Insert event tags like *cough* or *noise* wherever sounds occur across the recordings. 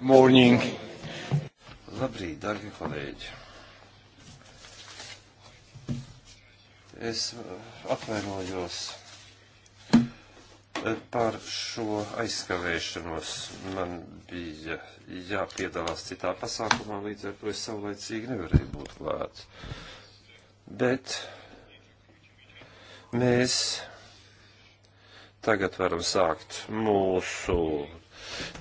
morning. Labrīt, darbie kolēģi. Es eh, atvainojos eh, par šo aizskavēšanos. Man bija jāpiedalās citā pasākumā, līdz ar to es savlaicīgi nevarēju būt klāt. Bet mēs tagad varam sākt mūsu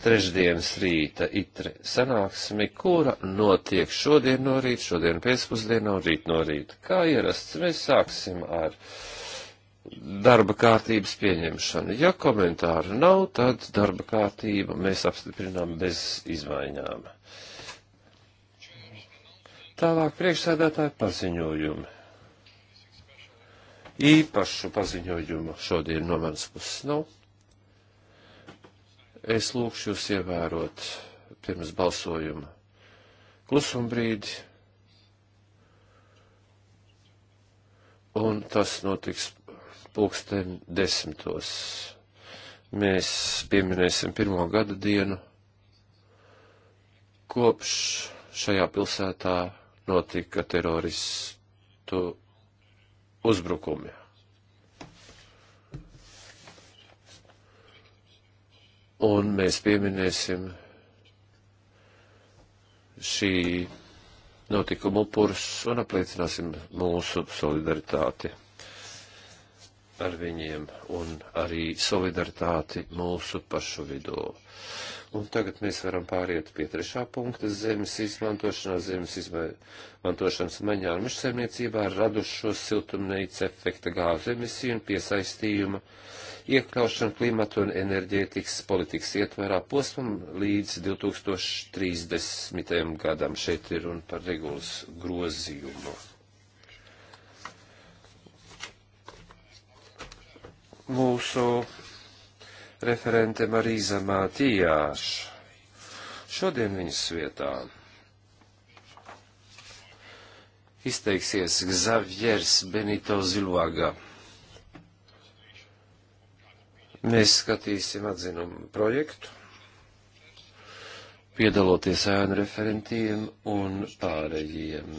trešdienas rīta itre sanāksmi, kura notiek šodien no rīta, šodien pēcpusdienā un rīt no rīta. Kā ierasts, mēs sāksim ar darba kārtības pieņemšanu. Ja komentāru nav, tad darba kārtība mēs apstiprinām bez izmaiņām. Tālāk priekšsēdētāji paziņojumi. Īpašu paziņojumu šodien no manas puses nav. Nu. Es lūkšu jūs ievērot pirms balsojuma klusumbrīdi, un tas notiks pulksten desmitos. Mēs pieminēsim pirmo gada dienu, kopš šajā pilsētā notika teroristu uzbrukumi. un mēs pieminēsim šī notikuma upurus un apliecināsim mūsu solidaritāti ar viņiem un arī solidaritāti mūsu pašu vidū. Un tagad mēs varam pāriet pie trešā punkta - zemes izmantošanā, zemes izmantošanas maņā un mežsaimniecībā radušo siltumneica efekta gāzu emisiju un piesaistījuma iekļaušanu klimatu un enerģētikas politikas ietvarā posmam līdz 2030. gadam. Šeit ir un par regulas grozījumu. Mūsu referente Marīza Mātījāša. Šodien viņas vietā izteiksies Gzavjers Benito Zilvaga. Mēs skatīsim atzinumu projektu, piedaloties ēnu referentiem un pārējiem.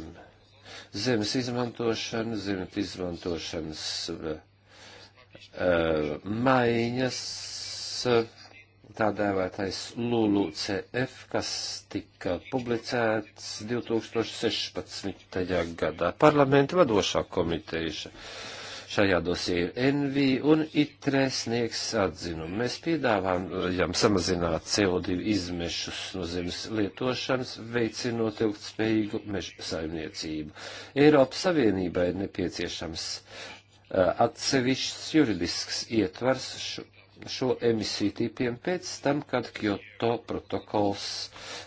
Zemes izmantošana, zemes izmantošanas uh, maiņas E, tā dēvētais Lulu CF, kas tika publicēts 2016. gadā. Parlamenta vadošā komiteja šajā dosī ir NV un ITRE sniegs atzinumu. Mēs piedāvājam samazināt CO2 izmešus no zemes lietošanas, veicinot ilgtspējīgu meža saimniecību. Eiropas Savienībai ir nepieciešams e, atsevišķs juridisks ietvars šo emisiju tipiem pēc tam, kad Kyoto protokols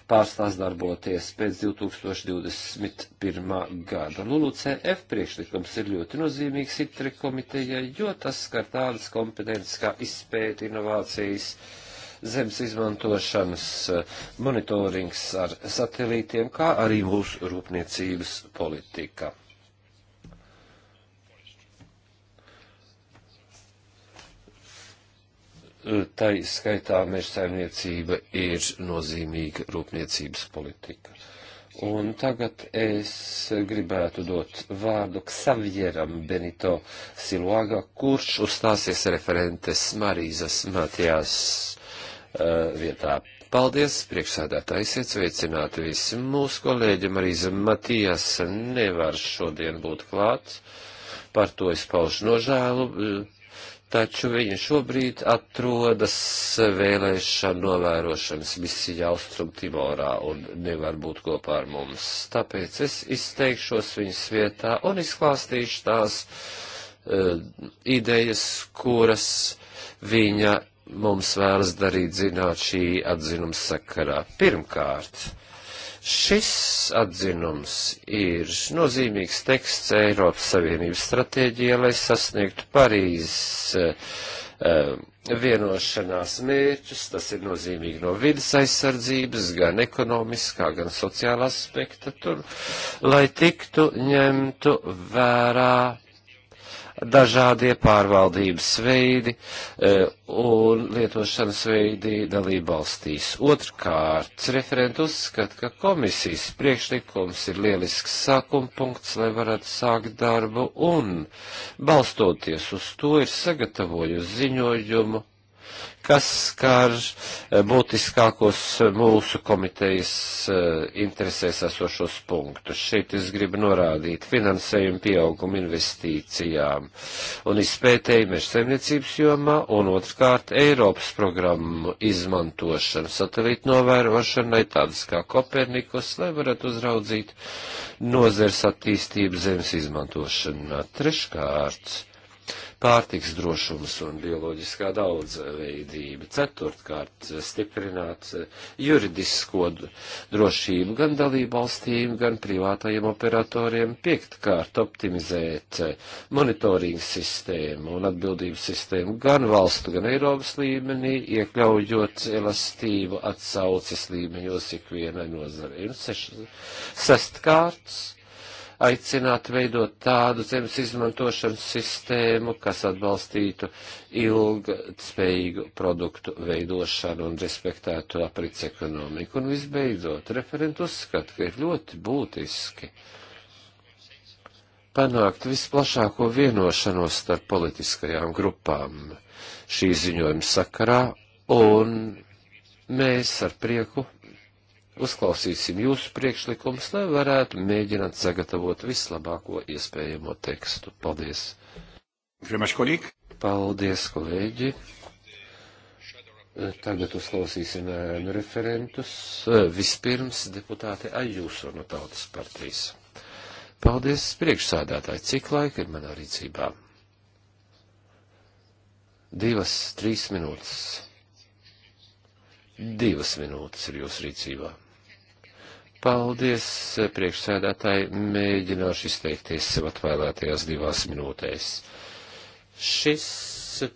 pārstās darboties pēc 2021. gada. LULUCF priekšlikums ir ļoti nozīmīgs ITRE komitejai, jo tas skar tādas kompetences kā izpēta, inovācijas, zemes izmantošanas, monitorings ar satelītiem, kā arī mūsu rūpniecības politika. tai skaitā mežsaimniecība ir nozīmīga rūpniecības politika. Un tagad es gribētu dot vārdu Ksavieram Benito Siluaga, kurš uzstāsies referentes Marīzas Matijās uh, eh, vietā. Paldies, priekšsādātājs, iesveicināti visi. Mūsu kolēģi Marīza Matijas nevar šodien būt klāt. Par to es paužu nožēlu. Uh, taču viņa šobrīd atrodas vēlēšana novērošanas misijā Austrum Timorā un nevar būt kopā ar mums. Tāpēc es izteikšos viņas vietā un izklāstīšu tās uh, idejas, kuras viņa mums vēlas darīt zināt šī atzinuma sakarā. Pirmkārt, Šis atzinums ir nozīmīgs teksts Eiropas Savienības stratēģijai, lai sasniegtu Parīzes uh, vienošanās mērķus. Tas ir nozīmīgi no vidas aizsardzības, gan ekonomiskā, gan sociālā aspekta tur, lai tiktu ņemtu vērā dažādie pārvaldības veidi e, un lietošanas veidi dalībvalstīs. Otrkārt, referenti uzskata, ka komisijas priekšlikums ir lielisks sākuma punkts, lai varētu sākt darbu un, balstoties uz to, ir sagatavojusi ziņojumu kas skar eh, būtiskākos mūsu komitejas eh, interesēs esošos punktus. Šeit es gribu norādīt finansējumu pieaugumu investīcijām un izpētēju mežsaimniecības jomā un otrkārt Eiropas programmu izmantošanu satelītu novērošanai tādas kā Kopernikus, lai varētu uzraudzīt nozers attīstību zemes izmantošanā. Treškārt pārtiks drošums un bioloģiskā daudzveidība. Ceturtkārt, stiprināt eh, juridisko drošību gan dalību valstīm, gan privātajiem operatoriem. Piektkārt, optimizēt eh, monitoringu sistēmu un atbildības sistēmu gan valstu, gan Eiropas līmenī, iekļaujot elastību atsauces līmeņos ikvienai nozarei. Sestkārts aicināt veidot tādu zemes izmantošanas sistēmu, kas atbalstītu ilgtspējīgu produktu veidošanu un respektētu aprits ekonomiku. Un visbeidzot, referentu uzskat, ka ir ļoti būtiski panākt visplašāko vienošanos starp politiskajām grupām šī ziņojuma sakarā, un mēs ar prieku uzklausīsim jūsu priekšlikumus, lai varētu mēģināt sagatavot vislabāko iespējamo tekstu. Paldies! Paldies, kolēģi! Tagad uzklausīsim ēnu referentus. Vispirms deputāte Ajūso no Tautas partijas. Paldies, priekšsādātāji, cik laika ir manā rīcībā? Divas, trīs minūtes. Divas minūtes ir jūsu rīcībā. Paldies, priekšsēdētāji, mēģināšu izteikties sev atvēlētajās divās minūtēs. Šis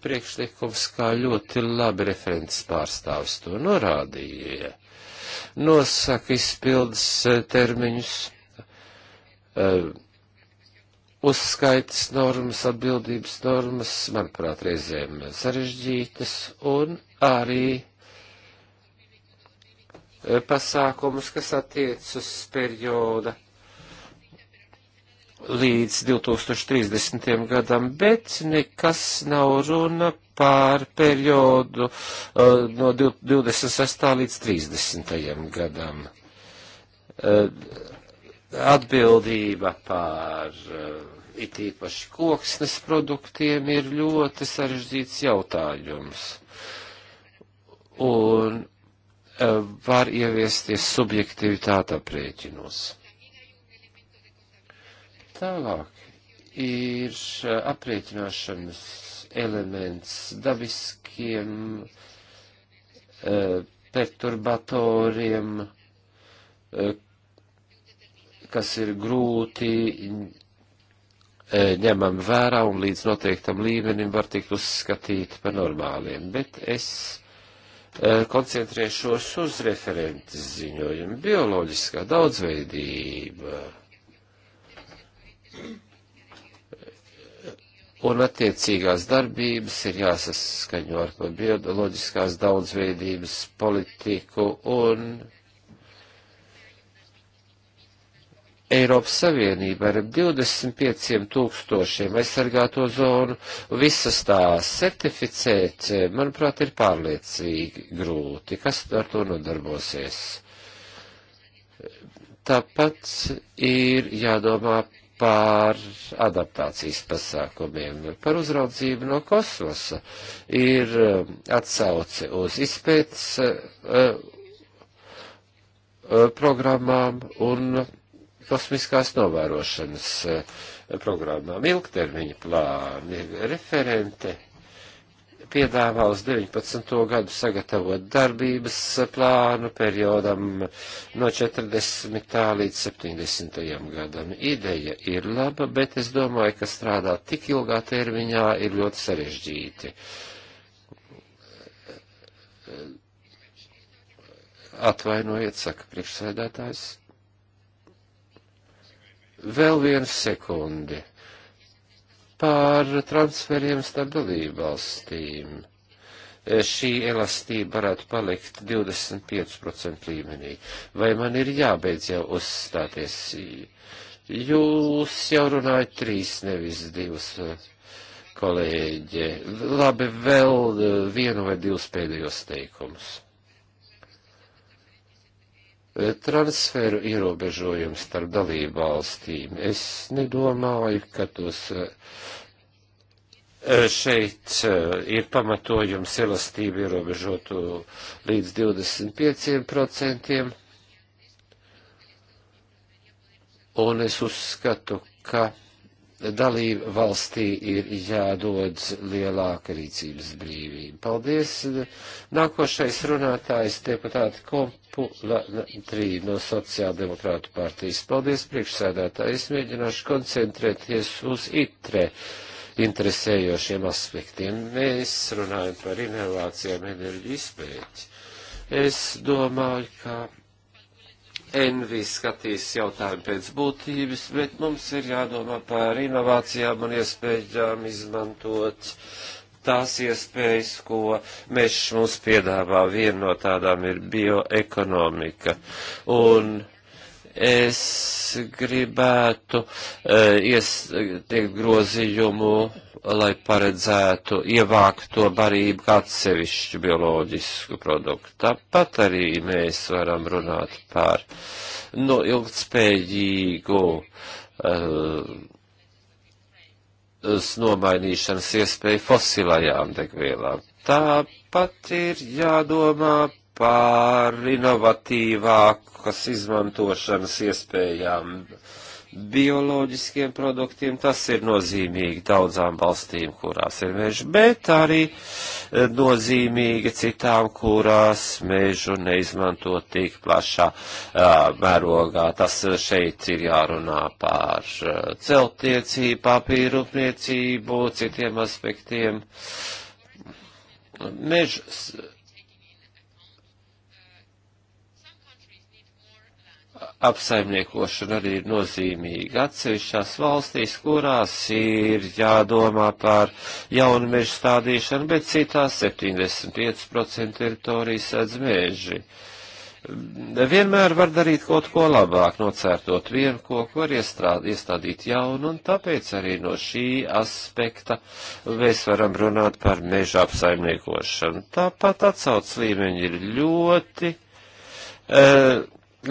priekšlikums, kā ļoti labi referents pārstāvis to norādīja, nosaka izpildes eh, termiņus, eh, uzskaitas normas, atbildības normas, manuprāt, reizēm sarežģītas un arī Eh, pasākumus, kas attiec uz perioda līdz 2030. gadam, bet nekas nav runa pār periodu uh, no 26. līdz 30. gadam. Uh, atbildība pār uh, it īpaši koksnes produktiem ir ļoti sarežģīts jautājums. Un Eh, var ieviesties subjektivitāte aprēķinos. Tālāk ir eh, aprēķināšanas elements dabiskiem eh, perturbatoriem, kas ir grūti ņemam vērā un līdz noteiktam līmenim var tikt uzskatīti par normāliem, bet es Eh, koncentrēšos uz referentes ziņojumu. Bioloģiskā daudzveidība un attiecīgās darbības ir jāsaskaņo ar bioloģiskās daudzveidības politiku un Eiropas Savienība ar 25 tūkstošiem aizsargāto zonu visas tās certificēt, manuprāt, ir pārliecīgi grūti. Kas ar to nodarbosies? Tāpat ir jādomā par adaptācijas pasākumiem, par uzraudzību no kosmosa, ir um, atsauce uz izpētes uh, uh, programmām un kosmiskās novērošanas eh, programmām. Ilgtermiņa plāni referente piedāvā uz 19. gadu sagatavot darbības plānu periodam no 40. līdz 70. gadam. Ideja ir laba, bet es domāju, ka strādāt tik ilgā termiņā ir ļoti sarežģīti atvainojiet, saka priekšsēdētājs. Vēl viena sekundi par transferiem starp dalībvalstīm. Šī elastība varētu palikt 25% līmenī. Vai man ir jābeidz jau uzstāties? Jūs jau runājat trīs, nevis divas, kolēģi. Labi, vēl eh, vienu vai divus pēdējos teikumus transferu ierobežojums starp dalību valstīm. Es nedomāju, ka tos eh, šeit eh, ir pamatojums elastību ierobežotu līdz 25%. Un es uzskatu, ka dalību valstī ir jādod lielāka rīcības brīvība. Paldies. Nākošais runātājs deputāti Komp Latrī no Sociāldemokrātu partijas. Paldies, priekšsēdētāji. Es mēģināšu koncentrēties uz itre interesējošiem aspektiem. Mēs runājam par inovācijām enerģiju izpēķi. Es domāju, ka Envi skatīs jautājumu pēc būtības, bet mums ir jādomā par inovācijām un iespējām izmantot tās iespējas, ko mežs mums piedāvā. Viena no tādām ir bioekonomika. Un es gribētu e, iesniegt grozījumu, lai paredzētu ievākt to barību kā atsevišķu bioloģisku produktu. Tāpat arī mēs varam runāt par no nu, ilgtspējīgu uh, e, nomainīšanas iespēju fosilajām degvielām. Tāpat ir jādomā par inovatīvākas izmantošanas iespējām uh, bioloģiskiem produktiem. Tas ir nozīmīgi daudzām valstīm, kurās ir meži, bet arī e, nozīmīgi citām, kurās mežu neizmanto tik plašā uh, mērogā. Tas e, šeit ir jārunā pār celtniecību, papīrupniecību, citiem aspektiem. Mežs apsaimniekošana arī ir nozīmīga. Atsevišķās valstīs, kurās ir jādomā par jaunu mežu stādīšanu, bet citās 75% teritorijas sēdz meži. Vienmēr var darīt kaut ko labāk, nocērtot vienu koku, var iestrād, iestādīt jaunu, un tāpēc arī no šī aspekta mēs varam runāt par meža apsaimniekošanu. Tāpat atsauc līmeņi ir ļoti. Uh,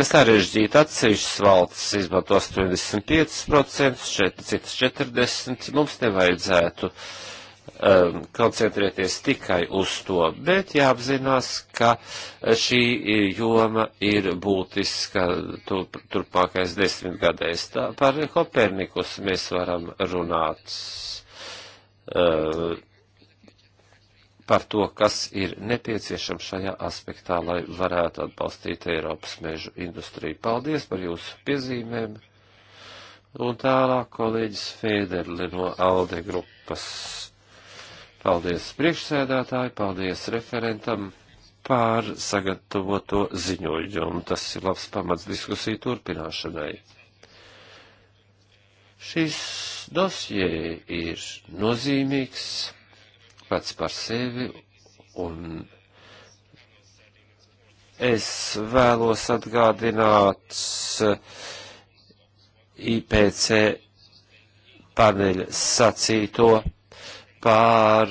sarežģīti atsevišķas valsts izmanto 85%, šeit citas 40%, mums nevajadzētu um, koncentrēties tikai uz to, bet jāapzinās, ka šī joma ir būtiska tur, turpākais desmitgadēs. Tā, par Kopernikus mēs varam runāt. Uh, um, par to, kas ir nepieciešams šajā aspektā, lai varētu atbalstīt Eiropas mežu industriju. Paldies par jūsu piezīmēm. Un tālāk kolēģis Fēderli no Alde grupas. Paldies priekšsēdētāji, paldies referentam pār sagatavoto ziņojumu. Tas ir labs pamats diskusiju turpināšanai. Šis dosie ir nozīmīgs pats par sevi, un es vēlos atgādināt eh, IPC paneļa sacīto par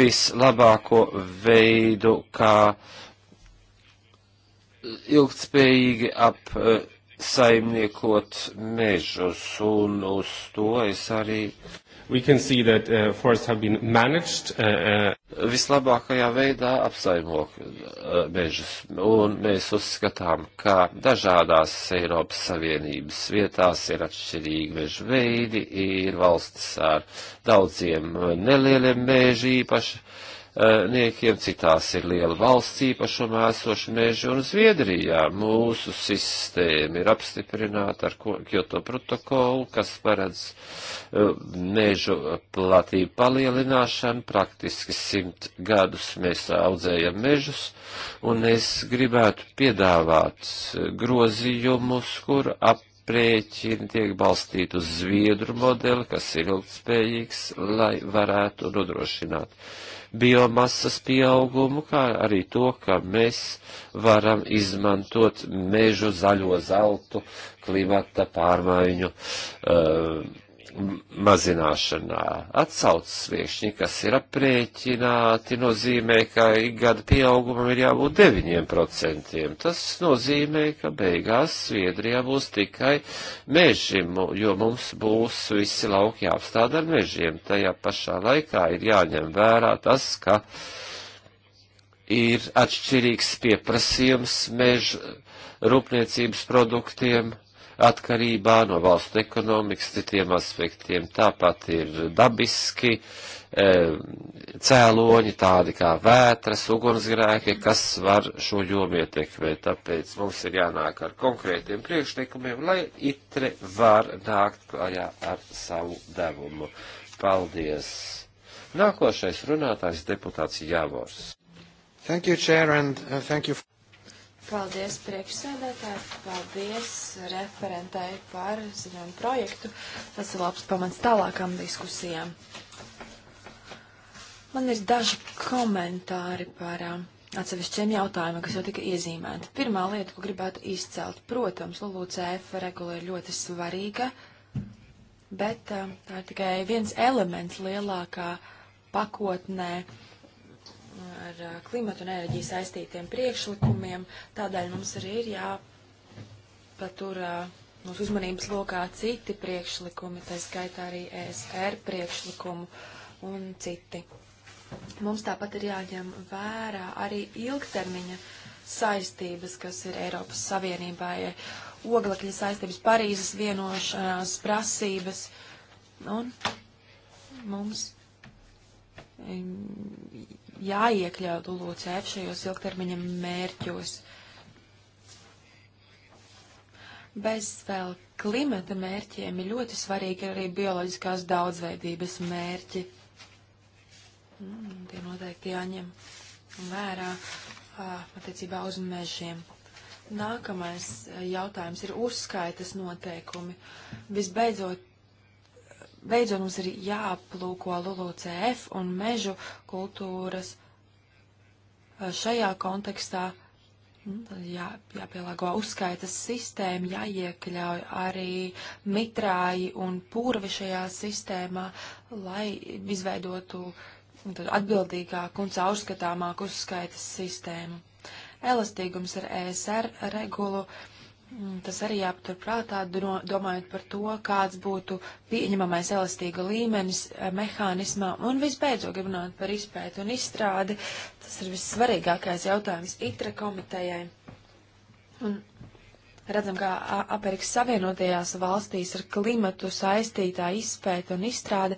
vislabāko veidu, kā ilgtspējīgi ap uh, saimniekot mežus, un uz to es arī. That, uh, managed, uh, uh... Vislabākajā veidā apsaimok uh, mežus, un mēs uzskatām, ka dažādās Eiropas Savienības vietās ir atšķirīgi mežu veidi, ir valstis ar daudziem nelieliem mēžu īpaši niekiem, citās ir liela valsts īpašumā esoši meži, un Zviedrijā mūsu sistēma ir apstiprināta ar Kyoto protokolu, kas paredz e, mežu platību palielināšanu, praktiski simt gadus mēs audzējam mežus, un es gribētu piedāvāt grozījumus, kur ap aprēķini tiek balstīti uz zviedru modeli, kas ir ilgspējīgs, lai varētu nodrošināt biomasas pieaugumu, kā arī to, ka mēs varam izmantot mežu zaļo zeltu klimata pārmaiņu. Uh, mazināšanā. Atsaucas sliekšņi, kas ir aprēķināti, nozīmē, ka ik gada pieaugumam ir jābūt 9%. Tas nozīmē, ka beigās Sviedrijā būs tikai mežim, jo mums būs visi lauki jāapstāda ar mežiem. Tajā pašā laikā ir jāņem vērā tas, ka ir atšķirīgs pieprasījums meža rūpniecības produktiem atkarībā no valstu ekonomikas, citiem aspektiem. Tāpat ir dabiski e, cēloņi, tādi kā vētras, ugunsgrēki, kas var šo jomu ietekmēt. Tāpēc mums ir jānāk ar konkrētiem priekšlikumiem, lai itre var nākt klajā ar savu devumu. Paldies! Nākošais runātājs deputāts Javors. Thank you, Chair, and uh, thank you. For Paldies priekšsēdētāji, paldies referentai par ziņojumu projektu. Tas ir labs pamats tālākām diskusijām. Man ir daži komentāri par uh, atsevišķiem jautājumiem, kas jau tika iezīmēti. Pirmā lieta, ko gribētu izcelt, protams, LULUCF regula ir ļoti svarīga, bet uh, tā ir tikai viens elements lielākā pakotnē ar uh, klimatu un enerģiju saistītiem priekšlikumiem. Tādēļ mums arī ir jāpatur uh, mūsu uzmanības lokā citi priekšlikumi, tā skaitā arī ESR priekšlikumu un citi. Mums tāpat ir jāņem vērā arī ilgtermiņa saistības, kas ir Eiropas Savienībai, oglekļa saistības, Parīzes vienošanās prasības. Un mums mm, jāiekļauj LULUCF šajos ilgtermiņa mērķos. Bez vēl klimata mērķiem ir ļoti svarīgi arī bioloģiskās daudzveidības mērķi. Mm, tie noteikti jāņem vērā attiecībā uz mežiem. Nākamais jautājums ir uzskaitas noteikumi. Visbeidzot, beidzot mums ir jāaplūko LULUCF un mežu kultūras šajā kontekstā. Mm, jā, jāpielāgo uzskaitas sistēma, jāiekļauj arī mitrāji un purvi šajā sistēmā, lai izveidotu nu, atbildīgāku un caurskatāmāku uzskaitas sistēmu. Elastīgums ar ESR regulu uh, Mm, tas arī jāpatur prātā, domājot par to, kāds būtu pieņemamais elastīga līmenis eh, mehānismā. Un visbeidzot, gribinot par izpētu un izstrādi, tas ir vissvarīgākais jautājums ITRA komitejai. Un redzam, ka Amerikas Savienotajās valstīs ar klimatu saistītā izpēta un izstrāde,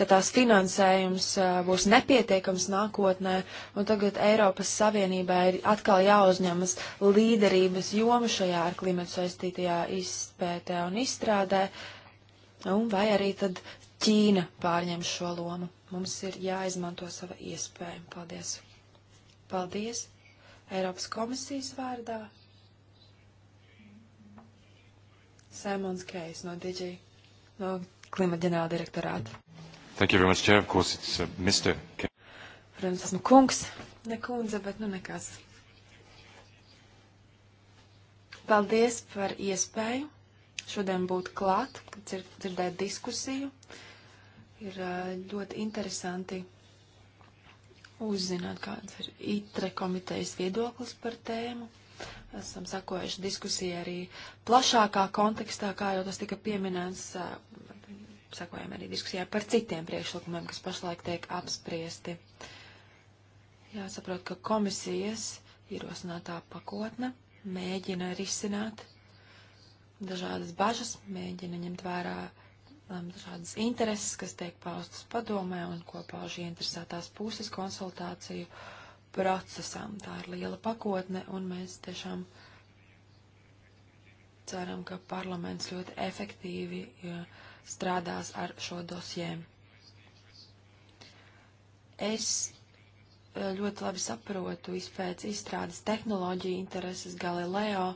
ka tās finansējums būs nepietiekams nākotnē, un tagad Eiropas Savienībā ir atkal jāuzņemas līderības joma šajā ar klimatu saistītajā izpētē un izstrādē, un vai arī tad Ķīna pārņem šo lomu. Mums ir jāizmanto sava iespēja. Paldies! Paldies! Eiropas komisijas vārdā. Simons Kreis no DJ, no klimata ģenerāla direktorāta. Thank you very much, Chair. Of course, it's uh, Mr. K. Protams, esmu kungs, ne kundze, bet nu nekas. Paldies par iespēju šodien būt klāt, dzir dzirdēt diskusiju. Ir uh, ļoti interesanti uzzināt, kāds ir ITRE komitejas viedoklis par tēmu esam sakojuši diskusiju arī plašākā kontekstā, kā jau tas tika pieminēts, sakojam arī diskusijā par citiem priekšlikumiem, kas pašlaik tiek apspriesti. Jāsaprot, ka komisijas ierosinātā pakotne mēģina risināt dažādas bažas, mēģina ņemt vērā um, dažādas intereses, kas tiek paustas padomē un ko pauž interesētās puses konsultāciju uh, procesam. Tā ir liela pakotne, un mēs tiešām ceram, ka parlaments ļoti efektīvi strādās ar šo dosjēm. Es e, ļoti labi saprotu izpēc izstrādes tehnoloģiju intereses Galileo.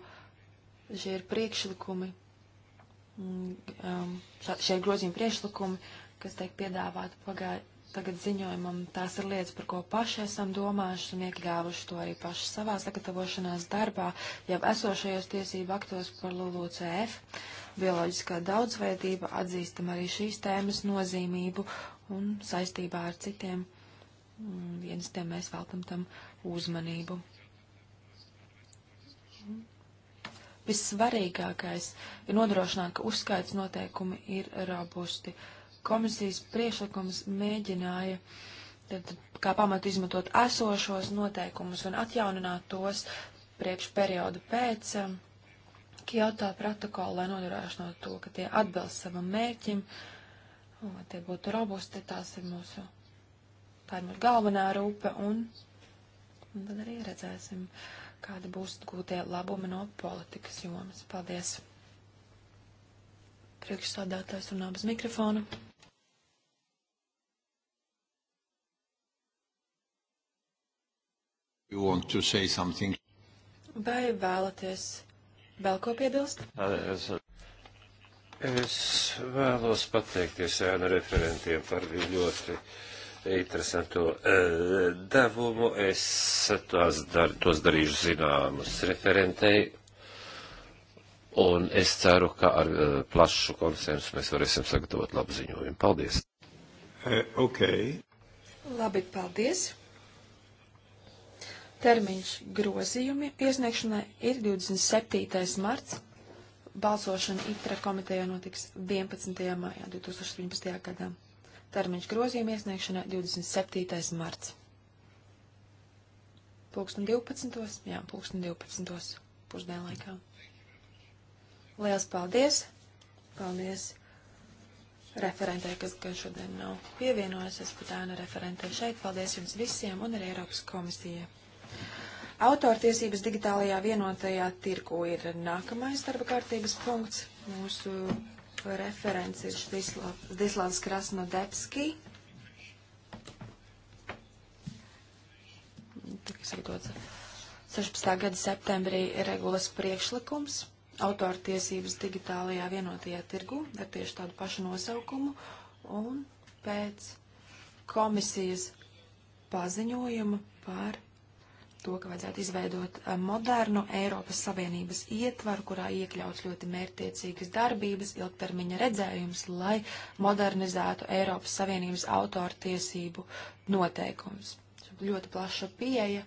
Šie ir priekšlikumi, mm, um, šie grozījumi priekšlikumi, kas tiek piedāvāti pagājušajā tagad ziņojumam, tās ir lietas, par ko paši esam domājuši un iekļāvuši to arī paši savā sagatavošanās darbā, jau esošajos tiesību aktos par LULUCF. Bioloģiskā daudzveidība atzīstam arī šīs tēmas nozīmību un saistībā ar citiem dienestiem mm, mēs veltam tam uzmanību. Vissvarīgākais ir nodrošināt, ka uzskaits noteikumi ir robusti. Uh, komisijas priešlikums mēģināja tad, kā pamatu izmantot esošos noteikumus un atjaunināt tos priekš periodu pēc um, Kyoto protokola, lai nodrošinātu to, ka tie atbilst savam mērķim, lai tie būtu robusti, tās ir mūsu, tā ir mūsu galvenā rūpe, un, un tad arī redzēsim, kādi būs gūtie labumi no politikas jomas. Paldies! Priekšsādātājs runā bez mikrofona. Vai vēlaties vēl ko piebilst? Es vēlos pateikties ēnu referentiem par viņu ļoti interesantu e, devumu. Es tos, dar, tos darīšu zināmus referentei, un es ceru, ka ar e, plašu konsensu mēs varēsim sagatavot labu ziņojumu. Paldies! E, ok. Labi, paldies. Termiņš grozījumi iesniegšanai ir 27. marts. Balsošana ITRA komitejā notiks 11. maijā 2017. gadā. Termiņš grozījuma iesniegšanai 27. marts. Pūkstun 12. Jā, pūkstun 12. pusdienlaikā. Liels paldies! Paldies referentei, kas gan šodien nav pievienojusies, bet tā nu referentei šeit. Paldies jums visiem un arī Eiropas komisijai. Autortiesības digitālajā vienotajā tirku ir nākamais darba kārtības punkts. Mūsu referents ir Dislavs Krasnodebski. Tiks atdots 16. gada septembrī regulas priekšlikums autortiesības digitālajā vienotajā tirgu ar tieši tādu pašu nosaukumu un pēc komisijas paziņojuma par to, ka vajadzētu izveidot eh, modernu Eiropas Savienības ietvaru, kurā iekļauts ļoti mērtiecīgas darbības, ilgtermiņa redzējums, lai modernizētu Eiropas Savienības autoru tiesību noteikumus. Ļoti plaša pieeja.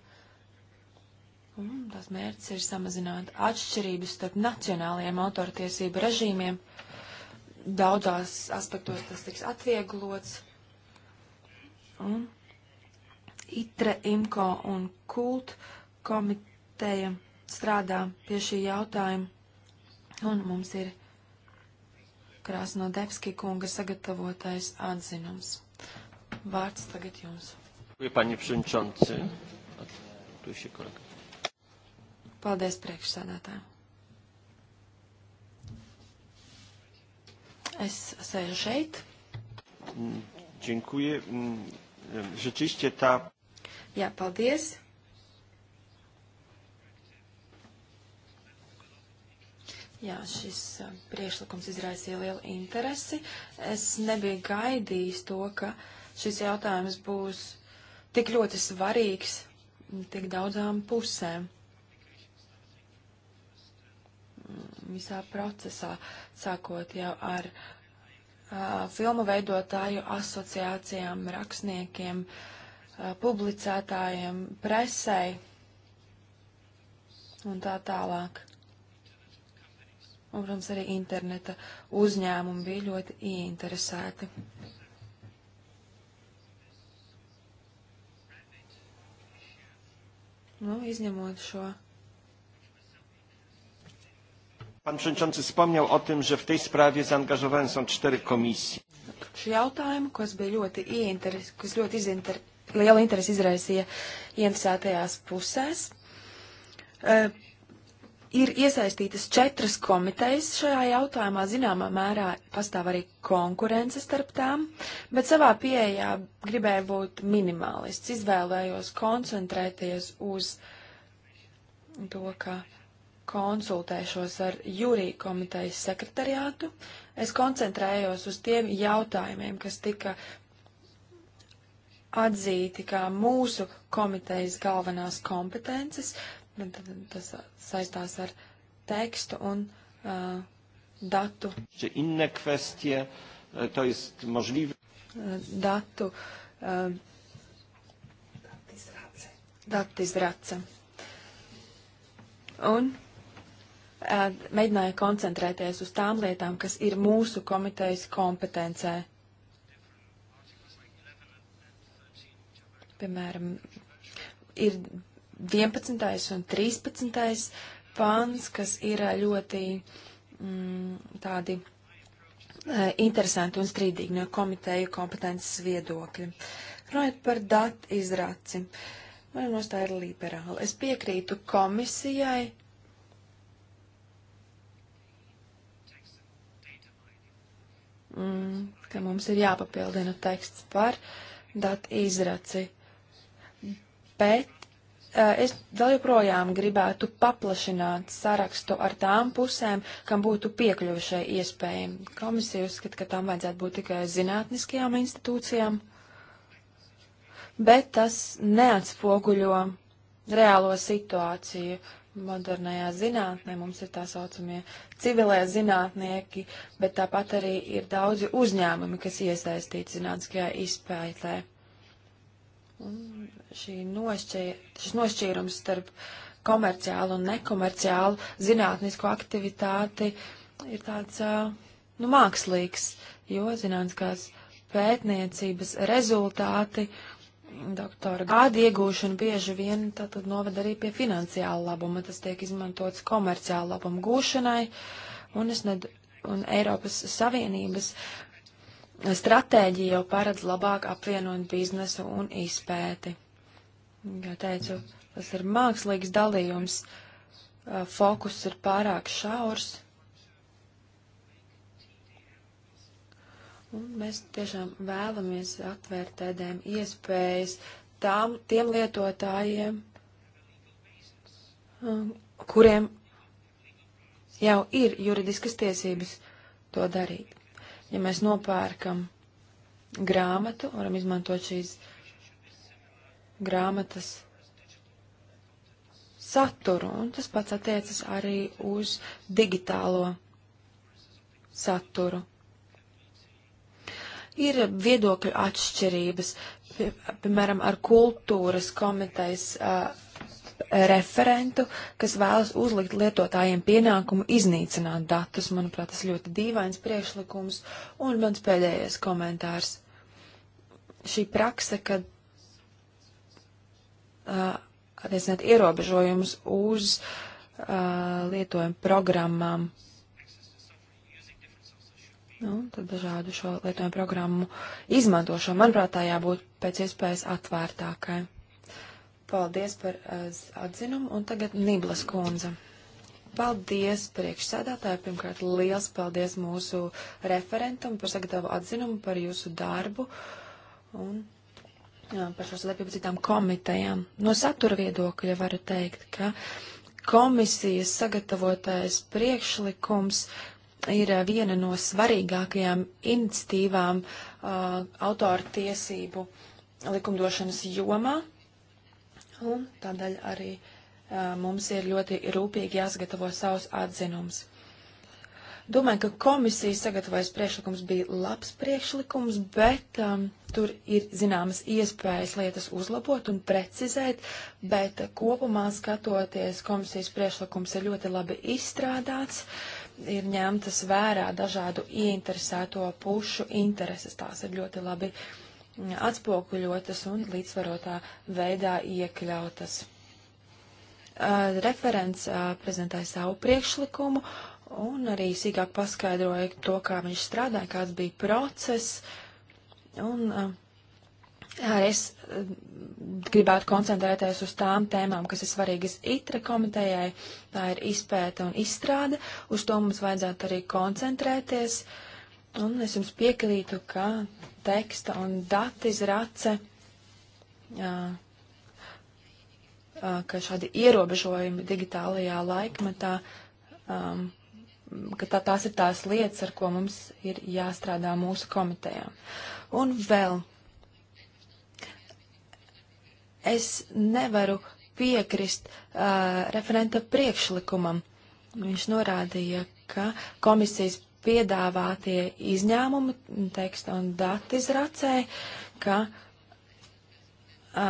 Un tās mērķis ir samazināt atšķirības starp nacionālajiem autortiesību režīmiem. Daudzās aspektos tas tiks atvieglots. Un ITRE, IMCO un KULT komiteja strādā pie šī jautājuma, un mums ir Krāsno Debski kunga sagatavotais atzinums. Vārds tagad jums. Paldies priekšsēdētājiem. Es sēžu šeit. Mm, dziękuję. Mm, rzeczywiście ta Jā, paldies. Jā, šis uh, priekšlikums izraisīja lielu interesi. Es nebiju gaidījis to, ka šis jautājums būs tik ļoti svarīgs tik daudzām pusēm. Mm, visā procesā, sākot jau ar uh, filmu veidotāju asociācijām, rakstniekiem, uh, publicētājiem, presei un tā tālāk. Un, protams, arī interneta uzņēmumi bija ļoti ieinteresēti. Nu, izņemot šo. Pan przewodniczący wspomniał o tym, że w tej sprawie zaangażowane są cztery komisje. Šī jautājuma, kas bija ļoti, ieinteres, kas ļoti izinter, lielu interesi izraisīja interesētajās pusēs. Uh, ir iesaistītas četras komitejas šajā jautājumā, zināmā mērā pastāv arī konkurence starp tām, bet savā pieejā gribēju būt minimalists, izvēlējos koncentrēties uz to, ka konsultēšos ar jūrī komitejas sekretariātu. Es koncentrējos uz tiem jautājumiem, kas tika atzīti kā mūsu komitejas galvenās kompetences, un tad tas saistās ar tekstu un uh, datu. Inne kvestie, e, to jest możliwe. E, datu. Uh, datu izraca. Un uh, e, mēģināja koncentrēties uz tām lietām, kas ir mūsu komitejas kompetencē. piemēram, ir 11. un 13. pāns, kas ir ļoti mm, tādi interesanti un strīdīgi no komiteju kompetences viedokļa. Runājot par datu izraci, man nostāja ir liberāla. Es piekrītu komisijai. Mm, ka mums ir jāpapildina teksts par datu izraci bet eh, es vēl joprojām gribētu paplašināt sarakstu ar tām pusēm, kam būtu piekļuvi šai iespējai. Komisija uzskata, ka tam vajadzētu būt tikai zinātniskajām institūcijām, bet tas neatspoguļo reālo situāciju. Modernajā zinātnē mums ir tā saucamie civilē zinātnieki, bet tāpat arī ir daudzi uzņēmumi, kas iesaistīti zinātniskajā izpētē. Un šī nošķir, šis nošķīrums starp komerciālu un nekomerciālu zinātnisko aktivitāti ir tāds, nu, mākslīgs, jo zinātniskās pētniecības rezultāti, doktora gādi iegūšana bieži vien tātad noved arī pie finansiāla labuma. Tas tiek izmantots komerciāla labuma gūšanai, un es ned un Eiropas Savienības stratēģija jau paredz labāk apvienot biznesu un izpēti. Kā teicu, tas ir mākslīgs dalījums, fokus ir pārāk šaurs. Un mēs tiešām vēlamies atvērt tādiem iespējas tām, tiem lietotājiem, kuriem jau ir juridiskas tiesības to darīt. Ja mēs nopērkam grāmatu, varam izmantot šīs grāmatas saturu, un tas pats attiecas arī uz digitālo saturu. Ir viedokļu atšķirības, pie, piemēram, ar kultūras komitejas uh, referentu, kas vēlas uzlikt lietotājiem pienākumu iznīcināt datus. Manuprāt, tas ļoti dīvains priekšlikums un mans pēdējais komentārs. Šī prakse, kad uh, attiecināt ierobežojumus uz uh, lietojumu programmām, nu, tad dažādu šo lietojumu programmu izmantošanu, manuprāt, tā jābūt pēc iespējas atvērtākai. Paldies par eh, atzinumu, un tagad Niblas kundze. Paldies priekšsēdētāju, pirmkārt liels paldies mūsu referentam par sagatavo atzinumu, par jūsu darbu un jā, par šo sadarbību citām komitejām. No satura viedokļa varu teikt, ka komisijas sagatavotais priekšlikums ir eh, viena no svarīgākajām iniciatīvām uh, autortiesību likumdošanas jomā Un tādēļ arī uh, mums ir ļoti rūpīgi jāsagatavo savus atzinums. Domāju, ka komisijas sagatavojas priekšlikums bija labs priekšlikums, bet um, tur ir zināmas iespējas lietas uzlabot un precizēt, bet uh, kopumā skatoties, komisijas priekšlikums ir ļoti labi izstrādāts, ir ņemtas vērā dažādu ieinteresēto pušu intereses, tās ir ļoti labi uh, atspoguļotas un līdzsvarotā veidā iekļautas. Uh, referents uh, prezentēja savu priekšlikumu un arī sīkāk paskaidroja to, kā viņš strādāja, kāds bija process. Un uh, arī es gribētu koncentrēties uz tām tēmām, kas ir svarīgas ITRA komitejai. Tā ir izpēta un izstrāde. Uz to mums vajadzētu arī koncentrēties. Un es jums piekrītu, ka teksta un datizrace, ka šādi ierobežojumi digitālajā laikmetā, ka tā, tās ir tās lietas, ar ko mums ir jāstrādā mūsu komitejā. Un vēl, es nevaru piekrist referenta priekšlikumam. Viņš norādīja, ka komisijas piedāvātie izņēmumi teksta un dati izracē, ka, uh,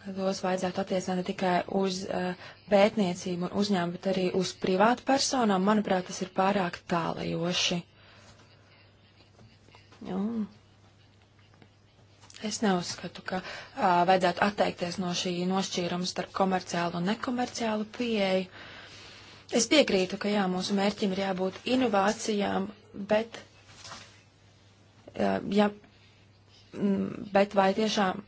ka tos vajadzētu attiecināt ne tikai uz uh, pētniecību un uzņēmumu, bet arī uz privātu personām. Manuprāt, tas ir pārāk tālajoši. Un nu, es neuzskatu, ka uh, vajadzētu atteikties no šī nošķīruma starp komerciālu un nekomerciālu pieeju. Uh, Es piekrītu, ka jā, mūsu mērķim ir jābūt inovācijām, bet, ja, bet vai tiešām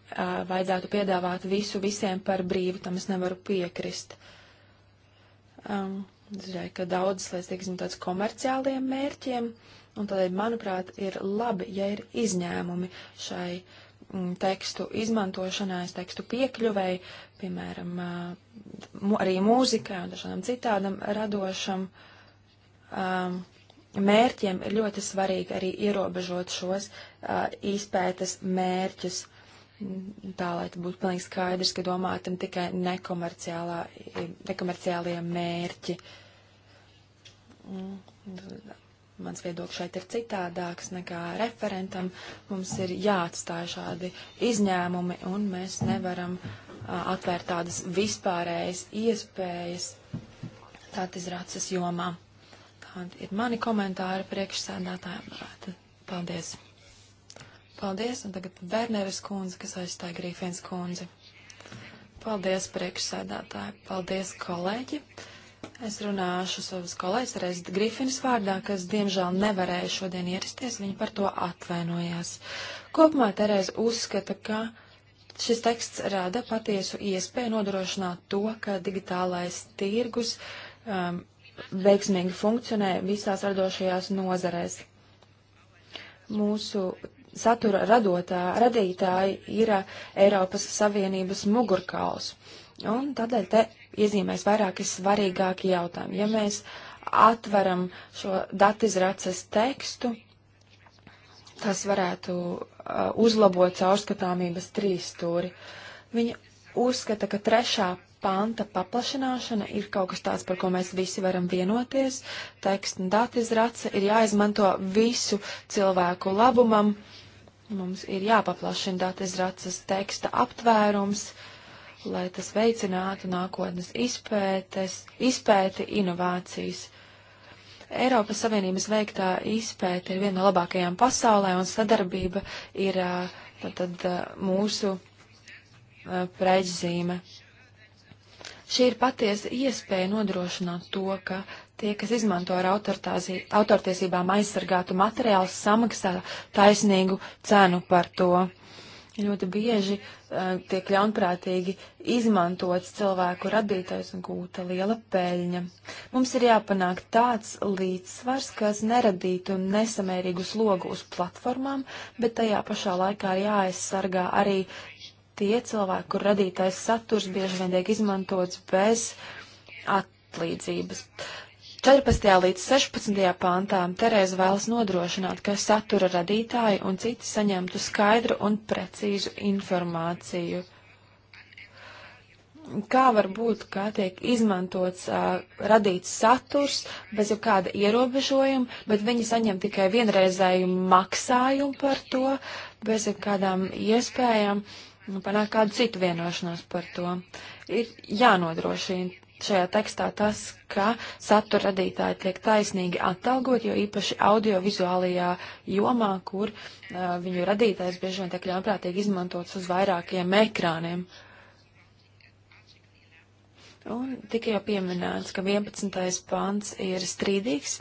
vajadzētu piedāvāt visu visiem par brīvu, tam es nevaru piekrist. Um, es domāju, ka daudzas lietas tiek izmantotas komerciāliem mērķiem, un tādēļ, manuprāt, ir labi, ja ir izņēmumi šai uh, Mm, tekstu izmantošanai, tekstu piekļuvēji, piemēram, arī mūzikai un dažādam citādam radošam mērķiem ir ļoti svarīgi arī ierobežot šos izpētes mērķus, tā lai būtu pilnīgi skaidrs, ka domātam tikai nekomerciālajie mērķi. Mm mans viedoklis šeit ir citādāks nekā referentam. Mums ir jāatstāj šādi izņēmumi, un mēs nevaram a, atvērt tādas vispārējas iespējas tātad races jomā. Tādi ir mani komentāri priekšsēdētājiem. Paldies! Paldies, un tagad Berneres kundze, kas aizstāja Grīfens kundzi. Paldies, priekšsēdētāji! Paldies, kolēģi! Es runāšu savas kolēģis Reizes Grifinas vārdā, kas diemžēl nevarēja šodien ierasties, viņa par to atvainojās. Kopumā Tereza uzskata, ka šis teksts rada patiesu iespēju nodrošināt to, ka digitālais tirgus um, veiksmīgi funkcionē visās radošajās nozarēs. Mūsu satura radotā, radītāji ir Eiropas Savienības mugurkauls. Un tādēļ te iezīmēs vairāki svarīgāki jautājumi. Ja mēs atveram šo datizraces tekstu, tas varētu uh, uzlabot caurskatāmības trīs stūri. Viņa uzskata, ka trešā panta paplašināšana ir kaut kas tāds, par ko mēs visi varam vienoties. Teksts un datizrace ir jāizmanto visu cilvēku labumam. Mums ir jāpaplašina datizraces teksta aptvērums. Uh, lai tas veicinātu nākotnes izpētes, izpēti inovācijas. Eiropas Savienības veiktā izpēte ir viena no labākajām pasaulē, un sadarbība ir nu, tad, mūsu preģzīme. Šī ir patiesa iespēja nodrošināt to, ka tie, kas izmanto ar autortiesībām aizsargātu materiālu, samaksā taisnīgu cenu par to ļoti bieži uh, tiek ļaunprātīgi izmantots cilvēku radītais un gūta liela peļņa. Mums ir jāpanāk tāds līdzsvars, kas neradītu nesamērīgu slogu uz platformām, bet tajā pašā laikā ir jāaizsargā arī tie cilvēki, kur radītais saturs bieži vien tiek izmantots bez atlīdzības. 14. līdz 16. pāntām Terēza vēlas nodrošināt, ka satura radītāji un citi saņemtu skaidru un precīzu informāciju. Kā var būt, kā tiek izmantots, uh, radīts saturs bez jebkāda ierobežojuma, bet viņi saņem tikai vienreizēju maksājumu par to, bez jebkādām iespējām nu, panākt kādu citu vienošanos par to. Ir jānodrošina šajā tekstā tas, ka satura radītāji tiek taisnīgi atalgot, jo īpaši audiovizuālajā jomā, kur uh, viņu radītājs bieži vien tiek ļaunprātīgi izmantots uz vairākiem ekrāniem. Un tikai jau pieminēts, ka 11. pants ir strīdīgs.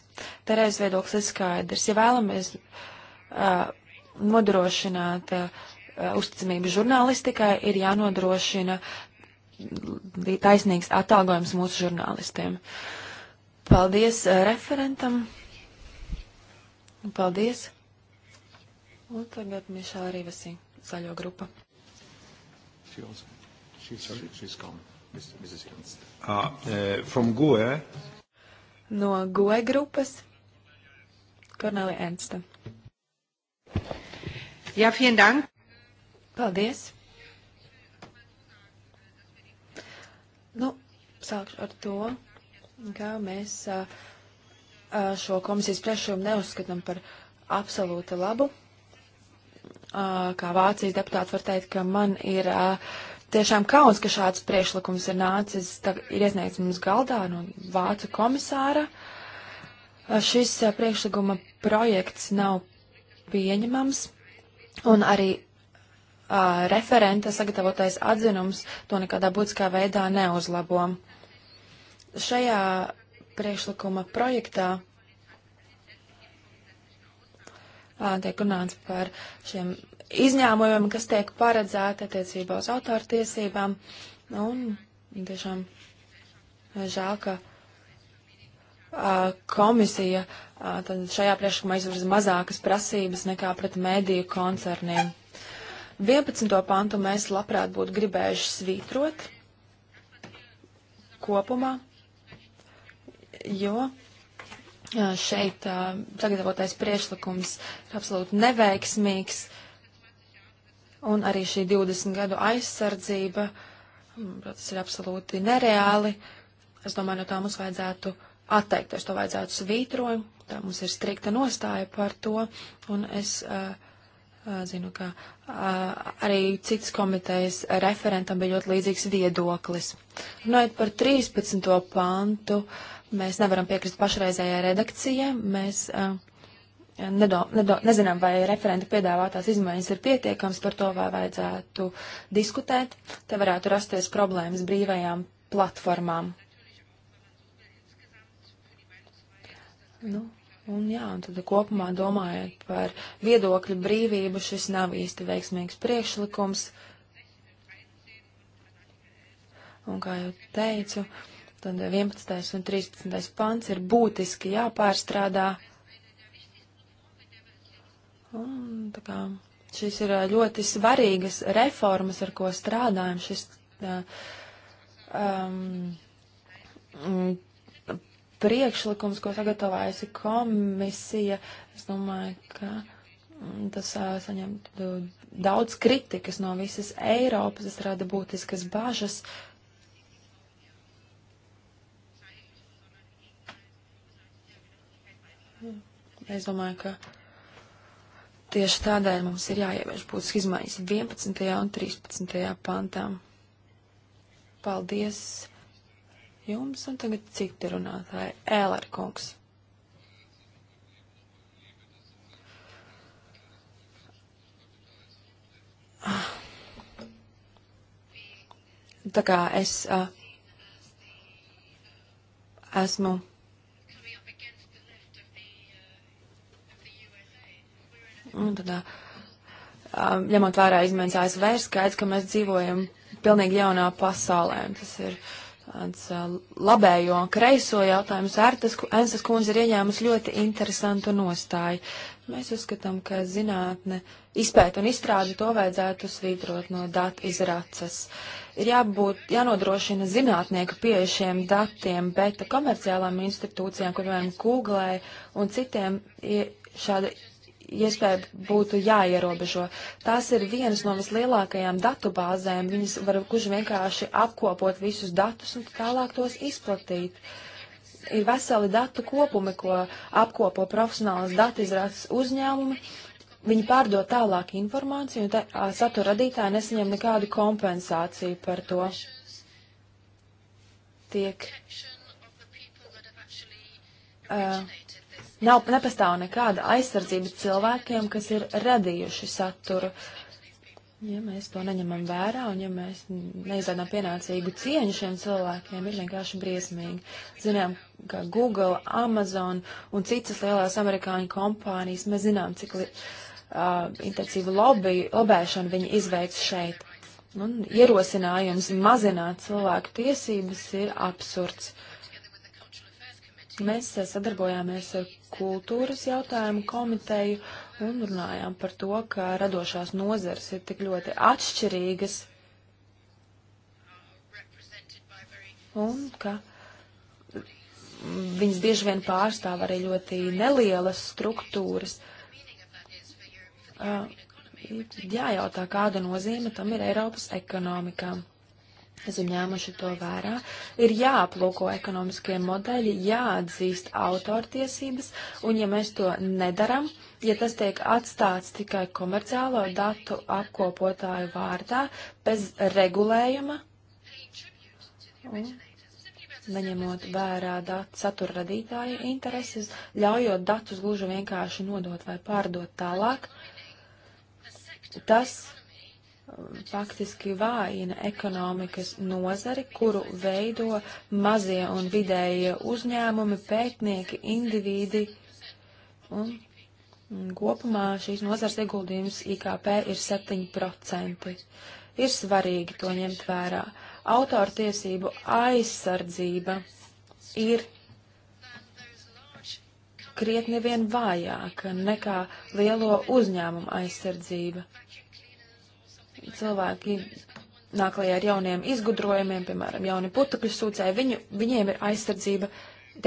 Terēzes viedoklis ir skaidrs. Ja vēlamies uh, nodrošināt uh, uzticamību žurnālistikai, ir jānodrošina taisnīgs atalgojums mūsu žurnālistiem. Paldies eh, referentam. Paldies. Un tagad Mišāla Rīvasī, zaļo grupa. She also, she, sorry, she's gone. Mrs. Ah, eh, Ernst. Uh, uh, from GUE. No GUE grupas. Kornelija Ernsta. Jā, ja, vielen dank. Paldies. Nu, sākšu ar to, ka mēs a, a, šo komisijas priekšlikumu neuzskatām par absolūti labu. A, kā Vācijas deputāti var teikt, ka man ir tiešām kauns, ka šāds priekšlikums ir nācis, tā, ir iesniegts mums galdā no Vācu komisāra. Šis priekšlikuma projekts nav pieņemams, un arī uh, referenta sagatavotais atzinums to nekādā būtiskā veidā neuzlabo. Šajā priekšlikuma projektā uh, tiek runāts par šiem izņēmumiem, kas tiek paredzēti attiecībā uz autortiesībām. Un tiešām žēl, ka komisija šajā priekšlikumā izvirza mazākas prasības nekā pret mēdīju koncerniem. 11. pantu mēs labprāt būtu gribējuši svītrot kopumā, jo šeit sagatavotais priešlikums ir absolūti neveiksmīgs, un arī šī 20 gadu aizsardzība, tas ir absolūti nereāli. Es domāju, no tā mums vajadzētu atteikties, to vajadzētu svītrojumu, tā mums ir strikta nostāja par to, un es uh, Zinu, ka arī cits komitejas referentam bija ļoti līdzīgs viedoklis. Runājot par 13. pantu, mēs nevaram piekrist pašreizējai redakcijai. Mēs nedo, nedo, nezinām, vai referenta piedāvātās izmaiņas ir pietiekams par to, vai vajadzētu diskutēt. Te varētu rasties problēmas brīvajām platformām. Nu, Un jā, un tad kopumā domājot par viedokļu brīvību, šis nav īsti veiksmīgs priekšlikums. Un kā jau teicu, tad 11. un 13. pants ir būtiski jāpārstrādā. Un tā kā šis ir ļoti svarīgas reformas, ar ko strādājam. Šis, um, priekšlikums, ko sagatavojusi komisija. Es domāju, ka tas saņemtu daudz kritikas no visas Eiropas, tas rada būtiskas bažas. Es domāju, ka tieši tādēļ mums ir jāievieš būtiski izmaiņas 11. un 13. pantām. Paldies jums, un tagad citi runātāji. Ēlera kungs. Tā kā es uh, esmu. Un tad, uh, ņemot vērā izmaiņas ASV, skaidrs, ka mēs dzīvojam pilnīgi jaunā pasaulē. Un tas ir uh, tāds labējo un kreiso jautājumu sērtas, Ensas kundze ir ieņēmusi ļoti interesantu nostāju. Mēs uzskatām, ka zinātne izpēt un izstrādi to vajadzētu svītrot no datu izraces. Ir jābūt, jānodrošina zinātnieku pieeja šiem datiem, bet komerciālām institūcijām, kuriem Google un citiem šāda iespēja būtu jāierobežo. Tās ir vienas no vislielākajām datu bāzēm. Viņas var kuži vienkārši apkopot visus datus un tālāk tos izplatīt. Ir veseli datu kopumi, ko apkopo profesionālas datu izrādes uzņēmumi. Viņi pārdod tālāk informāciju, un tā, satura radītāji nesaņem nekādu kompensāciju par to. Tiek. Uh, Nav, nepastāv nekāda aizsardzība cilvēkiem, kas ir radījuši saturu. Ja mēs to neņemam vērā un ja mēs neizrādām pienācīgu cieņu šiem cilvēkiem, ir vienkārši briesmīgi. Zinām, ka Google, Amazon un citas lielās amerikāņu kompānijas, mēs zinām, cik li, uh, intensīvu lobby, lobēšanu viņi izveic šeit. Un ierosinājums mazināt cilvēku tiesības ir absurds. Uh, Mēs eh, sadarbojāmies ar kultūras jautājumu komiteju un runājām par to, ka radošās nozares ir tik ļoti atšķirīgas un ka viņas bieži vien pārstāv arī ļoti nelielas struktūras. Ah, jājautā, kāda nozīme tam ir Eiropas ekonomikām esam ņēmuši to vērā, ir jāaplūko ekonomiskie modeļi, jāatzīst autortiesības, un ja mēs to nedaram, ja tas tiek atstāts tikai komerciālo datu apkopotāju vārdā, bez regulējuma, un, neņemot vērā datu satura radītāju intereses, ļaujot datus gluži vienkārši nodot vai pārdot tālāk, tas faktiski vājina ekonomikas nozari, kuru veido mazie un vidējie uzņēmumi, pētnieki, individi. Un kopumā šīs nozars ieguldījums IKP ir 7%. Ir svarīgi to ņemt vērā. Autortiesību aizsardzība ir krietni vien vājāka nekā lielo uzņēmumu aizsardzība cilvēki nāk lai ar jauniem izgudrojumiem, piemēram, jauni putekļu sūcēji, viņu, viņiem ir aizsardzība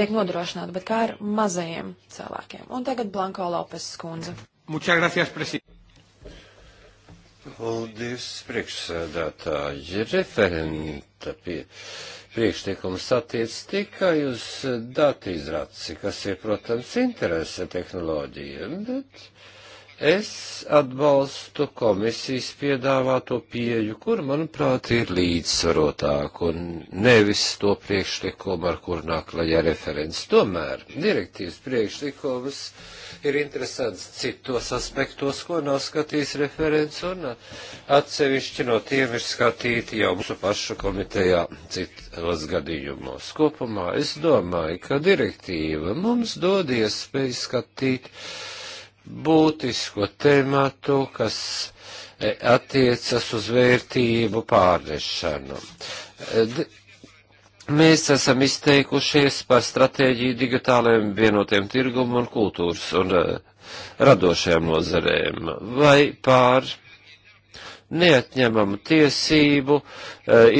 tiek nodrošināta, bet kā ar mazajiem cilvēkiem? Un tagad Blanko Lopes skundze. Muchas gracias, presidente. Paldies, priekšsēdētāji. Referenta pie, priekšteikums attiec tikai uz datu izraci, kas ir, protams, interese tehnoloģija, bet Es atbalstu komisijas piedāvāto pieju, kur, manuprāt, ir līdzsvarotāk un nevis to priekšlikumu, ar kur nāk lajā referents. Tomēr direktīvas priekšlikums ir interesants citos aspektos, ko nav skatījis referents, un atsevišķi no tiem ir skatīti jau mūsu pašu komitejā citos gadījumos. Kopumā es domāju, ka direktīva mums dod iespēju skatīt būtisko tematu, kas e, attiecas uz vērtību pārnešanu. E, mēs esam izteikušies par stratēģiju digitālajiem vienotiem tirgumu un kultūras un e, radošajām nozarēm vai pār neatņemamu tiesību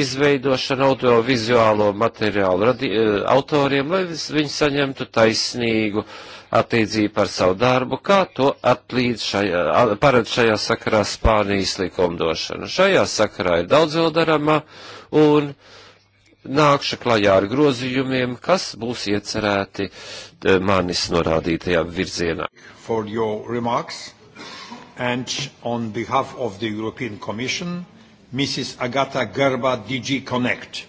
izveidošanu audiovizuālo materiālu autoriem, lai viņi saņemtu taisnīgu uh, atlīdzību par savu darbu, kā to atlīdz šajā, paredz šajā sakarā Spānijas likumdošana. Šajā sakarā ir daudz vēl darāmā un nākšu klajā ar grozījumiem, kas būs iecerēti e, manis norādītajā virzienā. And on behalf of the European Commission, Mrs. Agata Gerba, DG Connect.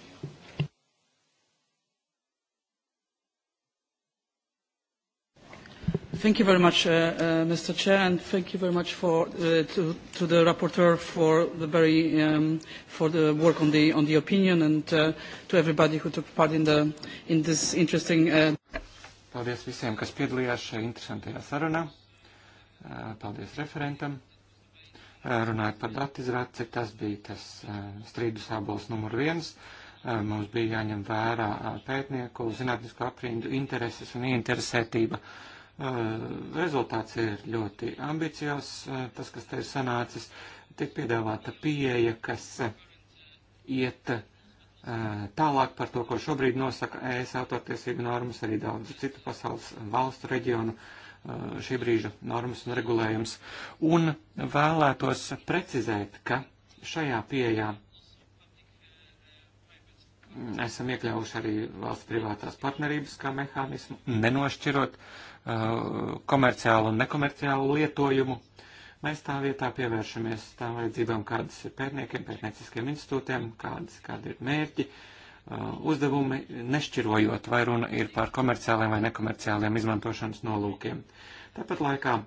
Thank you very much, uh, uh, Mr. Chair, and thank you very much for, uh, to, to the rapporteur for the very um, for the work on the on the opinion, and uh, to everybody who took part in the in this interesting. Uh... Paldies visiem, kas piedalījās šajā interesantajā sarunā. Uh, paldies referentam. Uh, runājot par datizraci, tas bija tas uh, strīdu sābols numur viens mums bija jāņem vērā pētnieku, zinātnisku aprindu intereses un ieinteresētība Eh, rezultāts ir ļoti ambiciozs, eh, tas, kas te ir sanācis, tiek piedāvāta pieeja, kas eh, iet tālāk par to, ko šobrīd nosaka ES autortiesību normas, arī daudzu citu pasaules valstu reģionu šī brīža normas un regulējums. Un vēlētos precizēt, ka šajā pieejā mm, esam iekļauši arī valsts privātās partnerības kā mehānismu, nenošķirot uh, Uh, komerciālu un nekomerciālu lietojumu. Mēs tā vietā pievēršamies tām vajadzībām, kādas ir pērniekiem, pērnieciskiem institūtiem, kādas, kādi ir mērķi, uh, uzdevumi, nešķirojot, vai runa ir par komerciāliem vai nekomerciāliem izmantošanas nolūkiem. Tāpat laikā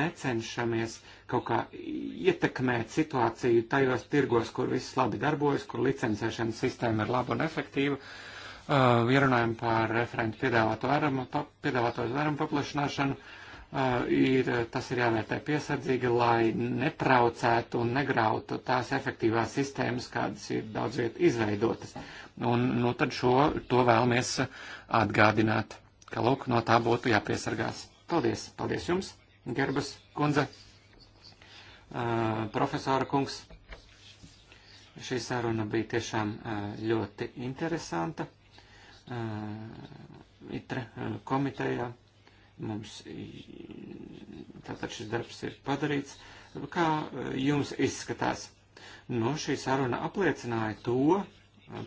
necenšamies kaut kā ietekmēt situāciju tajos tirgos, kur viss labi darbojas, kur licencēšanas sistēma ir laba un efektīva, uh, Uh, ierunājumu par referentu piedāvāto vērumu, pa, piedāvāto vērumu paplašināšanu. Uh, ir, tas ir jāvērtē piesardzīgi, lai netraucētu un negrautu tās efektīvās sistēmas, kādas ir daudz viet izveidotas. Un, nu, tad šo, to vēlamies atgādināt, ka, lūk, no tā būtu jāpiesargās. Paldies, paldies jums, Gerbas kundze, uh, profesora kungs. Šī saruna bija tiešām uh, ļoti interesanta. Eh, itre eh, komitejā. Mums tātad šis darbs ir padarīts. Kā eh, jums izskatās? Nu, šī saruna apliecināja to,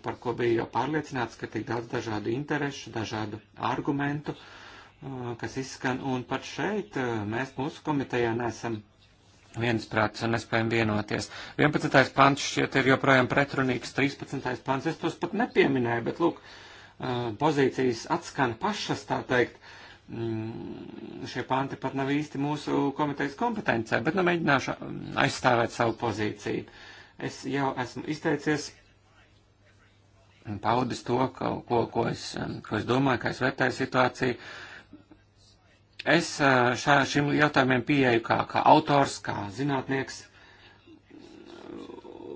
par ko bija jau pārliecināts, ka tik daudz dažādu interešu, dažādu argumentu, kas izskan, un pat šeit mēs mūsu komitejā nesam viensprāts un nespējam vienoties. 11. pants šķiet ir joprojām pretrunīgs, 13. pants es tos pat nepieminēju, bet lūk, uh, pozīcijas atskan pašas, tā teikt, mm, šie panti pat nav īsti mūsu komitejas kompetencē, bet nu mēģināšu aizstāvēt savu pozīciju. Es jau esmu izteicies, paudis to, ka, ko, ko, es, ko es domāju, kā es vērtēju situāciju. Es šā, šim jautājumiem pieeju kā, kā autors, kā zinātnieks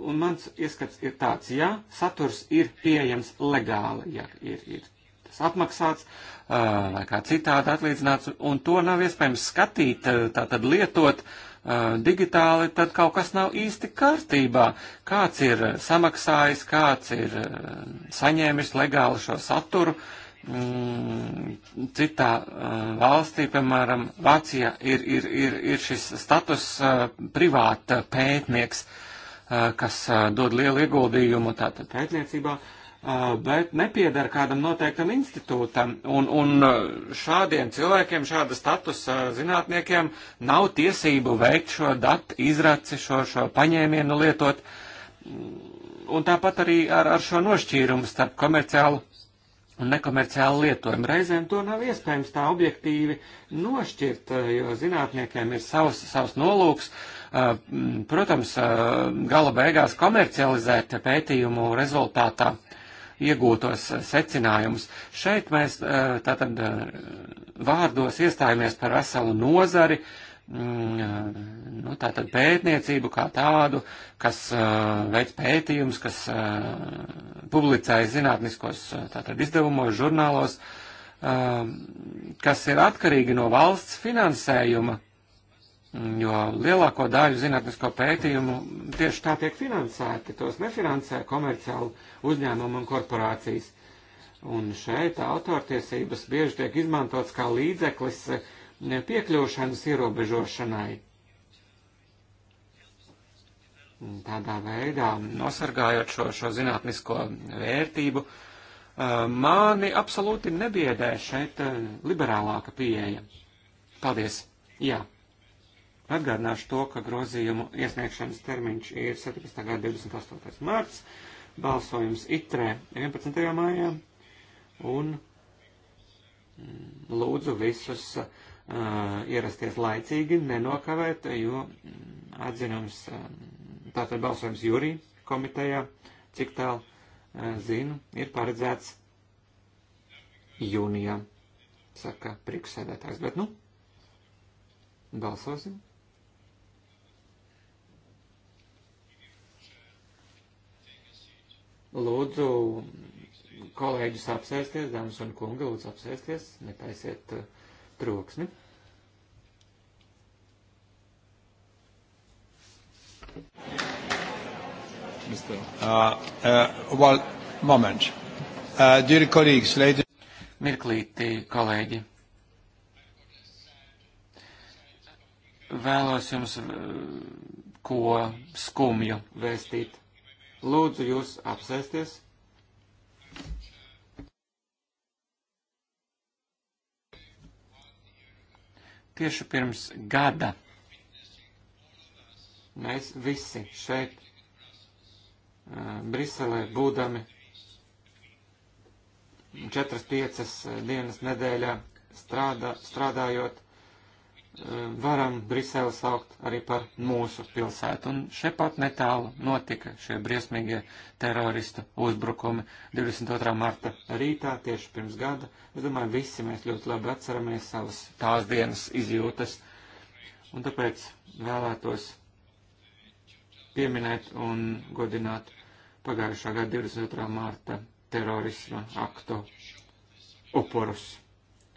un mans ieskats ir tāds, ja saturs ir pieejams legāli, ja ir, ir tas apmaksāts uh, vai kā citādi atlīdzināts, un to nav iespējams skatīt, tā tad lietot uh, digitāli, tad kaut kas nav īsti kārtībā. Kāds ir samaksājis, kāds ir uh, saņēmis legāli šo saturu. Mm, citā valstī, piemēram, Vācijā, ir, ir, ir, ir šis status privāta pētnieks. Uh, Eh, kas eh, dod lielu ieguldījumu tātad pētniecībā, eh, bet nepiedara kādam noteiktam institūtam. Un, un šādiem cilvēkiem, šāda statusa zinātniekiem nav tiesību veikt šo datu izraci, šo, šo paņēmienu lietot. Un tāpat arī ar, ar šo nošķīrumu starp komerciālu un nekomerciālu lietojumu. Reizēm to nav iespējams tā objektīvi nošķirt, jo zinātniekiem ir savs, savs nolūks. Uh, Protams, gala beigās komercializēt pētījumu rezultātā iegūtos secinājumus. Šeit mēs tātad vārdos iestājāmies par veselu nozari, nu, tātad pētniecību kā tādu, kas veids pētījumus, kas publicēja zinātniskos tātad izdevumos, žurnālos, kas ir atkarīgi no valsts finansējuma Jo lielāko daļu zinātnisko pētījumu tieši tā tiek finansēti, tos nefinansē komerciāli uzņēmumi un korporācijas. Un šeit autortiesības bieži tiek izmantots kā līdzeklis piekļūšanas ierobežošanai. Tādā veidā, nosargājot šo, šo zinātnisko vērtību, mani absolūti nebiedē šeit liberālāka pieeja. Paldies! Jā. Yeah. Atgādināšu to, ka grozījumu iesniegšanas termiņš ir 17. gada 28. mārts, balsojums itrē 11. mājā, un mm, lūdzu visus uh, ierasties laicīgi, nenokavēt, jo mm, atzinums, mm, tātad balsojums jūrī komitejā, cik tālu uh, zinu, ir paredzēts jūnijā, saka priekšsēdētājs, bet nu, balsosim. Lūdzu, kolēģis apsēsties, dāmas un kungi, lūdzu apsēsties, netaisiet uh, troksni. Uh, uh, well, moment. Uh, dear colleagues, ladies. Mirklīti, kolēģi. Vēlos jums uh, ko skumju vēstīt. Lūdzu jūs apsēsties. Tieši pirms gada mēs visi šeit, Briselē, būdami 4-5 dienas nedēļā strādā, strādājot, varam Briseli saukt arī par mūsu pilsētu. Un šepat netālu notika šie briesmīgie terorista uzbrukumi 22. marta rītā, tieši pirms gada. Es domāju, visi mēs ļoti labi atceramies savas tās dienas izjūtas. Un tāpēc vēlētos pieminēt un godināt pagājušā gada 22. marta terorisma aktu upurus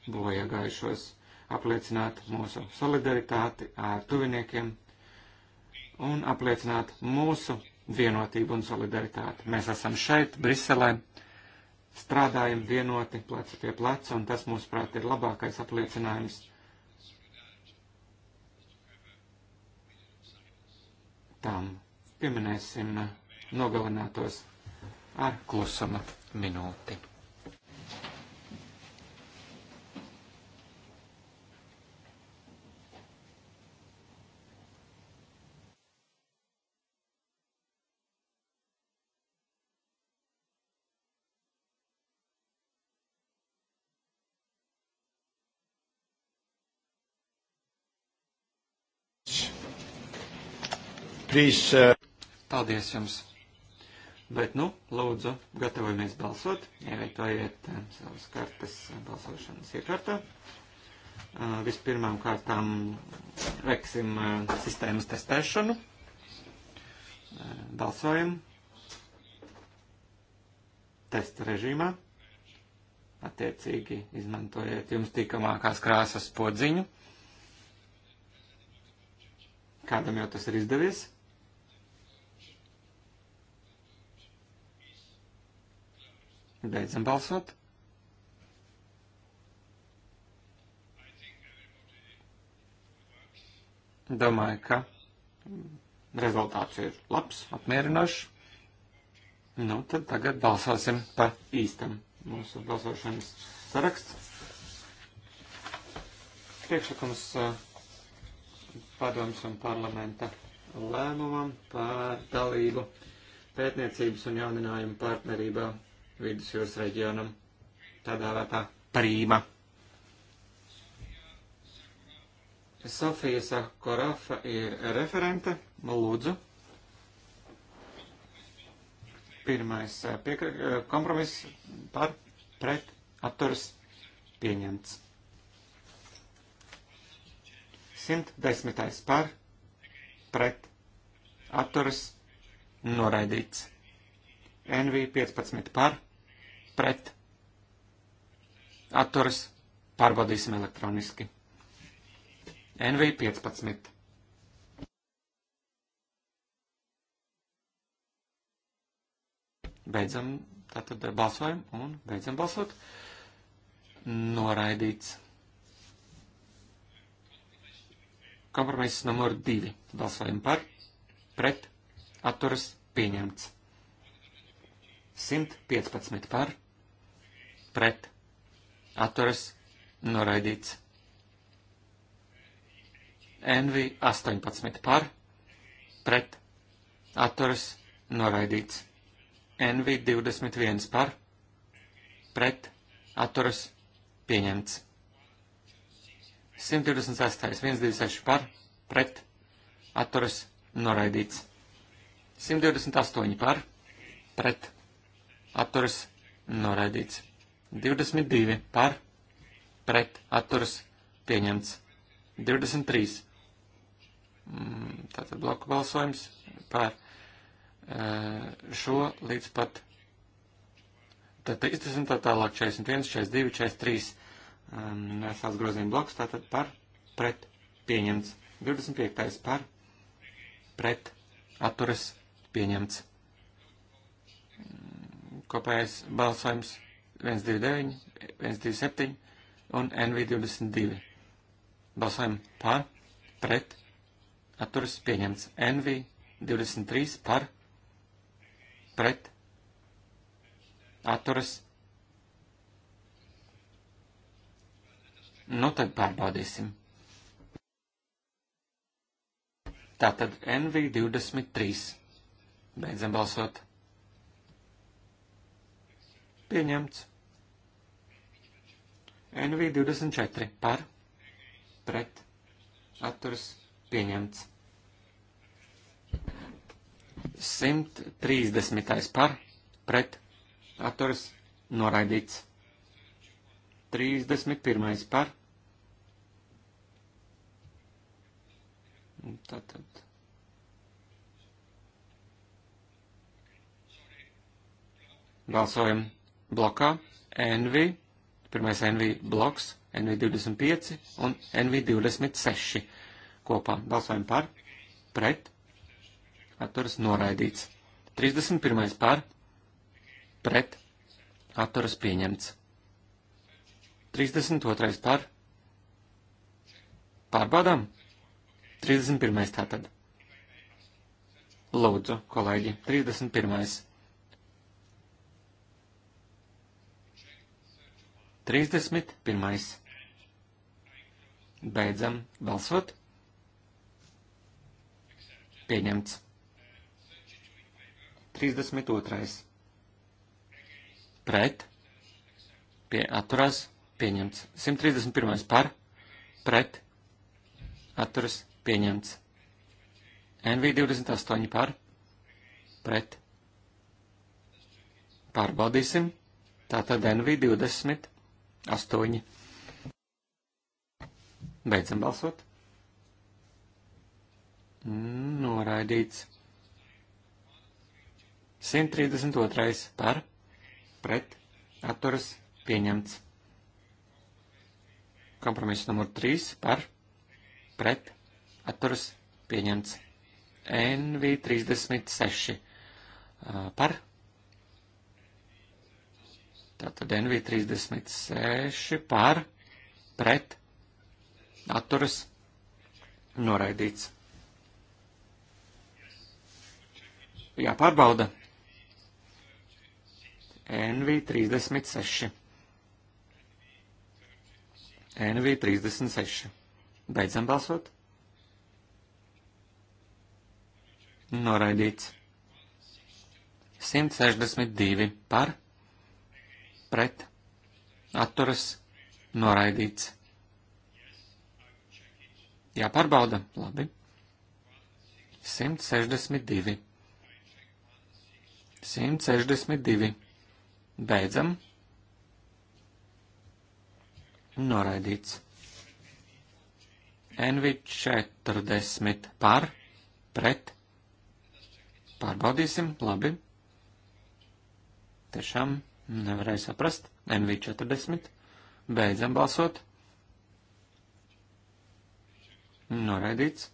bojā gājušos apliecināt mūsu solidaritāti ar tuviniekiem un apliecināt mūsu vienotību un solidaritāti. Mēs esam šeit, Briselē, strādājam vienoti plecu pie pleca, un tas, mūsuprāt, ir labākais apliecinājums tam. Pieminēsim nogalinātos ar klusuma minūti. Please, uh... Paldies jums! Bet, nu, lūdzu, gatavojamies balsot, ievietojiet uh, savas kartas uh, balsošanas iekārtā. Uh, vispirmām kārtām veiksim uh, sistēmas testēšanu. Uh, balsojam. Testa režīmā. Attiecīgi izmantojiet jums tīkamākās krāsas podziņu. Kādam jau tas ir izdevies? Beidzam balsot. Domāju, ka rezultāts ir labs, apmierinošs. Nu, tad tagad balsosim pa īstam mūsu balsošanas saraksts. Priekšlikums uh, padoms un parlamenta lēmumam par dalību pētniecības un jauninājumu partnerībā vidusjūras reģionam tādā vētā Prīma. Sofija Sakorafa ir referente. Nu, lūdzu. Pirmais eh, eh, kompromiss par pret atturas pieņemts. 110. par pret atturas noraidīts. NV 15 par pret pret, atturas, pārbaudīsim elektroniski. NV 15. Beidzam, tātad balsojam un beidzam balsot. Noraidīts. Kompromiss numur 2. Balsojam par, pret, atturas, pieņemts. 115 par, pret atturas noraidīts. NV 18 par pret atturas noraidīts. NV 21 par pret atturas pieņemts. 126. 126 par pret atturas noraidīts. 128 par pret atturas noraidīts. 22 par pret atturas pieņemts. 23. Mm, tātad bloku balsojums par e, šo līdz pat tad 30, tā tālāk 41, 42, 43 šās grozījuma bloks, tātad par pret pieņemts. 25. par pret atturas pieņemts. Kopējais balsojums 129, 127 un NV22. Balsojam par, pret, atturas pieņemts. NV23 par, pret, atturas. Nu tad pārbaudīsim. Tātad NV23. Beidzam balsot. Pieņemts. NV24 par pret atturas pieņemts. 130. par pret atturas noraidīts. 31. par. Tātad. Balsojam blokā NV Pirmais NV bloks, NV25 un NV26 kopā. Balsojam par, pret, atturas noraidīts. 31. par, pret, atturas pieņemts. 32. par, pārbaudām. 31. tātad. Lūdzu, kolēģi, 31. 31. Beidzam balsot. Pieņemts. 32. Pret. Pie, atturās. Pieņemts. 131. Par. Pret. Atturas. Pieņemts. NV 28 par. Pret. Pārbaudīsim. Tātad NV 20 Astoņi. Beidzam balsot. Mm, noraidīts. 132. par, pret, atturas, pieņemts. Kompromiss numur 3 par, pret, atturas, pieņemts. NV36 par, Tātad NV36 par pret atturas noraidīts. Jāpārbauda. NV36. NV36. Beidzam balsot. Noraidīts. 162 par pret, atturas, noraidīts. Jāpārbauda, labi. 162. 162. Beidzam. Noraidīts. NV 40 par, pret. Pārbaudīsim, labi. Tiešām Nevarēju saprast. NV40. Beidzam balsot. Noraidīts.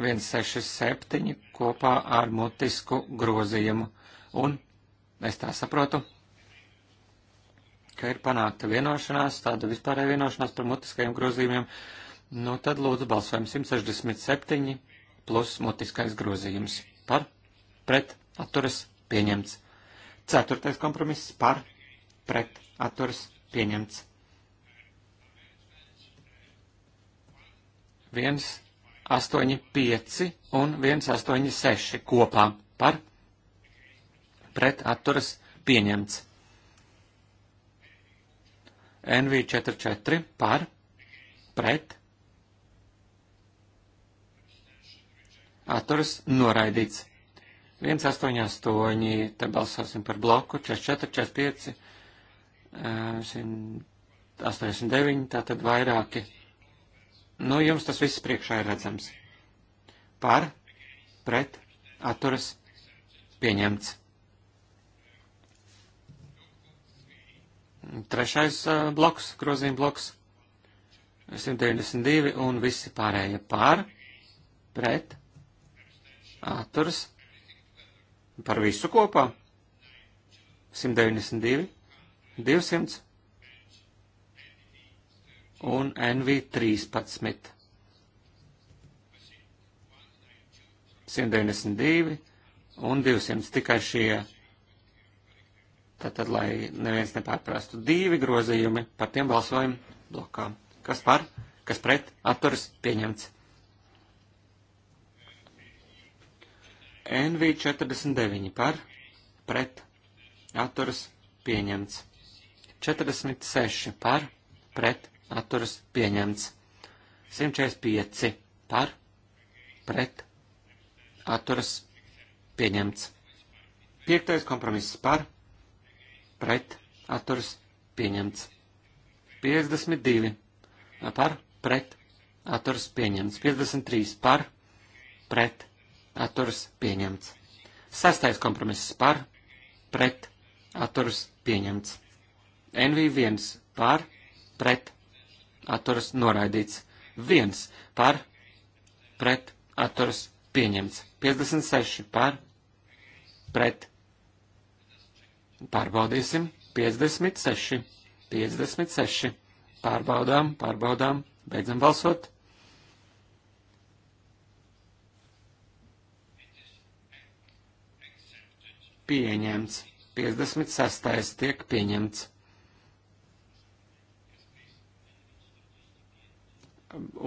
167 kopā ar mutisku grozījumu. Un es tā saprotu, ka ir panākta vienošanās, tāda vispārēja vienošanās par mutiskajiem grozījumiem. Nu, tad lūdzu balsojam 167 plus mutiskais grozījums par pret atturas pieņemts. Ceturtais kompromiss par pret atturas pieņemts. 1, 8, 5 un 1, 8, 6 kopā par pret atturas pieņemts. NV44 par pret atturas noraidīts. 188, te balsosim par bloku, 44, 45, 189, tātad vairāki. Nu, jums tas viss priekšā ir redzams. Par, pret, atturas, pieņemts. Trešais bloks, grozījuma bloks, 192 un visi pārējie par, pret, atturas, pieņemts Par visu kopā 192, 200 un NV 13. 192 un 200 tikai šie. Tātad, lai neviens nepārprastu, divi grozījumi par tiem balsojumu blokām. Kas par, kas pret, atturas pieņemts. NV49 par, pret, atturas pieņemts. 46 par, pret, atturas pieņemts. 145 par, pret, atturas pieņemts. Piektais kompromiss par, pret, atturas pieņemts. 52 par, pret, atturas pieņemts. 53 par, pret, atturas pieņemts. Sastais kompromiss par, pret, atturas pieņemts. NV1 par, pret, atturas noraidīts. 1 par, pret, atturas pieņemts. 56 par, pret. Pārbaudīsim. 56. 56. Pārbaudām, pārbaudām, beidzam balsot. pieņemts. 56. tiek pieņemts.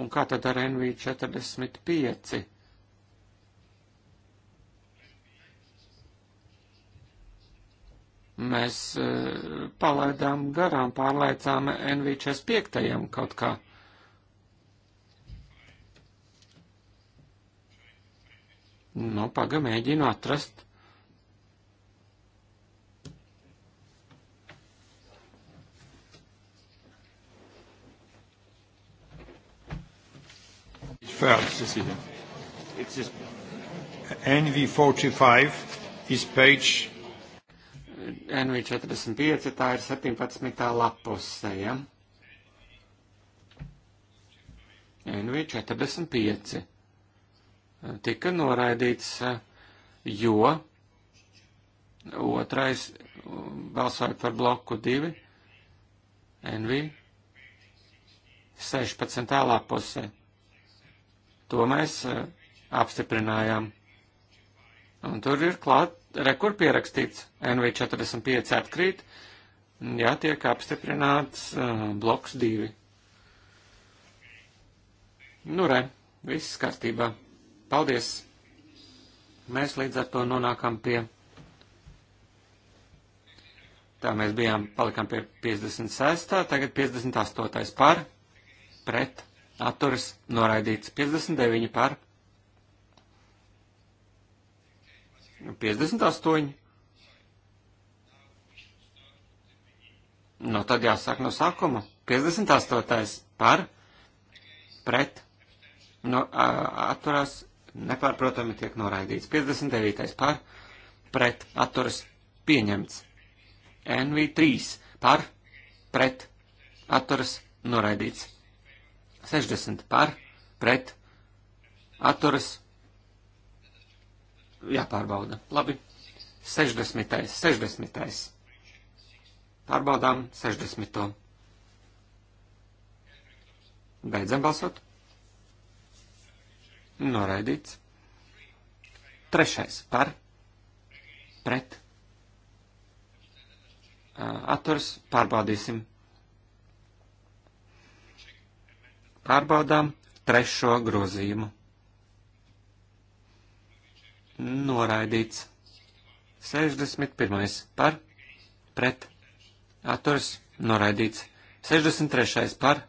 Un kā tad ar NV45? Mēs uh, palaidām garām, pārlaicām NV45 kaut kā. Nu, paga mēģinu atrast first decision. It's just... NV45 is page. NV45 tā ir 17. lapuse, ja? NV45 tika noraidīts, jo otrais balsoja par bloku 2, NV 16. lapuse To mēs e, apstiprinājām. Un tur ir klāt, rekur pierakstīts, NV45 atkrīt, ja tiek apstiprināts uh, bloks 2. Nu re, viss kārtībā. Paldies! Mēs līdz ar to nonākam pie. Tā mēs bijām, palikām pie 56. Tagad 58. par, pret, atturas noraidīts 59 par 58. Nu, tad jāsāk no sākuma. 58. par pret no, atturās nepārprotami tiek noraidīts. 59. par pret atturas pieņemts. NV3 par pret atturas noraidīts. 60 par, pret, atturas, jāpārbauda. Labi, 60. 60. Pārbaudām 60. Beidzam balsot. Noraidīts. Trešais par, pret, atturas, pārbaudīsim 60. Pārbaudām trešo grozījumu. Noraidīts. 61. par, pret, atturas, noraidīts. 63. par,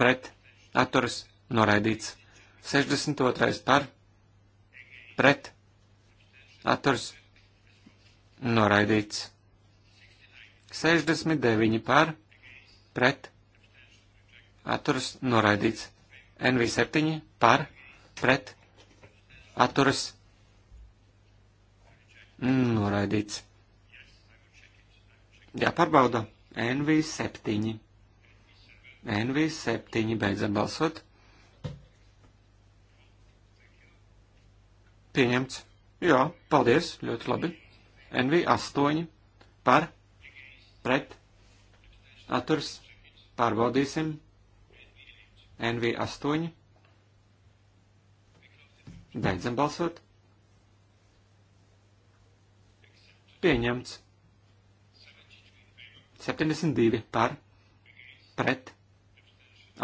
pret, atturas, noraidīts. 62. par, pret, atturas, noraidīts. 69 par, pret, atturas noraidīts. NV7 par pret atturas noraidīts. Jāpārbauda NV7. NV7 beidzam balsot. Pieņemts. Jā, paldies, ļoti labi. NV8 par pret atturs pārbaudīsim. NV8. Beidzam balsot. Pieņemts. 72 par, pret,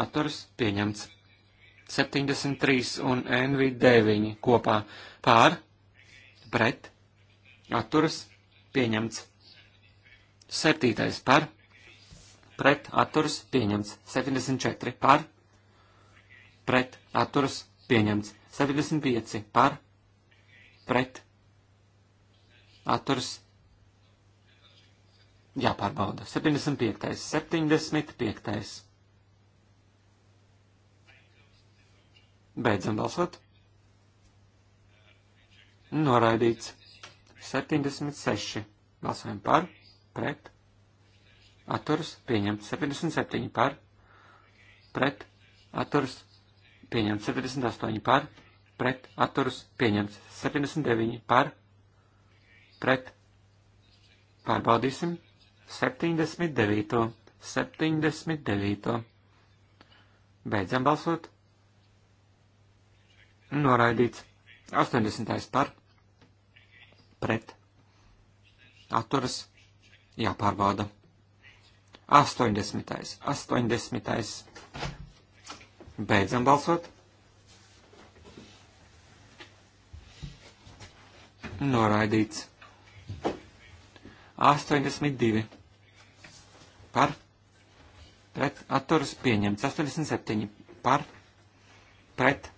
atturs pieņemts. 73 un NV9 kopā pār, pret, atturs pieņemts. 7 par, pret, atturs pieņemts. 74 par, pret atturas pieņemts. 75 par pret atturas jāpārbauda. 75. 75. Beidzam balsot. Noraidīts. 76. Balsojam par, pret, atturas, pieņemts. 77 par, pret, atturas, pieņemts 78 par, pret atturas pieņemts 79 par, pret pārbaudīsim 79. 79. Beidzam balsot. Noraidīts 80. par, pret atturas jāpārbauda. 80. 80. Beidzam balsot. Noraidīts. 82 par pret atturas pieņemts. 87 par pret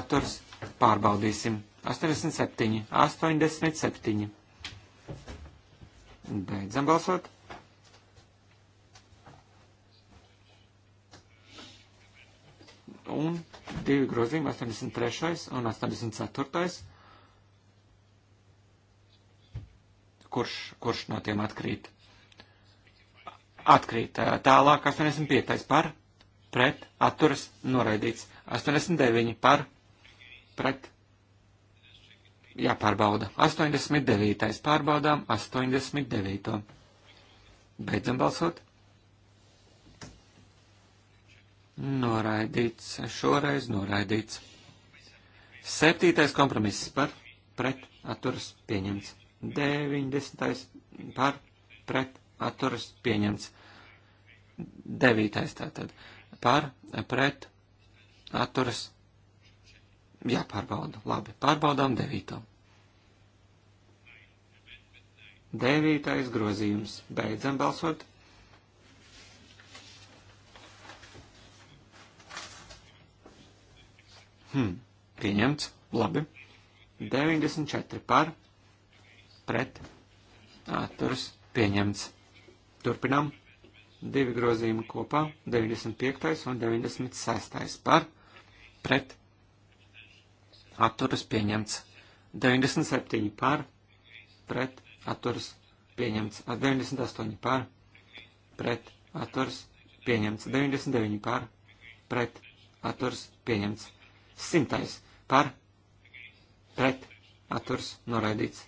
atturas pārbaudīsim. 87, 87. Beidzam balsot. un divi grozījumi, 83. un 84. Kurš, kurš no tiem atkrīt? Atkrīt. Tālāk 85. par, pret, atturas, noraidīts. 89. par, pret, jāpārbauda. 89. pārbaudām 89. Beidzam balsot. Noraidīts, šoreiz noraidīts. Septītais kompromiss par, pret, atturas pieņemts. Deviņdesmitais par, pret, atturas pieņemts. Devītais tātad par, pret, atturas jāpārbauda. Labi, pārbaudām devīto. Devītais grozījums. Beidzam balsot. Hmm, pieņemts. Labi. 94 par. Pret. Atturas. Pieņemts. Turpinām. Divi grozījumi kopā. 95. un 96. par. Pret. Atturas. Pieņemts. 97 par. Pret. Atturas. Pieņemts. 98 par. Pret. Atturas. Pieņemts. 99 par. Pret. Atturas. Pieņemts. Simtais par pret atturs noraidīts.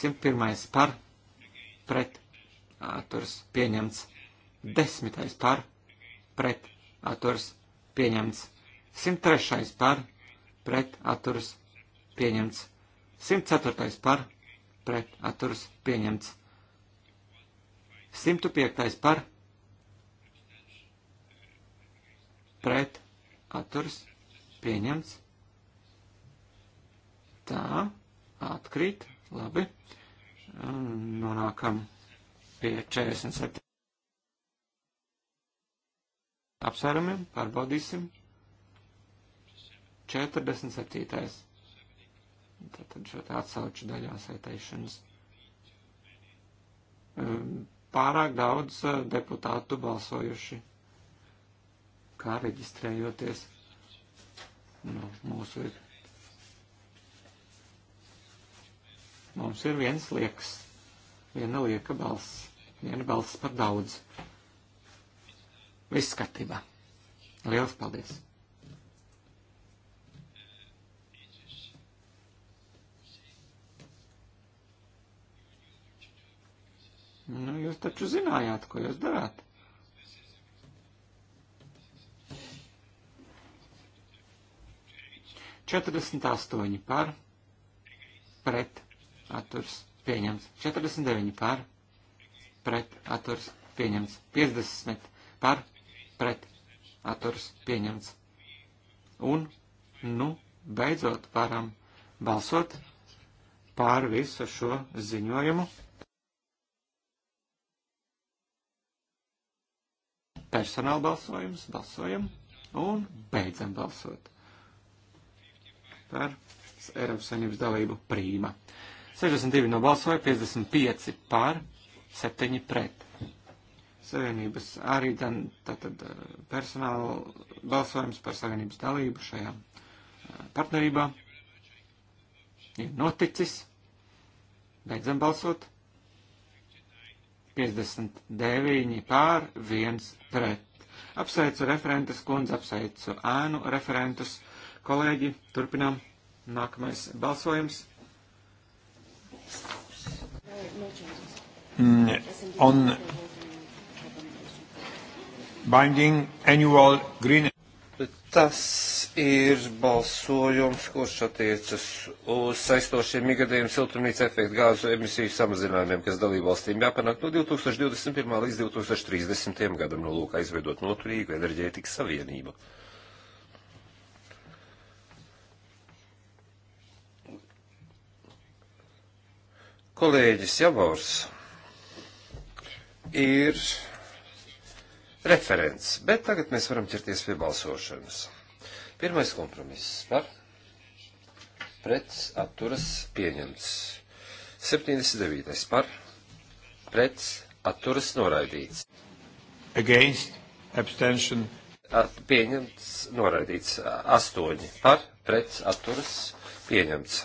101. par pret atturs pieņemts. 10. par pret atturs pieņemts. 103. par pret atturs pieņemts. 104. par pret atturs pieņemts. 105. par pret atturs pieņemts pieņemts. Tā, atkrīt, labi. Nonākam pie 47. Apsvērumiem, pārbaudīsim. 47. Tātad šo te atsauču daļā saitēšanas. Ehm, pārāk daudz eh, deputātu balsojuši, kā reģistrējoties. Nu, mūsu ir. Mums ir viens liekas, viena lieka balss, viena balss par daudz. Viss skatībā. Lielas paldies! Nu, jūs taču zinājāt, ko jūs darāt. 48 par, pret, atturs, pieņemts. 49 par, pret, atturs, pieņemts. 50 par, pret, atturs, pieņemts. Un, nu, beidzot varam balsot pār visu šo ziņojumu. Personāla balsojums, balsojam un beidzam balsot par Eiropas Savienības dalību prīma. 62 nobalsoja, 55 par, 7 pret. Savienības arī dan, tātad eh, personāla balsojums par Savienības dalību šajā eh, partnerībā ir noticis. Beidzam balsot. 59 pār, 1 pret. Apsveicu referentes kundzi, apsveicu ēnu referentus. Kolēģi, turpinām. Nākamais balsojums. Mm, on binding annual green. Tas ir balsojums, kurš attiecas uz saistošiem igadējiem siltumnīca efektu gāzu emisiju samazinājumiem, kas dalībvalstīm jāpanāk no 2021. līdz 2030. gadam, no nu, lūk, aizvedot noturīgu enerģētikas savienību. Uh, Kolēģis Javors ir referents, bet tagad mēs varam ķerties pie balsošanas. Pirmais kompromiss par pret atturas pieņemts. 79. par pret atturas noraidīts. Against abstention. At, pieņemts noraidīts. 8 par pret atturas pieņemts.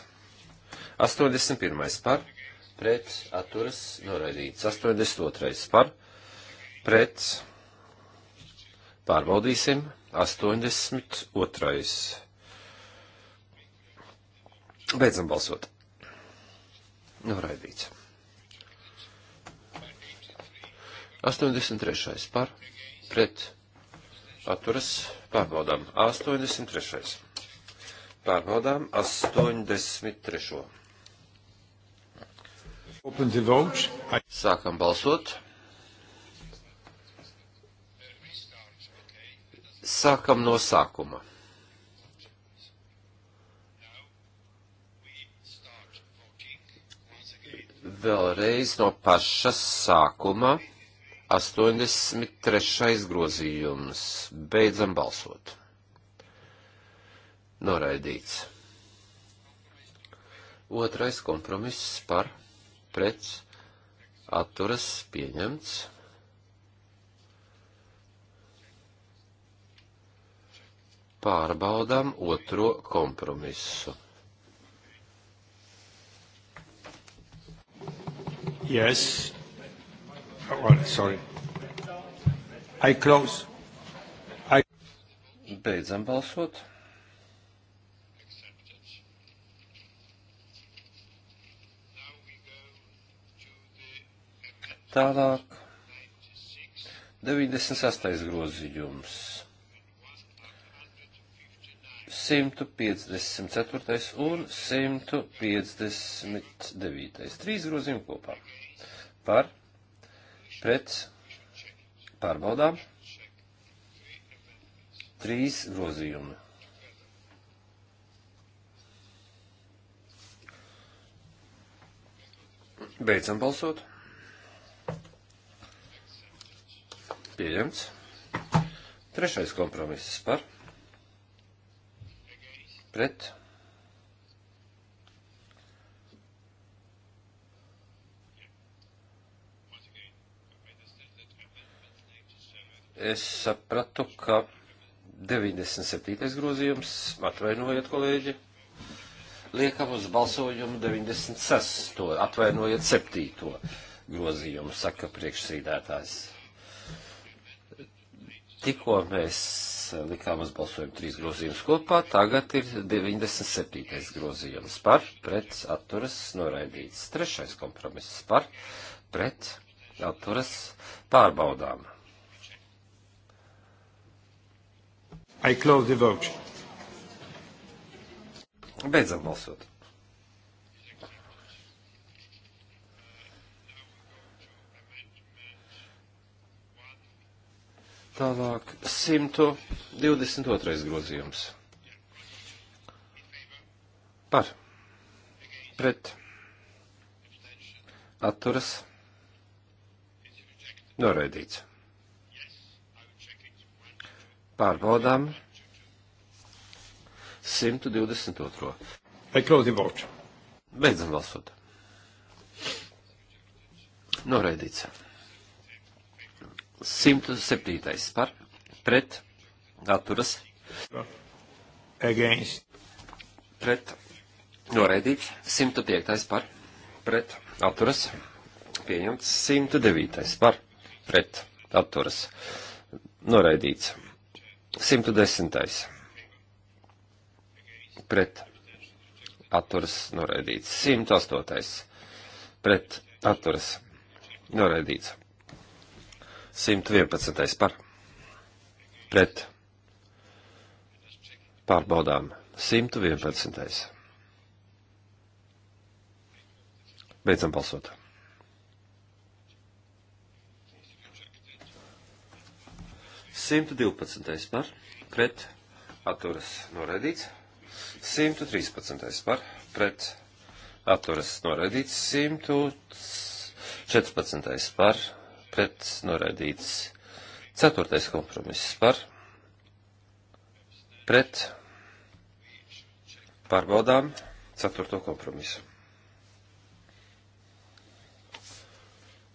81. par pret atturas noraidīts. 82. par pret pārbaudīsim 82. Beidzam balsot. Noraidīts. 83. par pret atturas pārbaudām 83. Pārbaudām 83. Sākam balsot. Sākam no sākuma. Vēlreiz no paša sākuma 83. grozījums. Beidzam balsot. Noraidīts. Otrais kompromiss par pret atturas pieņemts. Pārbaudām otro kompromisu. Yes. Oh, sorry. I close. I... Beidzam balsot. Tālāk, 96. grozījums. 154. un 159. Trīs grozījumi kopā. Par, pret, pārbaudām. Trīs grozījumi. Beidzam balsot. pieņemts. Trešais kompromiss par pret Es sapratu, ka 97. grozījums, atvainojiet, kolēģi, liekam uz balsojumu 96. atvainojiet 7. grozījumu, saka priekšsīdētājs. Tikko mēs likām uz balsojumu trīs grozījumus kopā, tagad ir 97. grozījums par, pret, atturas, noraidīts. Trešais kompromiss par, pret, atturas, pārbaudām. I close the vote. Beidzam balsot. Tālāk 122. grozījums. Par. Pret. Atturas. Noraidīts. Pārbaudām 122. Vai klaudi voču? Beidzam balsot. Noraidīts. 107. par pret atturas. Against. Pret noraidīts. 105. par pret atturas. Pieņemts 109. par pret atturas. Noraidīts. 110. pret atturas noraidīts. 108. pret atturas noraidīts. 111. par pret pārbaudām 111. Beidzam balsot. Simtu divpadsmitais par, pret, atturas noraidīts. Simtu trīspadsmitais par, pret, atturas noraidīts. Simtu četrpadsmitais par, pret noraidīts. Ceturtais kompromiss par pret pārbaudām ceturto kompromisu.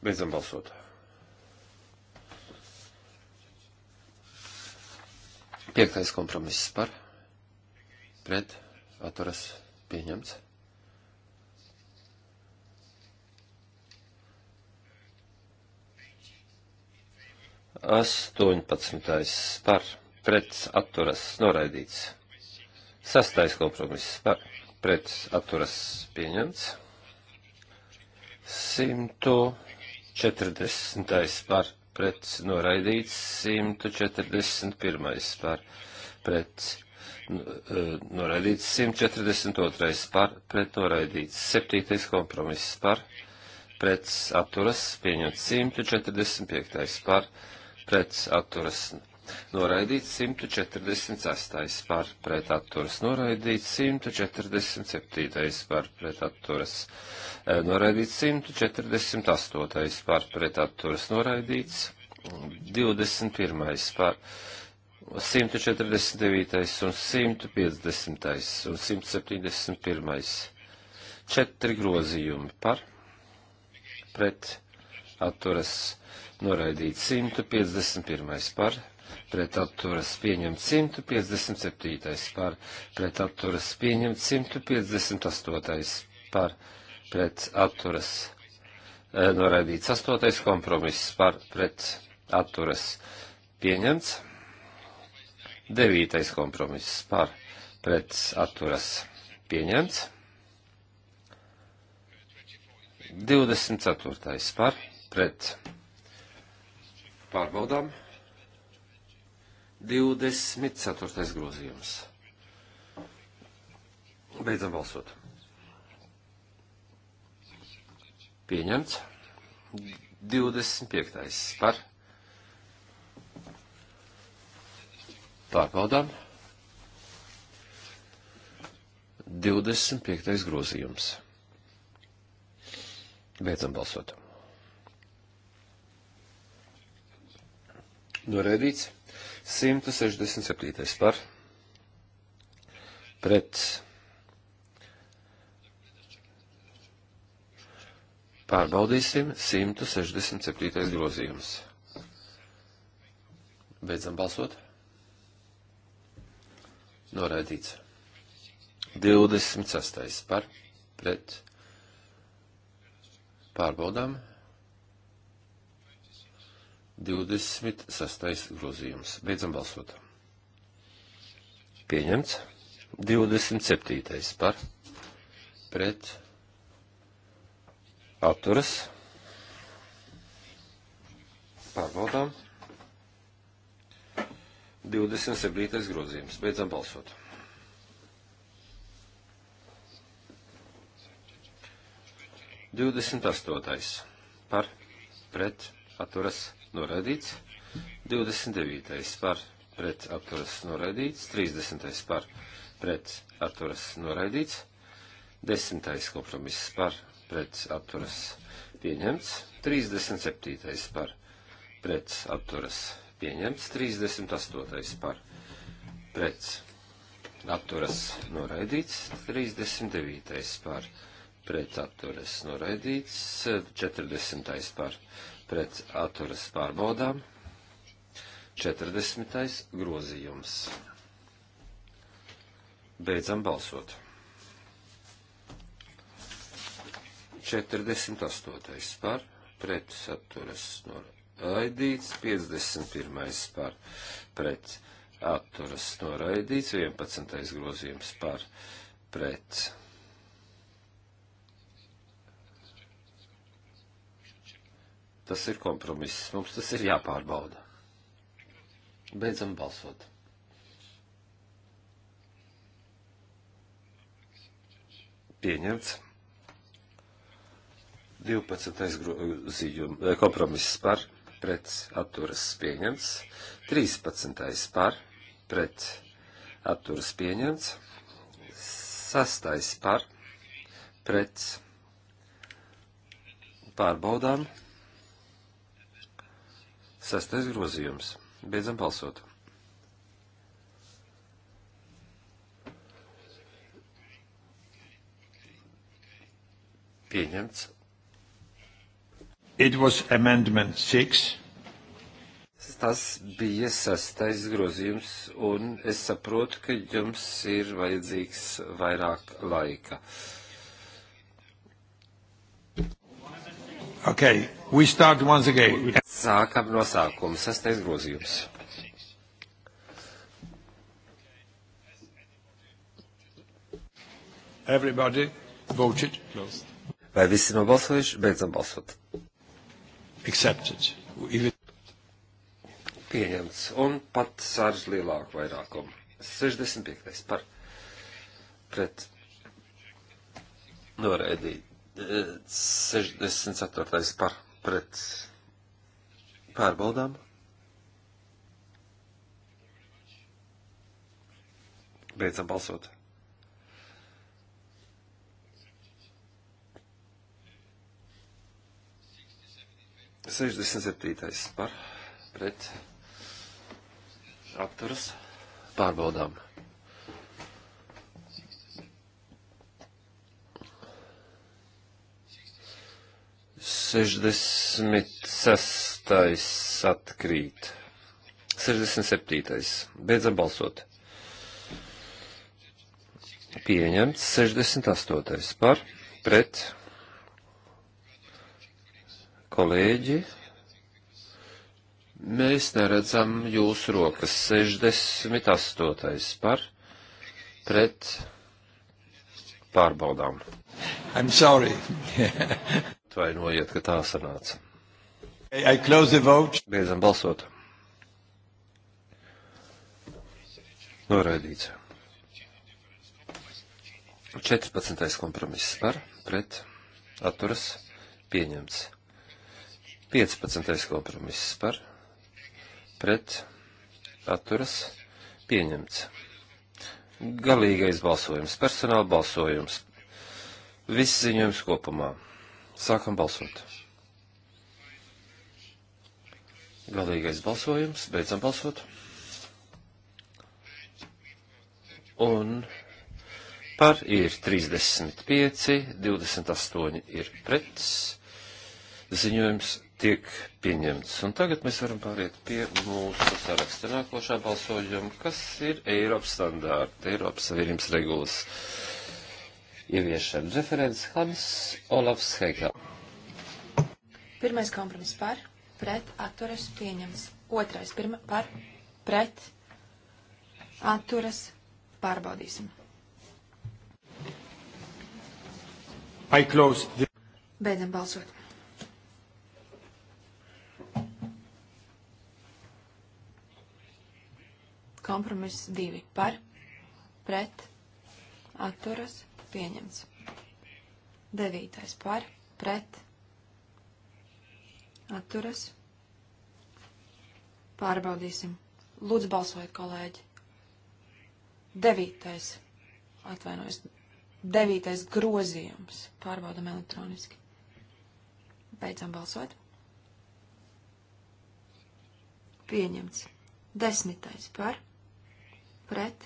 Beidzam balsot. Piektais kompromiss par pret atturas pieņemts. 18. par pret atturas noraidīts. 6. kompromiss par pret atturas pieņemts. 140. par pret noraidīts. 141. E, par pret noraidīts. 142. par pret noraidīts. 7. kompromiss par pret atturas pieņemts. 145. par pret pret atturas noraidīts 146. par pret atturas noraidīts 147. E, par pret atturas noraidīts 148. par pret atturas noraidīts 21. par 149. un 150. un 171. Četri grozījumi par pret atturas noraidīts noraidīt 151. Eh, par pret atturas pieņemt 157. par pret atturas pieņemt 158. par pret atturas noraidīts 8. kompromiss par pret atturas pieņemts 9. kompromiss par pret atturas pieņemts 24. par pret pārbaudām. 24. grozījums. Beidzam balsot. Pieņemts. 25. par. Pārbaudām. 25. grozījums. Beidzam balsot. Noraidīts. 167. par. Pret. Pārbaudīsim 167. grozījums. Beidzam balsot. Noraidīts. 26. par. Pret. Pārbaudām. 167. 26. grozījums. Beidzam balsot. Pieņemts. 27. par pret atturas. Pārbaudām. 27. grozījums. Beidzam balsot. Divdesmit astotais par pret atturas noraidīts, 29. par pret apturas noraidīts, 30. par pret apturas noraidīts, 10. kompromiss par pret apturas pieņemts, 37. par pret apturas pieņemts, 38. par pret apturas noraidīts, 39. par pret apturas noraidīts, 40. par pret pret atturas pārbaudām. 40. grozījums. Beidzam balsot. 48. par pret atturas noraidīts, 51. par pret atturas noraidīts, 11. grozījums par pret atturas noraidīts Tas ir kompromiss. Mums tas ir jāpārbauda. Beidzam balsot. Pieņemts. 12. grozījum, eh, kompromiss par, pret atturas pieņemts. 13. par, pret atturas pieņemts. 6. par, pret pārbaudām. Sastais grozījums. Beidzam balsot. Pieņemts. It was amendment 6. Tas bija sastais grozījums, un es saprotu, ka jums ir vajadzīgs vairāk laika. Uh, Okay, we start once again. Sākam no sākuma, sastais grozījums. Everybody voted. Closed. Vai visi nobalsojuši? Beidzam balsot. Accepted. Pieņemts. Un pat ar lielāku vairākumu. 65. par. Pret. Noraidīt. 64. par pret pārbaudām. Beidzam balsot. Sešdesmit septītais par pret atturas pārbaudām. 66. atkrīt. 67. Beidzam balsot. Pieņemts 68. par pret kolēģi. Mēs neredzam jūsu rokas. 68. par pret pārbaudām. I'm sorry. *laughs* Atvainojiet, ka tā sanāca. Beidzam balsot. Noraidīts. 14. kompromiss par, pret, atturas, pieņemts. 15. kompromiss par, pret, atturas, pieņemts. Galīgais balsojums, personāla balsojums, viss ziņojums kopumā. Sākam balsot. Galīgais balsojums. Beidzam balsot. Un par ir 35, 28 ir pret. Ziņojums tiek pieņemts. Un tagad mēs varam pāriet pie mūsu saraksta nākošā balsojuma, kas ir Eiropas standārta, Eiropas Savienības regulas ieviešanu. Referents Hans Olafs Hegel. Pirmais kompromiss par, pret, atturas, pieņems. Otrais pirma, par, pret, atturas, pārbaudīsim. The... Beidzam balsot. Kompromiss divi par, pret, atturas, pieņems pieņemts. Devītais par, pret, atturas. Pārbaudīsim. Lūdzu, balsojiet, kolēģi. Devītais, atvainojos, devītais grozījums. Pārbaudam elektroniski. Beidzam balsot. Pieņemts. Desmitais par, pret,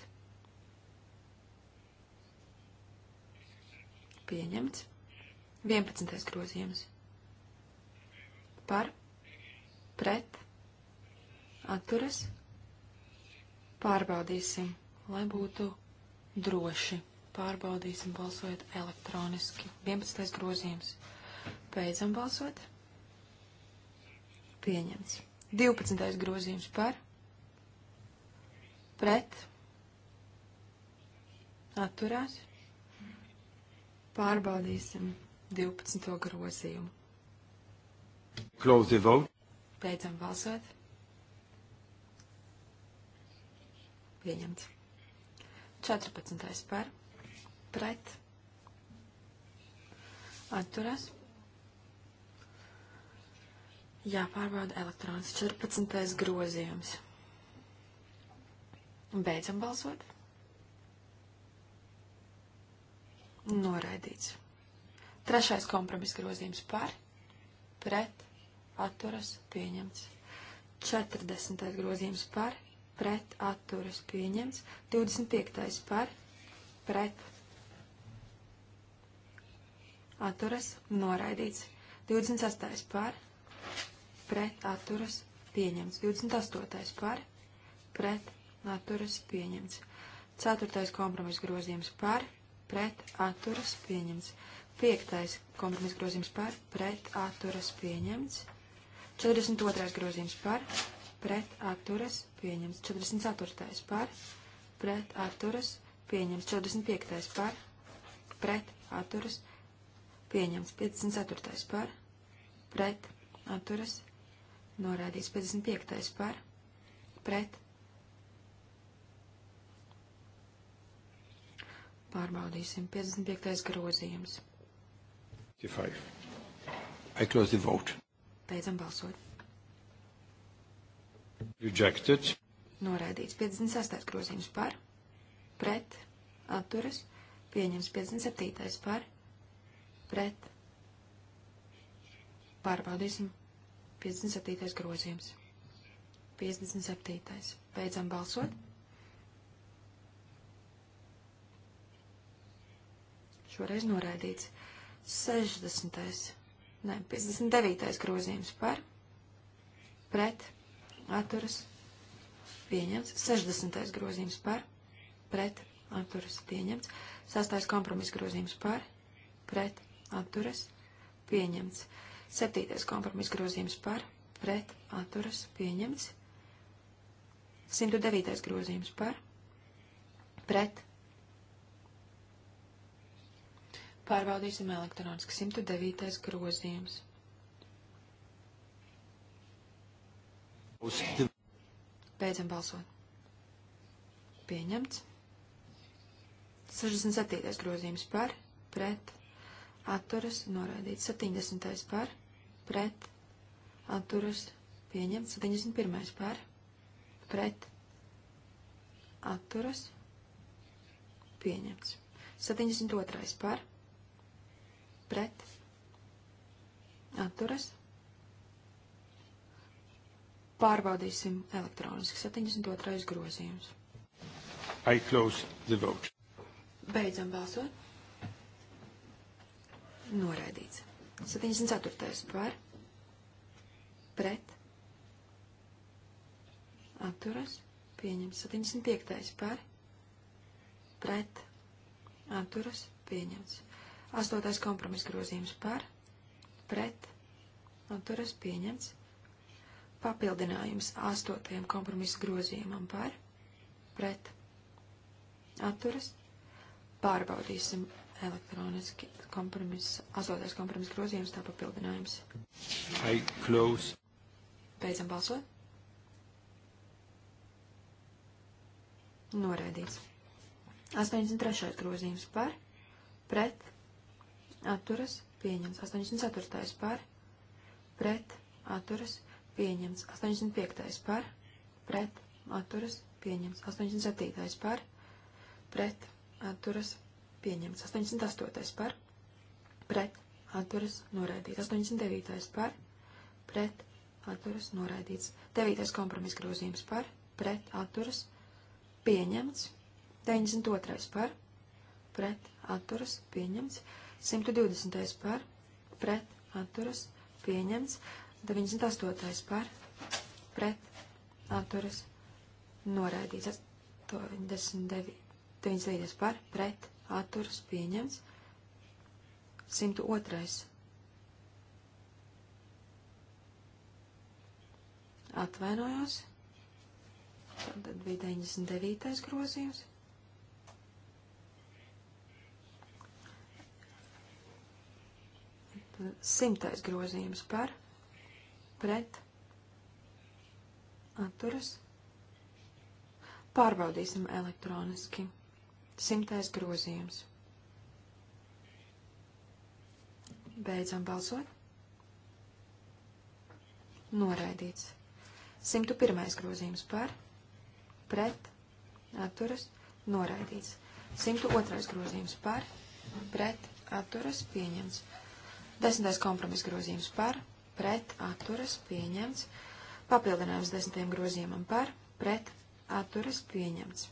pieņemts. 11. grozījums par, pret, atturas, pārbaudīsim, lai būtu droši. Pārbaudīsim, balsojot elektroniski. 11. grozījums. Beidzam balsot. Pieņemts. 12. grozījums par, pret, atturās, Pārbaudīsim 12. grozījumu. Close the vote. Beidzam balsot. Pieņemts. 14. par. Pret. Atturas. Jāpārbauda elektrons. 14. grozījums. Beidzam balsot. Noraidīts. Trešais kompromiss grozījums par, pret, atturas, pieņemts. 40. grozījums par, pret, atturas, pieņemts. 25. par, pret, atturas, noraidīts. 26. par, pret, atturas, pieņemts. 28. par, pret, atturas, pieņemts. 4. kompromiss grozījums par, pret, pret atturas pieņemts. Piektais kompromiss grozījums par pret atturas pieņemts. 42. grozījums par pret atturas pieņemts. 44. par pret atturas pieņemts. 45. par pret atturas pieņemts. 54. par pret atturas norādīts. 55. par pret atturas Pārbaudīsim. 55. grozījums. 55. I close the vote. Beidzam balsot. Rejected. Noraidīts 56. grozījums par, pret, atturas, pieņems 57. par, pret. Pārbaudīsim 57. grozījums. 57. Beidzam balsot. šoreiz noraidīts. 60. Nē, 59. grozījums par, pret, atturas, pieņemts. 60. grozījums par, pret, atturas, pieņemts. 6. kompromiss grozījums par, pret, atturas, pieņemts. 7. kompromiss grozījums par, pret, atturas, pieņemts. 109. grozījums par, pret, Pārbaudīsim elektroniski 109. grozījums. Beidzam balsot. Pieņemts. 67. grozījums par, pret, atturas, noraidīts. 70. par, pret, atturas, pieņemts. 71. par, pret, atturas, pieņemts. 72. par, pret atturas. Pārbaudīsim elektroniski 72. grozījums. I close the vote. Beidzam balsot. Noraidīts. 74. par pret atturas. Pieņemts. 75. par pret atturas. Pieņemts. Astotais kompromiss grozījums par, pret, atturas pieņemts. Papildinājums astotajam kompromisu grozījumam par, pret, atturas. Pārbaudīsim elektroniski kompromiss, astotais kompromiss grozījums, tā papildinājums. I close. Beidzam balsot. Noraidīts. 83. grozījums par, pret, atturas pieņemts. 84. par pret atturas pieņemts. 85. par pret atturas pieņemts. 87. par pret atturas pieņemts. 88. par pret atturas noraidīts. 89. par pret atturas noraidīts. 9. kompromis grozījums par pret atturas pieņemts. 92. par pret atturas pieņemts. 120. par, pret, atturas, pieņemts. 98. par, pret, atturas, noraidīts. 99. 99. par, pret, atturas, pieņemts. 102. Atvainojos. Tad bija 99. grozījums. Simtais grozījums par, pret, atturas. Pārbaudīsim elektroniski. Simtais grozījums. Beidzam balsot. Noraidīts. 101. grozījums par, pret, atturas, noraidīts. 102. grozījums par, pret, atturas, pieņemts. Desmitais kompromiss grozījums par, pret, atturas, pieņemts. Papildinājums desmitajam grozījumam par, pret, atturas, pieņemts.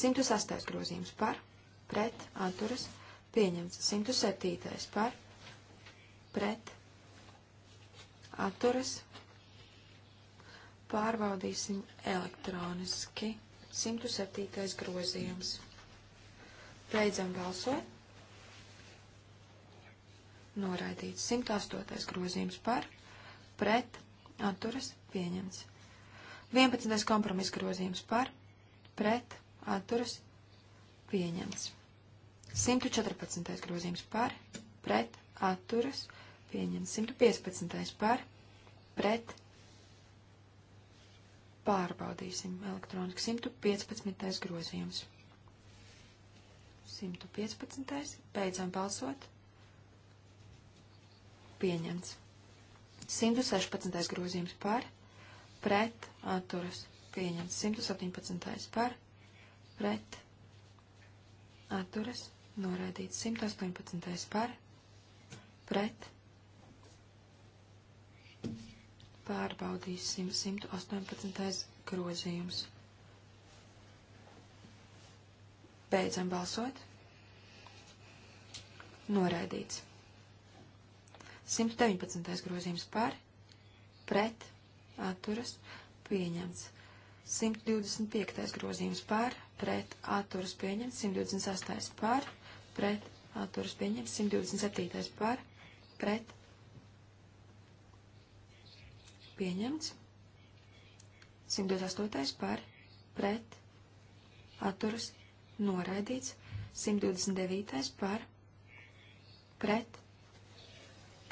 108. grozījums par, pret, atturas, pieņemts. 107. par, pret, atturas, pārbaudīsim elektroniski. 107. grozījums. Beidzam balsot noraidīts. 108. grozījums par, pret, atturas, pieņemts. 11. kompromisa grozījums par, pret, atturas, pieņemts. 114. grozījums par, pret, atturas, pieņemts. 115. par, pret, pārbaudīsim elektroniski. 115. grozījums. 115. Beidzam balsot pieņemts. 116. grozījums par, pret, atturas, pieņemts. 117. par, pret, atturas, noraidīts. 118. par, pret, pārbaudīsim 118. grozījums. Beidzam balsot. Noraidīts. 119. grozījums par, pret, atturas, pieņemts. 125. grozījums par, pret, atturas, pieņemts. 128. par, pret, atturas, pieņemts. 127. par, pret, pieņemts. 128. par, pret, atturas, noraidīts. 129. par, pret,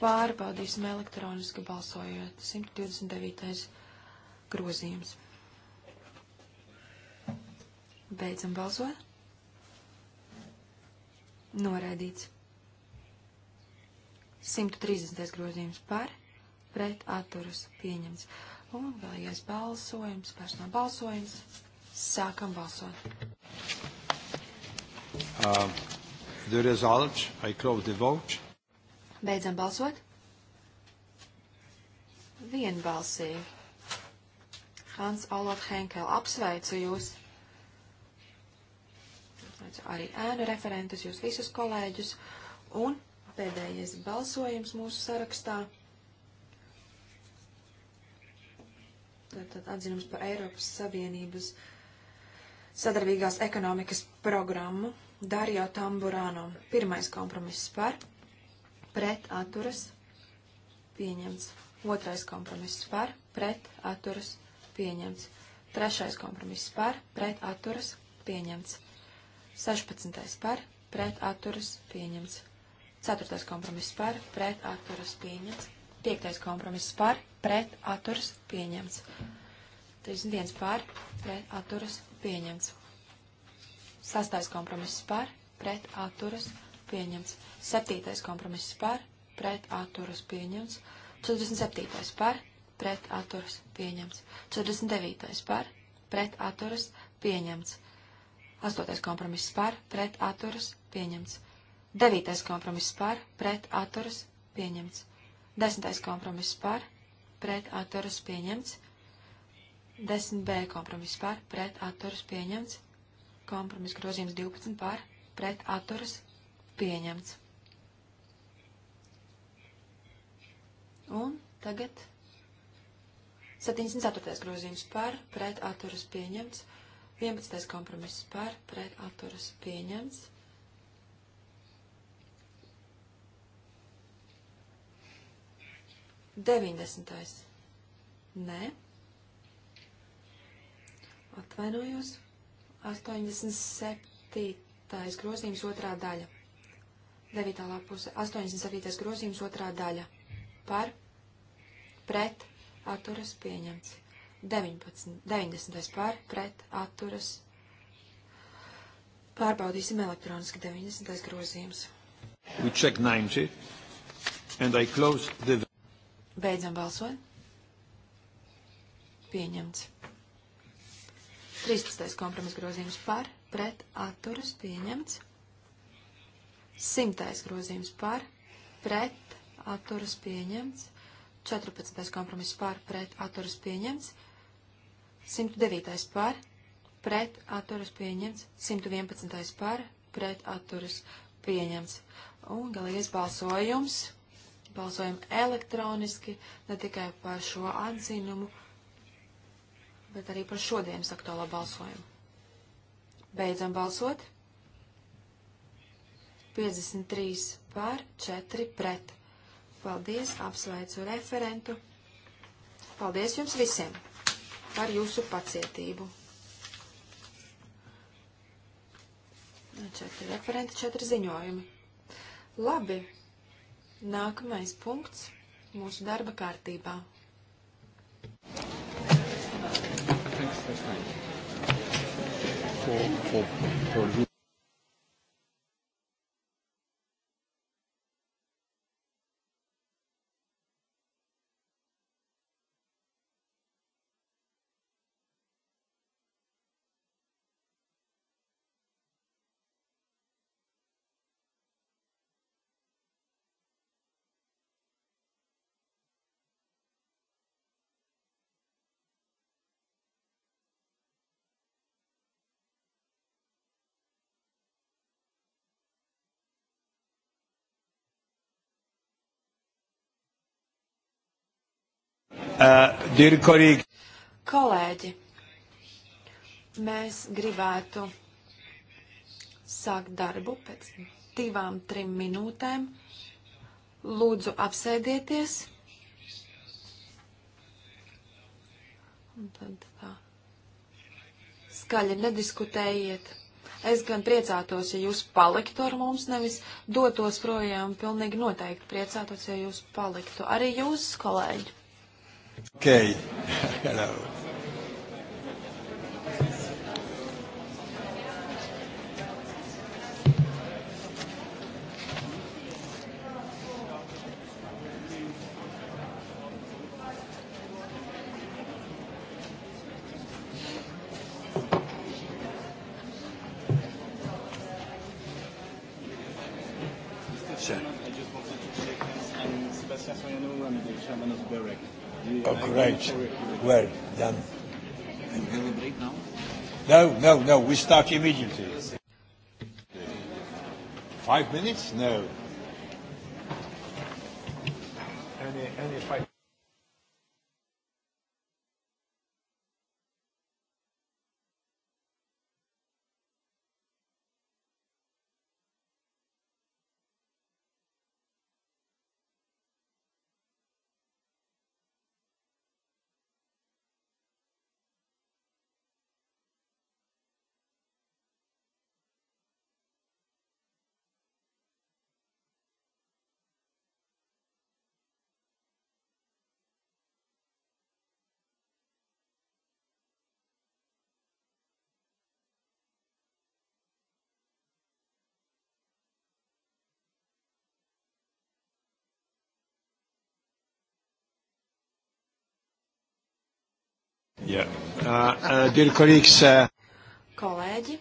Pārbaudīsim elektroniski balsojot. 129. grozījums. Beidzam balsot. Noraidīts. 130. grozījums par, pret atturas pieņemts. Un vēlējais balsojums, personā balsojums. Sākam balsot. Uh, the result, I close the vote. Beidzam balsot. Vienbalsīgi. Hans Olot Henkel, apsveicu jūs. Apsveicu arī ēnu referentus, jūs visus kolēģus. Un pēdējais balsojums mūsu sarakstā. Tātad atzinums par Eiropas Savienības sadarbīgās ekonomikas programmu Dario Tamburano. Pirmais kompromiss par pret atturas pieņemts. Otrais kompromiss par pret atturas pieņemts. Trešais kompromiss par pret atturas pieņemts. 16. par pret atturas pieņemts. Ceturtais kompromiss par pret atturas pieņemts. Piektais kompromiss par pret atturas pieņemts. 31 par pret atturas pieņemts. Sastais kompromiss par pret atturas pieņemts pieņemts. 7. kompromiss par, pret atturas pieņemts. 47. par, pret atturas pieņemts. 49. par, pret atturas pieņemts. 8. kompromiss par, pret atturas pieņemts. 9. kompromiss par, pret atturas pieņemts. 10. kompromiss par, pret atturas pieņemts. 10b kompromiss par, pret atturas pieņemts. Kompromiss grozījums 12 par, pret atturas pieņemts. Un tagad 74. grozījums par pret atturas pieņemts, 11. kompromiss par pret atturas pieņemts. Deviņdesmitais. Nē. Atvainojos. 87. grozījums otrā daļa 9. lapuse, 87. grozījums, 2. daļa. Par, pret, atturas pieņemts. 19, 90. par, pret, atturas. Pārbaudīsim elektroniski 90. grozījums. We check 90 and I close the... Beidzam balsot. Pieņemts. 13. kompromis grozījums par, pret, atturas pieņemts. Simtais grozījums par, pret, atturas pieņemts. 14. kompromiss par, pret, atturas pieņemts. 109. par, pret, atturas pieņemts. 111. par, pret, atturas pieņemts. Un galīgais balsojums. Balsojam elektroniski, ne tikai par šo atzinumu, bet arī par šodienas aktuālo balsojumu. Beidzam balsot! 53 par, 4 pret. Paldies, apsveicu referentu. Paldies jums visiem par jūsu pacietību. Nu, četri referenti, četri ziņojumi. Labi, nākamais punkts mūsu darba kārtībā. Thanks, thanks, thanks. For, for, for Uh, Kolēģi, mēs gribētu sākt darbu pēc divām, trim minūtēm. Lūdzu, apsēdieties. Un tad tā. Skaļi nediskutējiet. Es gan priecātos, ja jūs paliktu ar mums, nevis dotos projām. Pilnīgi noteikti priecātos, ja jūs paliktu. Arī jūs, kolēģi. Okay. *laughs* Hello. No, no, we start immediately. Five minutes? No. Any, any five Yeah. Uh, uh, colleagues, uh... Kolēģi,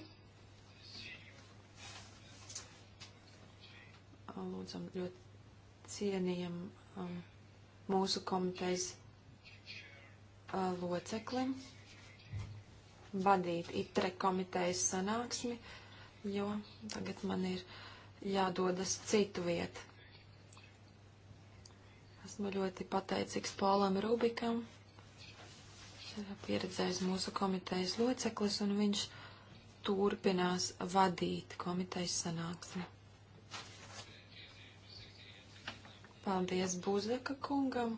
lūdzam ļoti cienījam um, mūsu komitejas uh, loceklim vadīt itre komitejas sanāksmi, jo tagad man ir jādodas citu vietu. Esmu ļoti pateicīgs Polam Rubikam pieredzējis mūsu komitejas loceklis, un viņš turpinās vadīt komitejas sanāksmi. Paldies Buzeka kungam.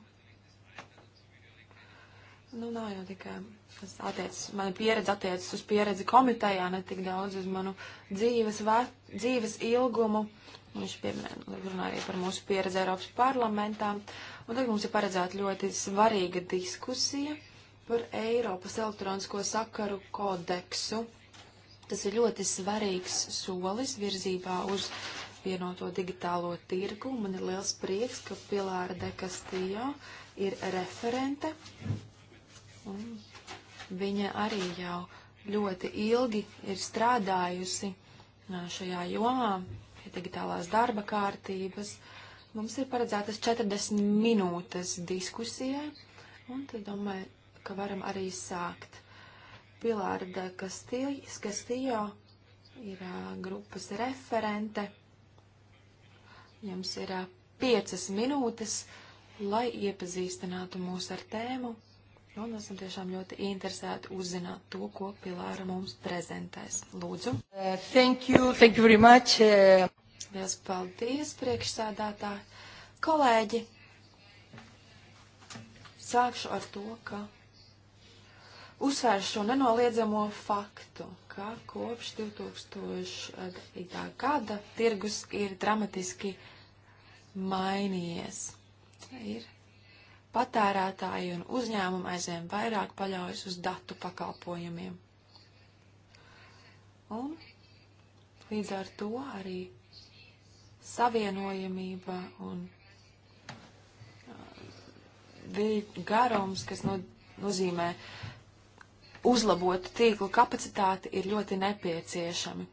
Nu, nav jau tikai tas attiecas, mana pieredze attiecas uz pieredzi komitejā, ne tik daudz uz manu dzīves, va, dzīves ilgumu. Viņš runāja arī par mūsu pieredzi Eiropas parlamentā. Un tagad mums ir paredzēta ļoti svarīga diskusija par Eiropas elektronisko sakaru kodeksu. Tas ir ļoti svarīgs solis virzībā uz vienoto digitālo tirgu. Man ir liels prieks, ka Pilāra de Castillo ir referente. Un viņa arī jau ļoti ilgi ir strādājusi šajā jomā pie digitālās darba kārtības. Mums ir paredzētas 40 minūtes diskusijai, un tad, domāju, ka varam arī sākt. Pilārda Kastījo ir grupas referente. Jums ir piecas minūtes, lai iepazīstinātu mūs ar tēmu, un esam tiešām ļoti interesēti uzzināt to, ko Pilāra mums prezentēs. Lūdzu. Uh, thank you, thank you very much. Uh... Liels paldies, priekšsādātāji. Kolēģi, sākšu ar to, ka uzsver šo nenoliedzamo faktu, ka kopš 2009. gada tirgus ir dramatiski mainījies. Ir patērētāji un uzņēmumi aizvien vairāk paļaujas uz datu pakalpojumiem. Un līdz ar to arī savienojamība un uh, garums, kas no, nozīmē uh, uzlabota tīkla kapacitāte ir ļoti nepieciešami.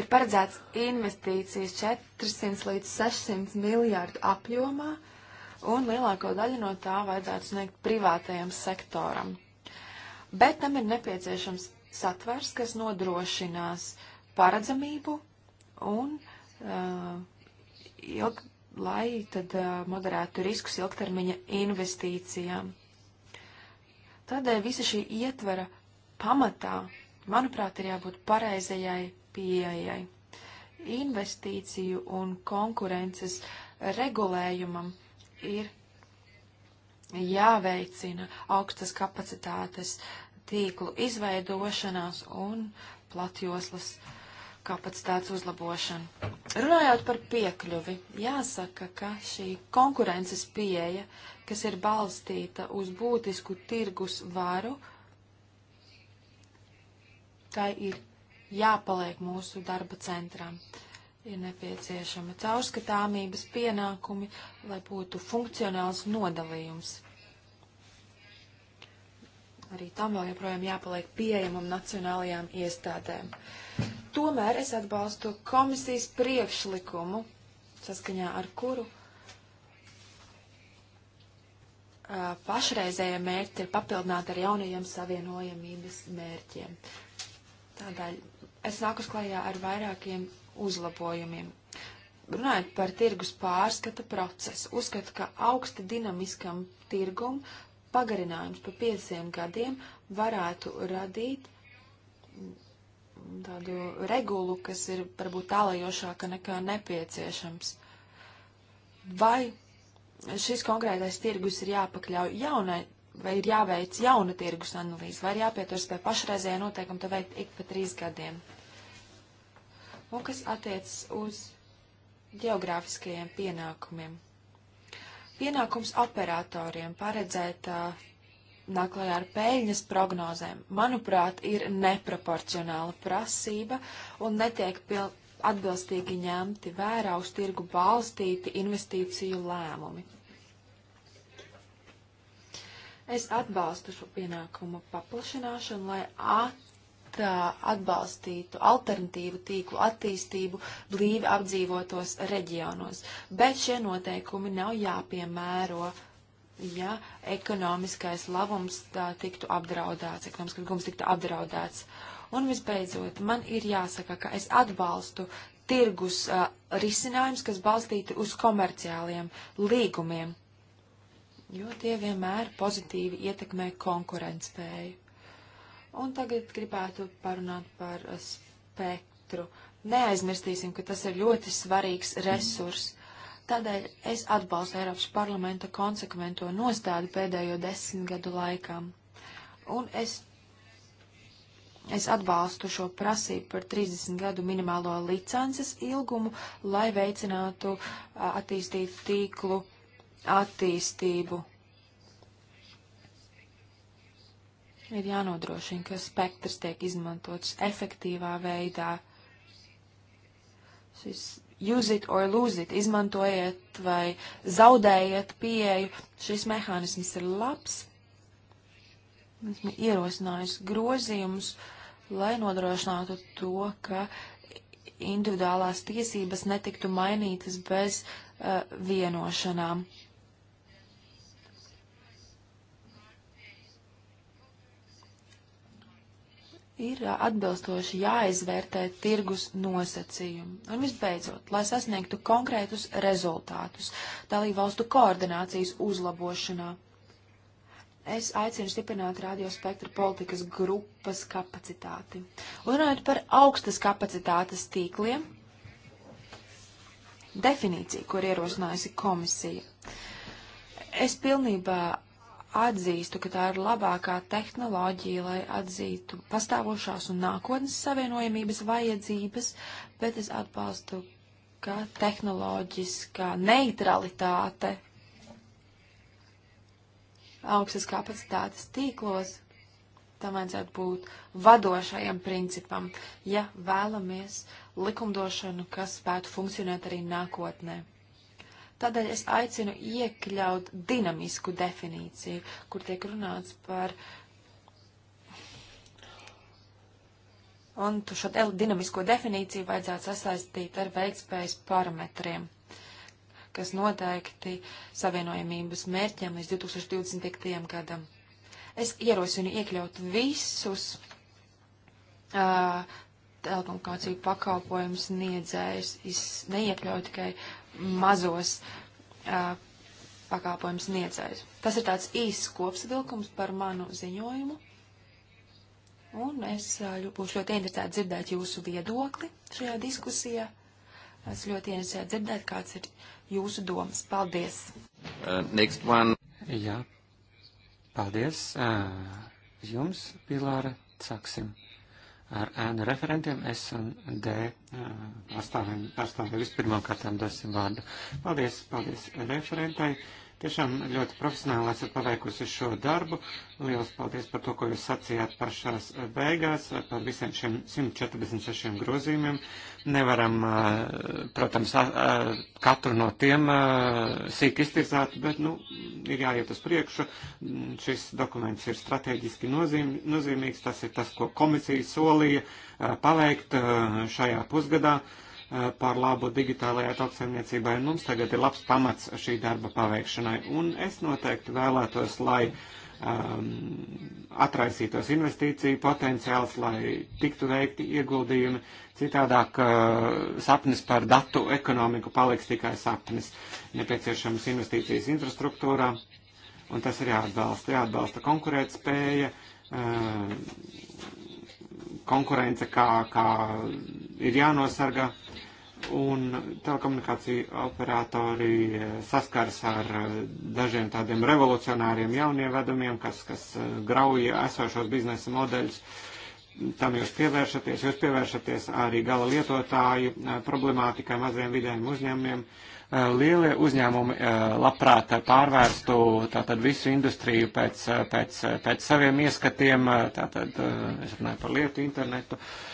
Ir paredzēts investīcijas 400 līdz 600 miljārdu apjomā, un lielāko daļu no tā vajadzētu sniegt privātajam sektoram. Bet tam ir nepieciešams satvers, kas nodrošinās paredzamību un uh, ilg, lai tad moderētu riskus ilgtermiņa investīcijām. Tādēļ visa šī ietvara pamatā, manuprāt, ir jābūt pareizajai pieejai. Investīciju un konkurences regulējumam ir jāveicina augstas kapacitātes tīklu izveidošanās un platjoslas uh, kapacitātes uzlabošanu. Runājot par piekļuvi, jāsaka, ka šī konkurences pieeja, kas ir balstīta uz būtisku tirgus varu, tai ir jāpaliek mūsu darba centrā. Ir nepieciešama caurskatāmības pienākumi, lai būtu funkcionāls nodalījums arī tam vēl joprojām jāpaliek pieejamam nacionālajām iestādēm. Tomēr es atbalstu komisijas priekšlikumu, saskaņā ar kuru uh, pašreizējie mērķi ir papildināti ar jaunajiem savienojamības mērķiem. Tādēļ es nāku klajā ar vairākiem uzlabojumiem. Runājot par tirgus pārskata procesu, uzskatu, ka augsti dinamiskam tirgum pagarinājums pa pieciem gadiem varētu radīt tādu regulu, kas ir varbūt tālajošāka nekā nepieciešams. Vai šis konkrētais tirgus ir jāpakļauj jaunai, vai ir jāveic jauna tirgus analīze, vai ir jāpieturas pie pašreizējā noteikuma to veikt ik pa trīs gadiem? Un kas attiecas uz geogrāfiskajiem pienākumiem? Pienākums operatoriem paredzēt uh, naklajā ar peļņas prognozēm, manuprāt, ir neproporcionāla prasība un netiek pil atbilstīgi ņemti vērā uz tirgu balstīti investīciju lēmumi. Es atbalstu šo pienākumu paplašināšanu, lai at atbalstītu alternatīvu tīklu attīstību blīvi apdzīvotos reģionos, bet šie noteikumi nav jāpiemēro, ja ekonomiskais labums tā tiktu apdraudēts, ekonomiskais gums tiktu apdraudēts. Un visbeidzot, man ir jāsaka, ka es atbalstu tirgus uh, risinājums, kas balstīti uz komerciāliem līgumiem, jo tie vienmēr pozitīvi ietekmē konkurentspēju. Un tagad gribētu parunāt par eh, spektru. Neaizmirstīsim, ka tas ir ļoti svarīgs resurs. Tādēļ es atbalstu Eiropas parlamenta konsekvento nostādu pēdējo desmit gadu laikā. Un es, es atbalstu šo prasību par 30 gadu minimālo licences ilgumu, lai veicinātu attīstītu tīklu attīstību ir jānodrošina, ka spektrs tiek izmantots efektīvā veidā. Šis use it or lose it, izmantojiet vai zaudējiet pieeju, šis mehānisms ir labs. Esmu ierosinājis grozījumus, lai nodrošinātu to, ka individuālās tiesības netiktu mainītas bez uh, vienošanām. Uh, ir atbilstoši jāizvērtē tirgus nosacījumi. Un visbeidzot, lai sasniegtu konkrētus rezultātus dalībvalstu koordinācijas uzlabošanā, es aicinu stiprināt radiospektra politikas grupas kapacitāti. Runājot par augstas kapacitātes tīkliem, definīciju, kur ierosinājusi komisija. Es pilnībā atzīstu, ka tā ir labākā tehnoloģija, lai atzītu pastāvošās un nākotnes savienojamības vajadzības, bet es atbalstu, ka tehnoloģiskā neutralitāte augstas kapacitātes tīklos tam vajadzētu būt vadošajam principam, ja vēlamies likumdošanu, kas spētu funkcionēt arī nākotnē. Tādēļ es aicinu iekļaut dinamisku definīciju, kur tiek runāts par. Un šo dinamisko definīciju vajadzētu sasaistīt ar veiktspējas parametriem, kas noteikti savienojamības mērķiem līdz 2025. gadam. Es ierosinu iekļaut visus uh, telekomunikāciju pakalpojumu sniedzējus, neiekļaut tikai uh, mazos uh, pakāpojums niecējus. Tas ir tāds īsts kopsavilkums par manu ziņojumu. Un es uh, būšu ļoti interesēta dzirdēt jūsu viedokli šajā diskusijā. Es ļoti interesēta dzirdēt, kāds ir jūsu domas. Paldies! Uh, next one. Jā, paldies uh, jums, Pilāra Caksim ar ēnu referentiem S un D pārstāvjiem. Vispirmām kārtām dosim vārdu. Paldies, paldies referentai. Tiešām ļoti profesionāli esat paveikusi šo darbu. Lielas paldies par to, ko jūs sacījāt pašās eh, beigās, eh, par visiem šiem 146 grozījumiem. Nevaram, eh, protams, katru no tiem sīk iztirzāt, bet, nu, ir jāiet uz priekšu. Mm, šis dokuments ir strateģiski nozīm, nozīmīgs. Tas ir tas, ko komisija solīja paveikt šajā pusgadā. Eh, par labu digitālajai tautsaimniecībai. Mums tagad ir labs pamats šī darba paveikšanai, un es noteikti vēlētos, lai um, atraisītos investīciju potenciāls, lai tiktu veikti ieguldījumi. Citādāk uh, sapnis par datu ekonomiku paliks tikai sapnis. Nepieciešams investīcijas infrastruktūrā, un tas ir jāatbalsta. Jāatbalsta konkurētspēja. Uh, konkurence, kā, kā ir jānosargā un telekomunikāciju operatori eh, saskars ar eh, dažiem tādiem revolucionāriem jaunievedumiem, kas, kas eh, grauja esošos biznesa modeļus. Tam jūs pievēršaties, jūs pievēršaties arī gala lietotāju problemātikai maziem vidējiem uzņēmumiem. Lielie uzņēmumi labprāt pārvērstu tātad visu industriju pēc, pēc, pēc saviem ieskatiem, tātad es runāju par lietu internetu. Uh,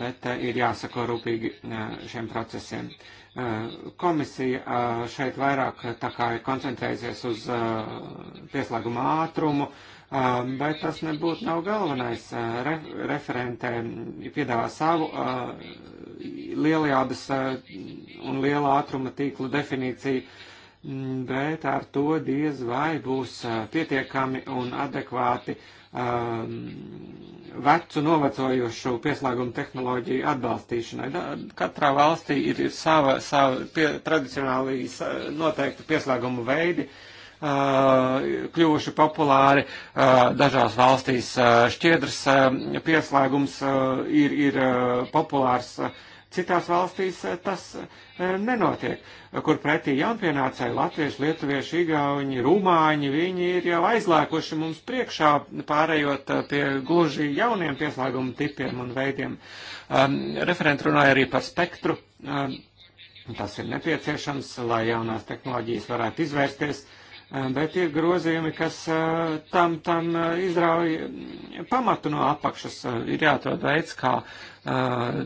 bet eh, ir jāsako rūpīgi eh, šiem procesiem. Eh, komisija šeit vairāk tā kā ir koncentrējusies uz pieslēguma ātrumu, bet tas nebūtu nav galvenais. Re, referentē piedāvā savu lielajādas un liela ātruma tīkla definīciju, mm, bet ar to diez vai būs pietiekami un adekvāti vecu novecojošu pieslēgumu tehnoloģiju atbalstīšanai. Da, katrā valstī ir, ir sava, sava pie, tradicionāli noteikti pieslēgumu veidi, uh, kļuvuši populāri. Uh, dažās valstīs uh, šķiedrs pieslēgums ir, ir populārs. Citās valstīs eh, tas eh, nenotiek, kur pretī jaunpienācēji latvieši, lietuvieši, igauņi, rumāņi, viņi ir jau aizlēkuši mums priekšā, pārējot eh, pie gluži jauniem pieslēguma tipiem un veidiem. Um, Referenti runāja arī par spektru. Um, tas ir nepieciešams, lai jaunās tehnoloģijas varētu izvērsties um, bet ir grozījumi, kas tam, tam izrauj pamatu no apakšas. Ir jāatrod veids, kā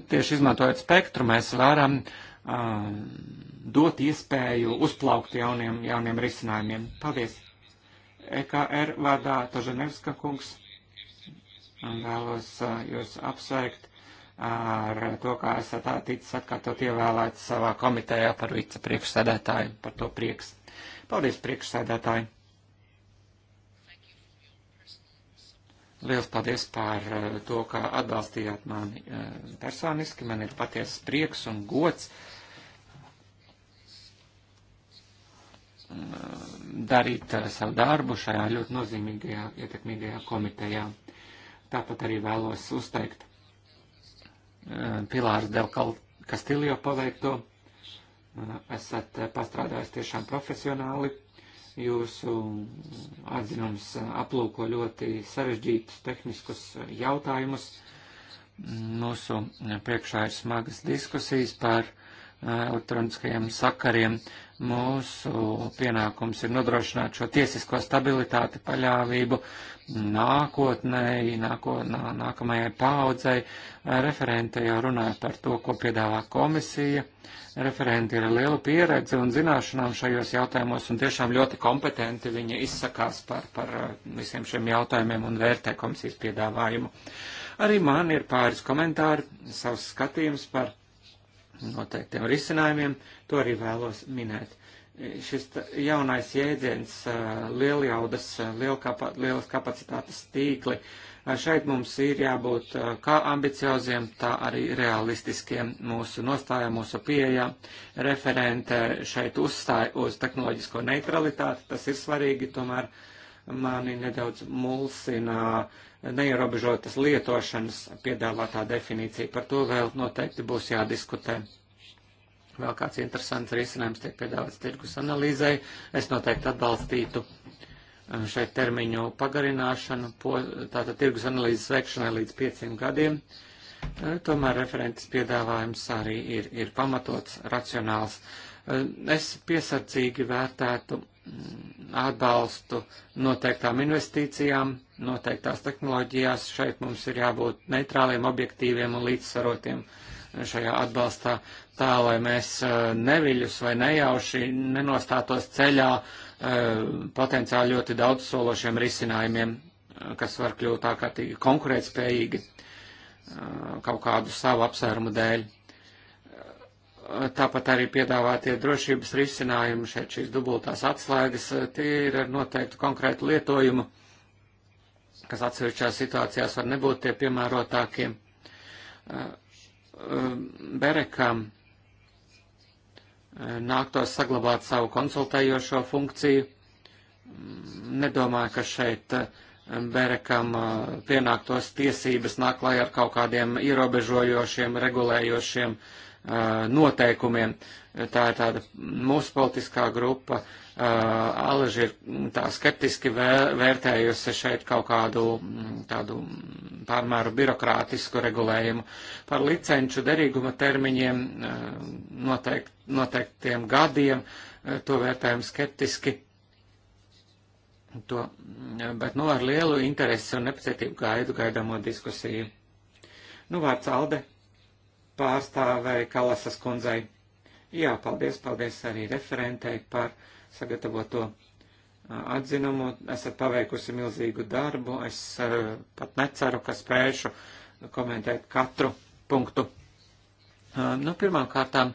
tieši izmantojot spektru, mēs varam dot iespēju uzplaukt jauniem, jauniem risinājumiem. Paldies! EKR er vārdā Toženevska kungs vēlos jūs apsveikt ar to, kā esat ticis atkārtot ievēlēts savā komitejā par vicepriekšsēdētāju, par to prieks. Paldies, priekšsēdētāji! Liels paldies par eh, to, ka atbalstījāt mani eh, personiski. Man ir patiesas prieks un gods eh, darīt savu darbu šajā ļoti nozīmīgajā, ietekmīgajā komitejā. Tāpat arī vēlos uzteikt Pilārs Delkal Kastiljo paveikto. Esat pastrādājis tiešām profesionāli Jūsu atzinums uh, aplūko ļoti sarežģītus tehniskus uh, jautājumus. Mūsu uh, priekšā ir smagas diskusijas par elektroniskajiem sakariem. Mūsu pienākums ir nodrošināt šo tiesisko stabilitāti, paļāvību, uh, nākotnēji, nāko, nā, nākamajai paudzei. Referente jau runāja par to, ko piedāvā komisija. Referenti ir liela pieredze un zināšanām šajos jautājumos un tiešām ļoti kompetenti viņi izsakās par, par uh, visiem šiem jautājumiem un vērtē komisijas piedāvājumu. Arī man ir pāris komentāri, savs skatījums par noteiktiem risinājumiem, to arī vēlos minēt šis jaunais jēdziens lieljaudas, lielkapa, lielas kapacitātes tīkli. Šeit mums ir jābūt kā ambicioziem, tā arī realistiskiem mūsu nostājā, mūsu pieejā. Referente šeit uzstāja uz tehnoloģisko neutralitāti, tas ir svarīgi, tomēr mani nedaudz mulsina neierobežotas lietošanas piedāvātā definīcija. Par to vēl noteikti būs jādiskutē vēl kāds interesants risinājums tiek piedāvāts tirgus analīzai, es noteikti atbalstītu uh, šeit termiņu pagarināšanu, tātad tirgus analīzes veikšanai līdz pieciem gadiem. Uh, tomēr referentes piedāvājums arī ir, ir pamatots, racionāls. Uh, es piesardzīgi vērtētu mm, atbalstu noteiktām investīcijām, noteiktās tehnoloģijās. Šeit mums ir jābūt neitrāliem, objektīviem un līdzsvarotiem šajā atbalstā tā, lai mēs uh, neviļus vai nejauši nenostātos ceļā uh, potenciāli ļoti daudz sološiem risinājumiem, uh, kas var kļūt tā kā konkurētspējīgi kaut kādu savu apsvērumu dēļ. Tāpat arī piedāvātie drošības risinājumi, šeit šīs dubultās atslēgas, tie ir ar noteiktu konkrētu lietojumu, kas atsevišķās situācijās var nebūt tie piemērotākie. Berekam nāktos saglabāt savu konsultējošo funkciju. Nedomāju, ka šeit eh, Berekam eh, pienāktos tiesības nāklai ar kaut kādiem ierobežojošiem, regulējošiem eh, noteikumiem. Tā ir tāda mūsu politiskā grupa Uh, Alaži ir mm, tā skeptiski vērtējusi šeit kaut kādu mm, tādu pārmēru birokrātisku regulējumu par licenču derīguma termiņiem uh, noteikt, noteiktiem gadiem. Uh, to vērtējumu skeptiski. To, mm, bet nu ar lielu interesi un nepacietību gaidu gaidāmo diskusiju. Nu vārds Alde pārstāvēja Kalasas kundzei. Jā, paldies, paldies arī referentei par uh, sagatavoto atzinumu. Esat paveikusi milzīgu darbu. Es pat neceru, ka spēšu komentēt katru punktu. Nu, pirmām kārtām,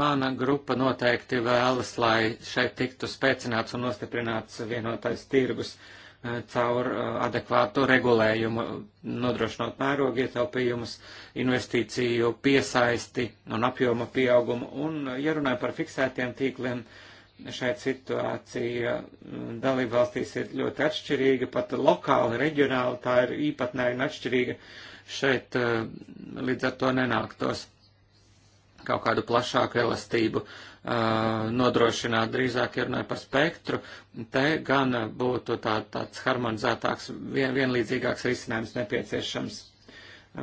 mana grupa noteikti vēlas, lai šeit tiktu spēcināts un nostiprināts vienotais tirgus caur adekvātu regulējumu, nodrošinot mērogu ietaupījumus, investīciju piesaisti un apjoma pieaugumu. Un, ja runājam par fiksētiem tīkliem, uh, šeit situācija mm, dalībvalstīs ir ļoti atšķirīga, pat lokāli, reģionāli tā ir īpatnēji un atšķirīga. Šeit mm, līdz ar to nenāktos kaut kādu plašāku elastību mm, nodrošināt, drīzāk ir runāja par spektru. Te gan būtu tā, tāds harmonizētāks, vien, vienlīdzīgāks risinājums nepieciešams.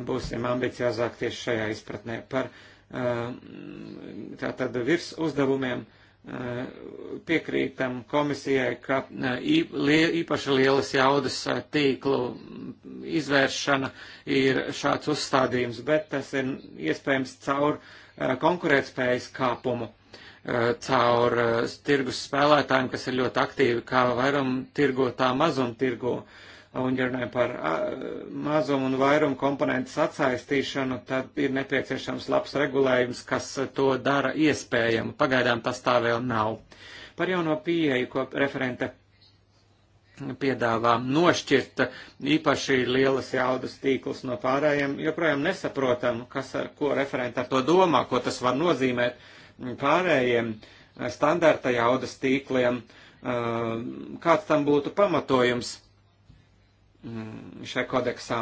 Būsim ambiciozāk tieši šajā izpratnē par tātad virs uzdevumiem. Uh, Eh, piekrītam komisijai, ka eh, īpaši lielas jaudas eh, tīklu izvēršana ir šāds uzstādījums, bet tas ir iespējams caur konkurētspējas kāpumu, caur tirgus spēlētājiem, kas ir ļoti aktīvi, kā varam tirgo tā mazum tirgo. Uh, un ja runājam par mazumu un vairumu komponentu sacaistīšanu, tad ir nepieciešams labs regulējums, kas to dara iespējamu. Pagaidām tas tā vēl nav. Par jauno pieeju, ko referente piedāvā nošķirt īpaši lielas jaudas tīklus no pārējiem, joprojām nesaprotam, kas ar ko referenta ar to domā, ko tas var nozīmēt pārējiem standarta jaudas tīkliem, kāds tam būtu pamatojums šai mm, kodeksā.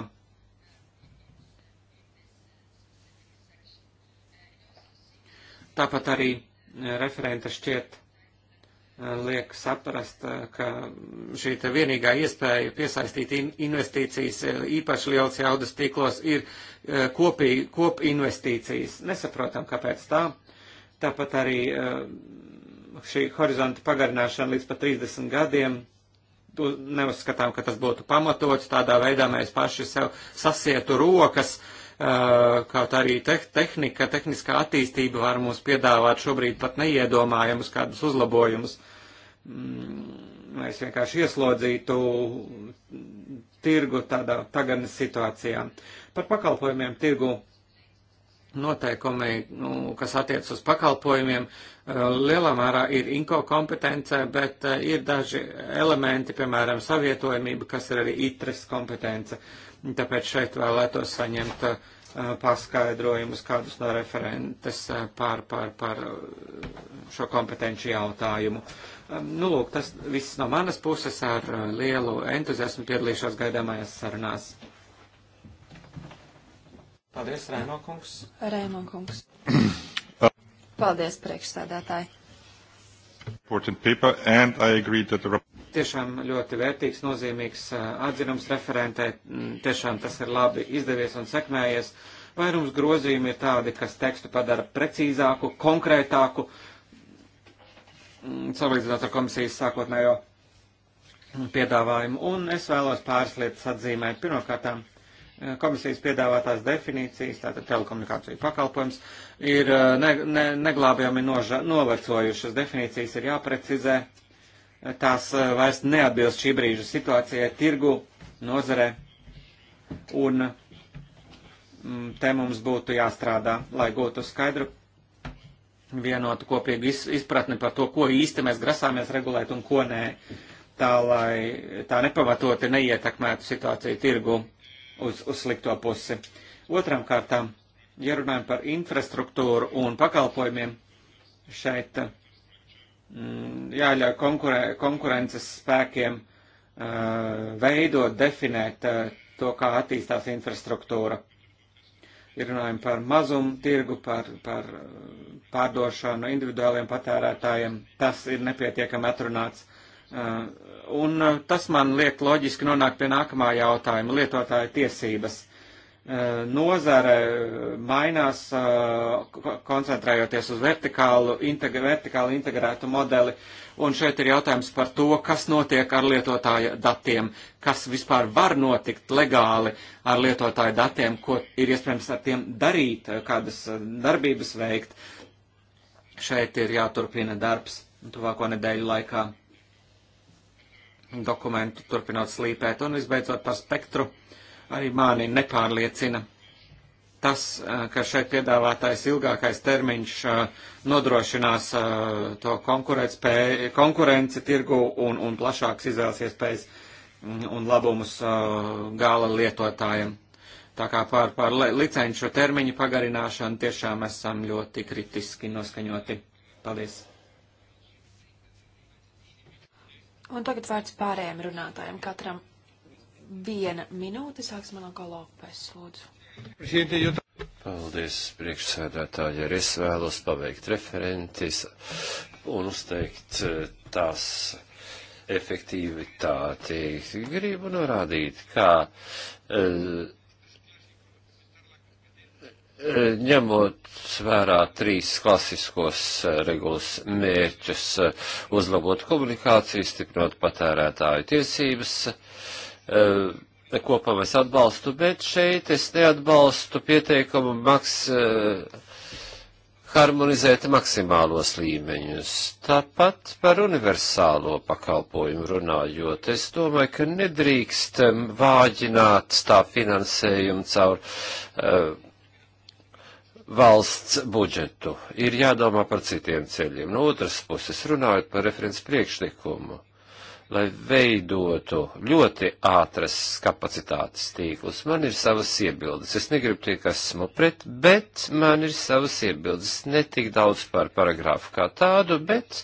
Tāpat arī eh, referenta šķiet eh, liek saprast, eh, ka šī te vienīgā iespēja piesaistīt investīcijas īpaši liels jaudas tīklos ir kopī, kop investīcijas. Nesaprotam, kāpēc tā. Tāpat arī šī horizonta pagarināšana līdz pat 30 gadiem neuzskatām, ka tas būtu pamatots. Tādā veidā mēs paši sev sasietu rokas, uh, kaut arī te tehnika, tehniskā attīstība var mums piedāvāt šobrīd pat neiedomājamus kādus uzlabojumus. Mm, mēs vienkārši ieslodzītu tirgu tādā tagadnes situācijā. Par pakalpojumiem tirgu noteikumi, nu, kas attiec uz pakalpojumiem, Eh, lielā mērā ir INCO kompetencē, bet eh, ir daži elementi, piemēram, savietojamība, kas ir arī ITRES kompetence. Tāpēc šeit vēlētos saņemt eh, paskaidrojumus kādus no referentes par, par, par šo kompetenci jautājumu. Nu, lūk, tas viss no manas puses ar lielu entuziasmu piedalīšos gaidāmajās sarunās. Paldies, Rēmonkungs. Rēmonkungs. *coughs* Paldies, priekšsādātāji. The... Tiešām ļoti vērtīgs, nozīmīgs uh, atzinums referentē. Mm, tiešām tas ir labi izdevies un sekmējies. Vairums grozījumi ir tādi, kas tekstu padara precīzāku, konkrētāku, mm, salīdzinot ar komisijas sākotnējo piedāvājumu. Un es vēlos pāris lietas atzīmēt. Pirmkārtām Eh, komisijas piedāvātās definīcijas, tātad telekomunikāciju pakalpojums, ir eh, ne, ne, neglābjami noža, novecojušas definīcijas, ir jāprecizē, eh, tās vairs neatbilst šī brīža situācijai, tirgu, nozarē, un mm, te mums būtu jāstrādā, lai gūtu skaidru vienotu kopīgu izpratni par to, ko īsti mēs grasāmies regulēt un ko nē, tā lai tā nepamatoti neietekmētu situāciju tirgu uz, uz slikto pusi. Otram kārtām, ja runājam par infrastruktūru un pakalpojumiem, šeit mm, jāļauj konkurē, konkurences spēkiem uh, veidot, definēt uh, to, kā attīstās infrastruktūra. Ir runājam par mazumu tirgu, par, par pārdošanu individuāliem patērētājiem. Tas ir nepietiekami atrunāts. Uh, Uh, un uh, tas man liek loģiski nonākt pie nākamā jautājuma - lietotāja tiesības. Uh, nozare mainās, koncentrējoties uz vertikālu, integra, vertikālu integrētu modeli, un šeit ir jautājums par to, kas notiek ar lietotāja datiem, kas vispār var notikt legāli ar lietotāja datiem, ko ir iespējams ar tiem darīt, kādas darbības veikt. Šeit ir jāturpina darbs tuvāko nedēļu laikā dokumentu turpinot slīpēt. Un visbeidzot par spektru arī mani nepārliecina tas, ka šeit piedāvātais ilgākais termiņš nodrošinās to konkurenci tirgu un, un plašāks izvēles iespējas un labumus gala lietotājiem. Tā kā par, par licenšu termiņu pagarināšanu tiešām esam ļoti kritiski noskaņoti. Paldies! Un tagad vārds pārējiem runātājiem. Katram viena minūte. Sāksim no Galopes, lūdzu. Paldies, priekšsēdētāji. Arī es vēlos paveikt referentis un uzteikt eh, tās efektivitāti. Gribu norādīt, kā. Uh, eh, E, ņemot vērā trīs klasiskos e, regulas mērķus e, - uzlabot komunikāciju, stiprinot patērētāju tiesības, kopā mēs atbalstu, bet šeit es neatbalstu pieteikumu maks, harmonizēt maksimālos līmeņus. Tāpat par universālo pakalpojumu runājot, es domāju, ka nedrīkst vāģināt tā finansējumu caur uh, valsts budžetu. Ir jādomā par citiem ceļiem. No otras puses, runājot par referents priekšlikumu, lai veidotu ļoti ātras kapacitātes tīklus, man ir savas iebildes. Es negribu teikt, ka esmu pret, bet man ir savas iebildes. Ne tik daudz par paragrāfu kā tādu, bet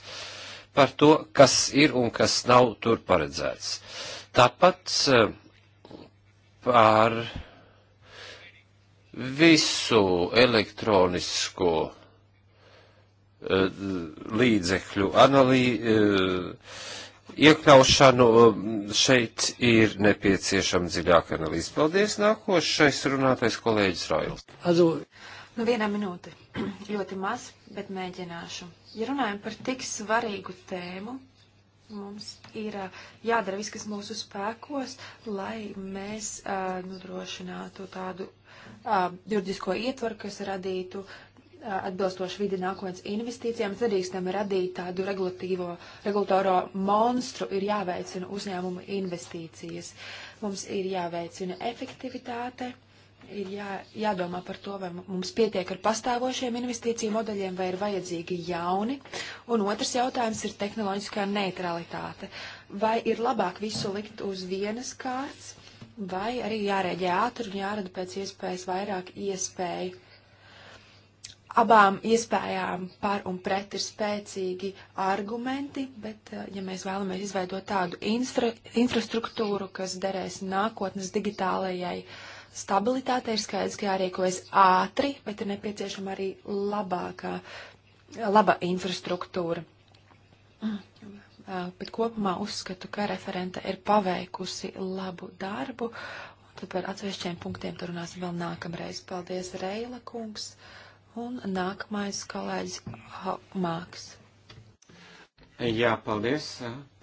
par to, kas ir un kas nav tur paredzēts. Tāpat eh, par visu elektronisko uh, līdzekļu analī, uh, iekļaušanu eh, šeit ir nepieciešama dziļāka analīze. Paldies, nākošais runātais kolēģis Rails. Nu, viena minūte. *clears throat* Ļoti maz, bet mēģināšu. Ja runājam par tik svarīgu tēmu, mums ir jādara viss, kas mūsu spēkos, lai mēs uh, nodrošinātu tādu juridisko ietvaru, kas radītu atbilstoši vidi nākotnes investīcijām. Mēs nedrīkstam radīt tādu regulatoro monstru, ir jāveicina uzņēmumu investīcijas. Mums ir jāveicina efektivitāte, ir jā, jādomā par to, vai mums pietiek ar pastāvošiem investīciju modeļiem, vai ir vajadzīgi jauni. Un otrs jautājums ir tehnoloģiskā neutralitāte. Vai ir labāk visu likt uz vienas kārtas? vai arī jārēģē ātri un jārada pēc iespējas vairāk iespēju. Abām iespējām par un pret ir spēcīgi argumenti, bet, eh, ja mēs vēlamies izveidot tādu instra, infrastruktūru, kas derēs nākotnes digitālajai stabilitātei, ir skaidrs, ka jārīkojas ātri, bet ir nepieciešama arī labākā, laba infrastruktūra. Mm Uh, bet kopumā uzskatu, ka referente ir paveikusi labu darbu. Tad par atsevišķiem punktiem tur runāsim vēl nākamreiz. Paldies, Reila kungs, un nākamais kolēģis Māks. Jā, paldies.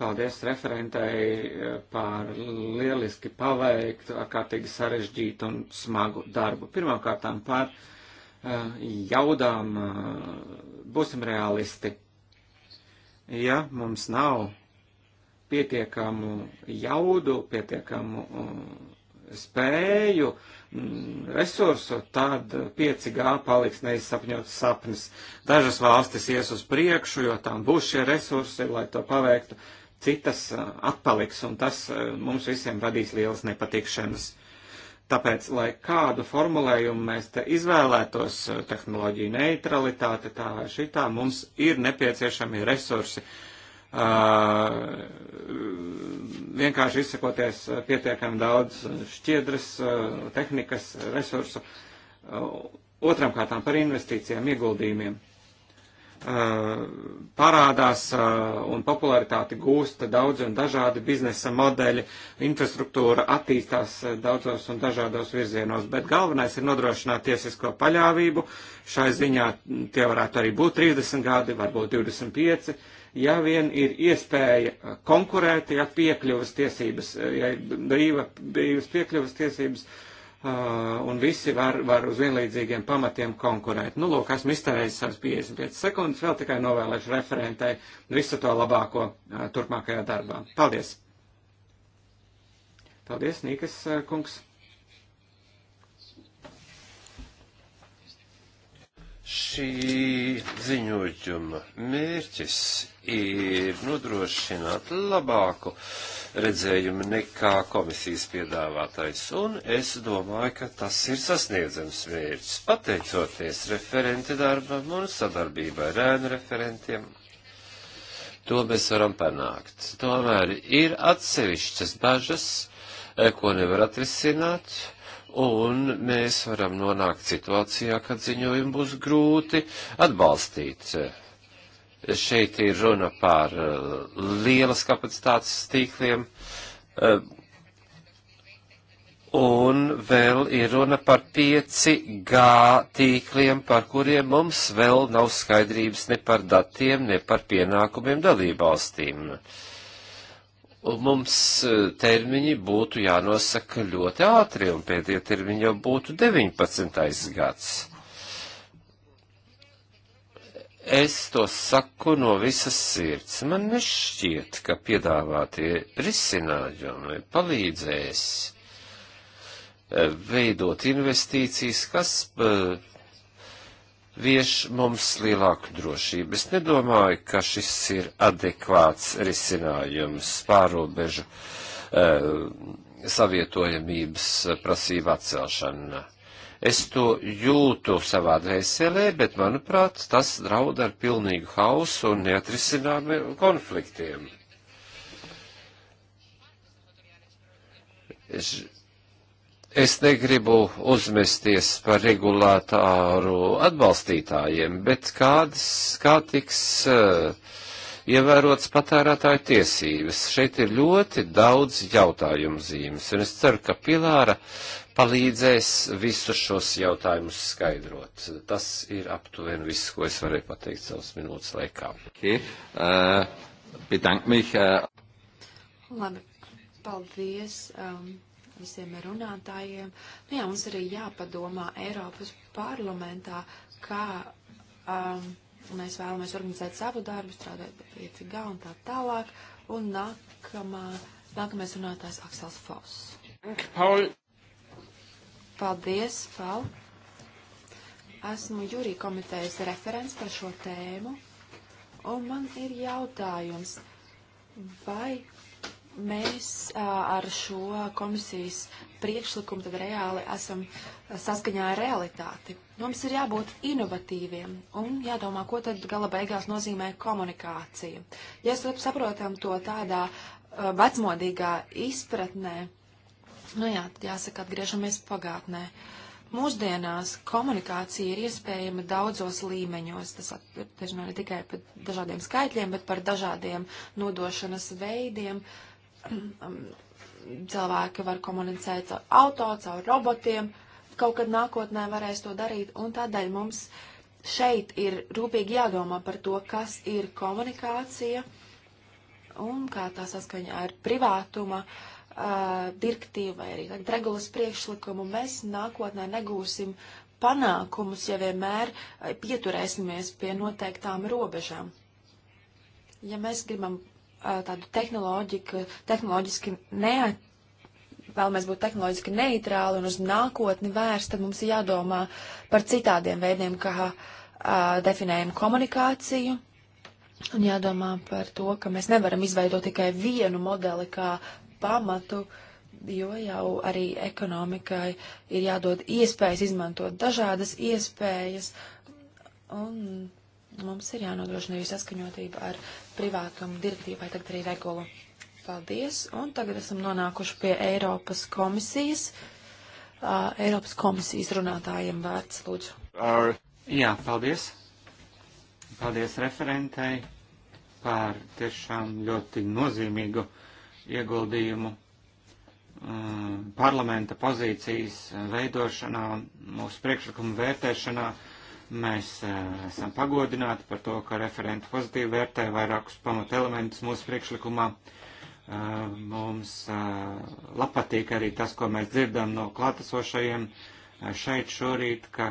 Paldies referentei uh, par lieliski paveiktu, ārkārtīgi sarežģītu un smagu darbu. Pirmkārtām par uh, jaudām būsim realisti ja mums nav pietiekamu jaudu, pietiekamu um, spēju, mm, resursu, tad 5G paliks neizsapņots sapnis. Dažas valstis ies uz priekšu, jo tām būs šie resursi, lai to paveiktu, citas uh, atpaliks, un tas uh, mums visiem radīs lielas nepatikšanas. Tāpēc, lai kādu formulējumu mēs te izvēlētos, tehnoloģija neutralitāte, tā vai šitā, mums ir nepieciešami resursi. Uh, vienkārši izsakoties pietiekami daudz šķiedras, uh, tehnikas, resursu. Uh, otram kārtām par investīcijām, ieguldījumiem. Uh, Eh, parādās eh, un popularitāti gūsta daudz un dažādi biznesa modeļi, infrastruktūra attīstās eh, daudzos un dažādos virzienos, bet galvenais ir nodrošināt tiesisko paļāvību. Šai ziņā tie varētu arī būt 30 gadi, varbūt 25 ja vien ir iespēja konkurēt, ja piekļuvas tiesības, ja brīva, brīvas piekļuvas tiesības, Uh, un visi var, var uz vienlīdzīgiem pamatiem konkurēt. Nu, lūk, esmu iztērējis savas 55 sekundes, vēl tikai novēlēšu referentai visu to labāko uh, turpmākajā darbā. Paldies! Paldies, Nīkas uh, kungs! Šī ziņojuma mērķis ir nodrošināt labāku redzējumu nekā komisijas piedāvātais, un es domāju, ka tas ir sasniedzams mērķis, pateicoties referenti darbam un sadarbībai ar ēnu referentiem. To mēs varam panākt. Tomēr ir atsevišķas bažas, eh, ko nevar atrisināt un mēs varam nonākt situācijā, kad ziņojumu būs grūti atbalstīt. Šeit ir runa par uh, lielas kapacitātes tīkliem, uh, un vēl ir runa par 5G tīkliem, par kuriem mums vēl nav skaidrības ne par datiem, ne par pienākumiem dalībvalstīm. valstīm Un mums e, termiņi būtu jānosaka ļoti ātri, un pēdējie termiņi jau būtu 19. gads. Es to saku no visas sirds. Man nešķiet, ka piedāvātie risinājumi palīdzēs e, veidot investīcijas, kas uh, vieš mums lielāku drošību. Es nedomāju, ka šis ir adekvāts risinājums pārobežu uh, savietojamības eh, prasību atcelšana. Es to jūtu savā dvēselē, bet, manuprāt, tas draud ar pilnīgu hausu un neatrisināmiem konfliktiem. Ž Es negribu uzmesties par regulātāru atbalstītājiem, bet kādas, kā tiks uh, ievērotas patērētāju tiesības? Šeit ir ļoti daudz jautājumu zīmes, un es ceru, ka Pilāra palīdzēs visus šos jautājumus skaidrot. Tas ir aptuveni viss, ko es varēju pateikt savas minūtes laikā. Okay. Uh, bedank mich. Uh... Labi, paldies. Um visiem runātājiem. Nu, jā, mums arī jāpadomā Eiropas parlamentā, kā um, mēs vēlamies organizēt savu darbu, strādāt pie 5G un tā tālāk. Un nākamā, nākamais runātājs Aksels Foss. Paul. Paldies, Paul. Esmu jūrī komitejas referents par šo tēmu. Un man ir jautājums, vai Mēs a, ar šo komisijas priekšlikumu tad reāli esam saskaņā ar realitāti. Nu, mums ir jābūt inovatīviem un jādomā, ko tad gala beigās nozīmē komunikācija. Ja saprotam to tādā a, vecmodīgā izpratnē, nu jā, tad jāsaka, atgriežamies pagātnē. Mūsdienās komunikācija ir iespējama daudzos līmeņos. Tas ir nu ne tikai par dažādiem skaitļiem, bet par dažādiem nodošanas veidiem. Uh, cilvēki var komunicēt caur auto, caur robotiem, kaut kad nākotnē varēs to darīt, un tādēļ mums šeit ir rūpīgi jādomā par to, kas ir komunikācija un kā tā saskaņā ar privātuma uh, direktīvu vai arī tagad regulas priekšlikumu. Mēs nākotnē negūsim panākumus, ja vienmēr pieturēsimies pie noteiktām robežām. Ja mēs gribam Uh, tādu tehnoloģiski neat, vēlamies būt tehnoloģiski neitrāli un uz nākotni vērsti, tad mums ir jādomā par citādiem veidiem, kā uh, definējam komunikāciju. Un jādomā par to, ka mēs nevaram izveidot tikai vienu modeli kā pamatu, jo jau arī ekonomikai ir jādod iespējas izmantot dažādas iespējas. Un Mums ir jānodrošina arī saskaņotība ar privātumu direktīvai, tagad arī regulu. Paldies, un tagad esam nonākuši pie Eiropas komisijas. Uh, Eiropas komisijas runātājiem vārds, lūdzu. Ar... Jā, paldies. Paldies referentei par tiešām ļoti nozīmīgu ieguldījumu parlamenta pozīcijas veidošanā, mūsu priekšlikumu vērtēšanā Mēs esam pagodināti par to, ka referenti pozitīvi vērtē vairākus pamatelementus mūsu priekšlikumā. Mums patīk arī tas, ko mēs dzirdam no klātesošajiem šeit šorīt, ka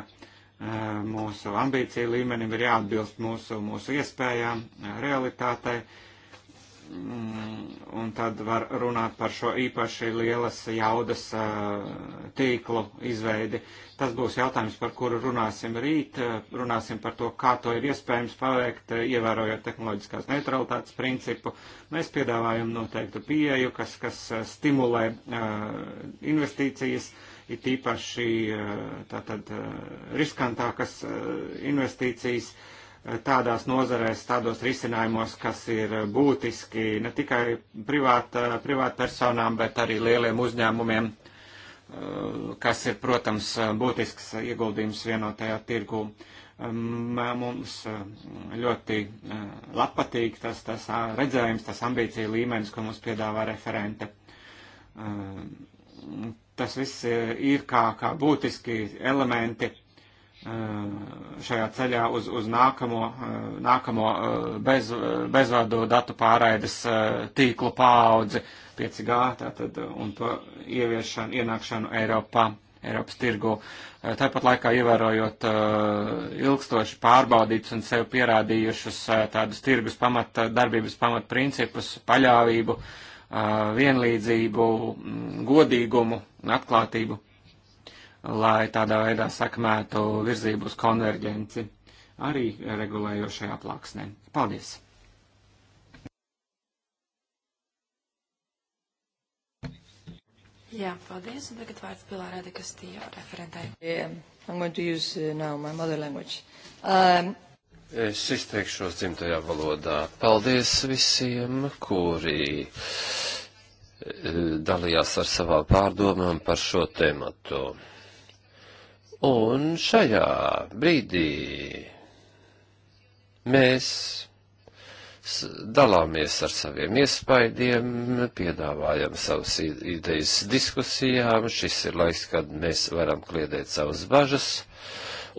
mūsu ambīcija līmenim ir jāatbilst mūsu, mūsu iespējām, realitātei Mm, un tad var runāt par šo īpaši lielas jaudas tīklu izveidi. Tas būs jautājums, par kuru runāsim rīt. Runāsim par to, kā to ir iespējams paveikt, ievērojot tehnoloģiskās neutralitātes principu. Mēs piedāvājam noteiktu pieeju, kas, kas stimulē investīcijas, it īpaši tātad riskantākas investīcijas tādās nozarēs, tādos risinājumos, kas ir būtiski ne tikai privāta, privāta personām, bet arī lieliem uzņēmumiem, eh, kas ir, protams, būtisks ieguldījums vienotajā tirgū. Mums eh, ļoti eh, patīk tas, tas redzējums, tas ambīcija līmenis, ko mums piedāvā referente tas viss ir kā, kā būtiski elementi Uh, šajā ceļā uz, uz nākamo, uh, nākamo uh, bez, bezvadu datu pārraides tīklu paaudzi 5G tātad, un to ieviešanu, ienākšanu Eiropā, Eiropas tirgu. Tāpat laikā ievērojot ilgstoši pārbaudītus un sev pierādījušus tādus tirgus pamat, darbības pamat principus, paļāvību, vienlīdzību, mm, godīgumu un atklātību lai tādā veidā sakmētu virzību uz konverģenci arī regulējošajā plāksnē. Paldies! Jā, paldies. Un tagad vārds Pilārā de Castillo referentai. Yeah, um, I'm going to use uh, now my mother language. Um, Es izteikšos dzimtajā valodā. Paldies visiem, kuri uh, dalījās ar savām pārdomām par šo tēmatu. Un šajā brīdī mēs dalāmies ar saviem iespaidiem, piedāvājam savas idejas diskusijām, šis ir laiks, kad mēs varam kliedēt savas bažas,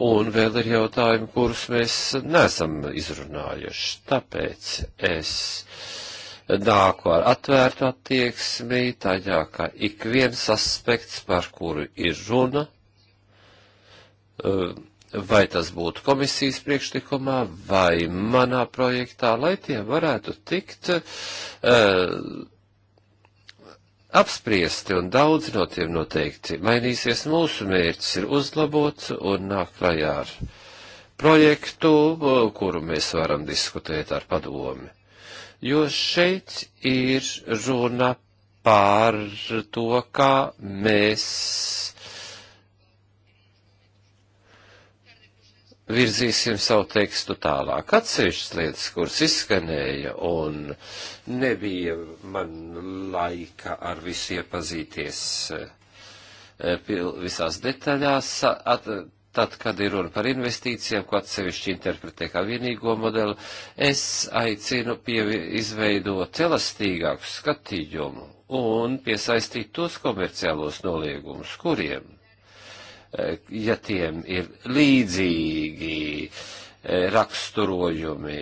un vēl ir jautājumi, kurus mēs nesam izrunājuši. Tāpēc es nāku ar atvērtu attieksmi, tajā, ka ik viens aspekts, par kuru ir runa, Eh, vai tas būtu komisijas priekšlikumā vai manā projektā, lai tie varētu tikt uh, apspriesti un daudzi no tiem noteikti mainīsies. Mūsu mērķis ir uzlabot un nākt klajā ar projektu, eh, kuru mēs varam diskutēt ar padomi. Jo šeit ir runa par to, kā mēs virzīsim savu tekstu tālāk. Atsevišķas lietas, kuras izskanēja, un nebija man laika ar visu iepazīties eh, visās detaļās, at, tad, kad ir runa par investīcijām, ko atsevišķi interpretē kā vienīgo modeli, es aicinu pievi, izveidot elastīgāku skatījumu un piesaistīt tos komerciālos noliegumus, kuriem Eh, ja tiem ir līdzīgi eh, raksturojumi.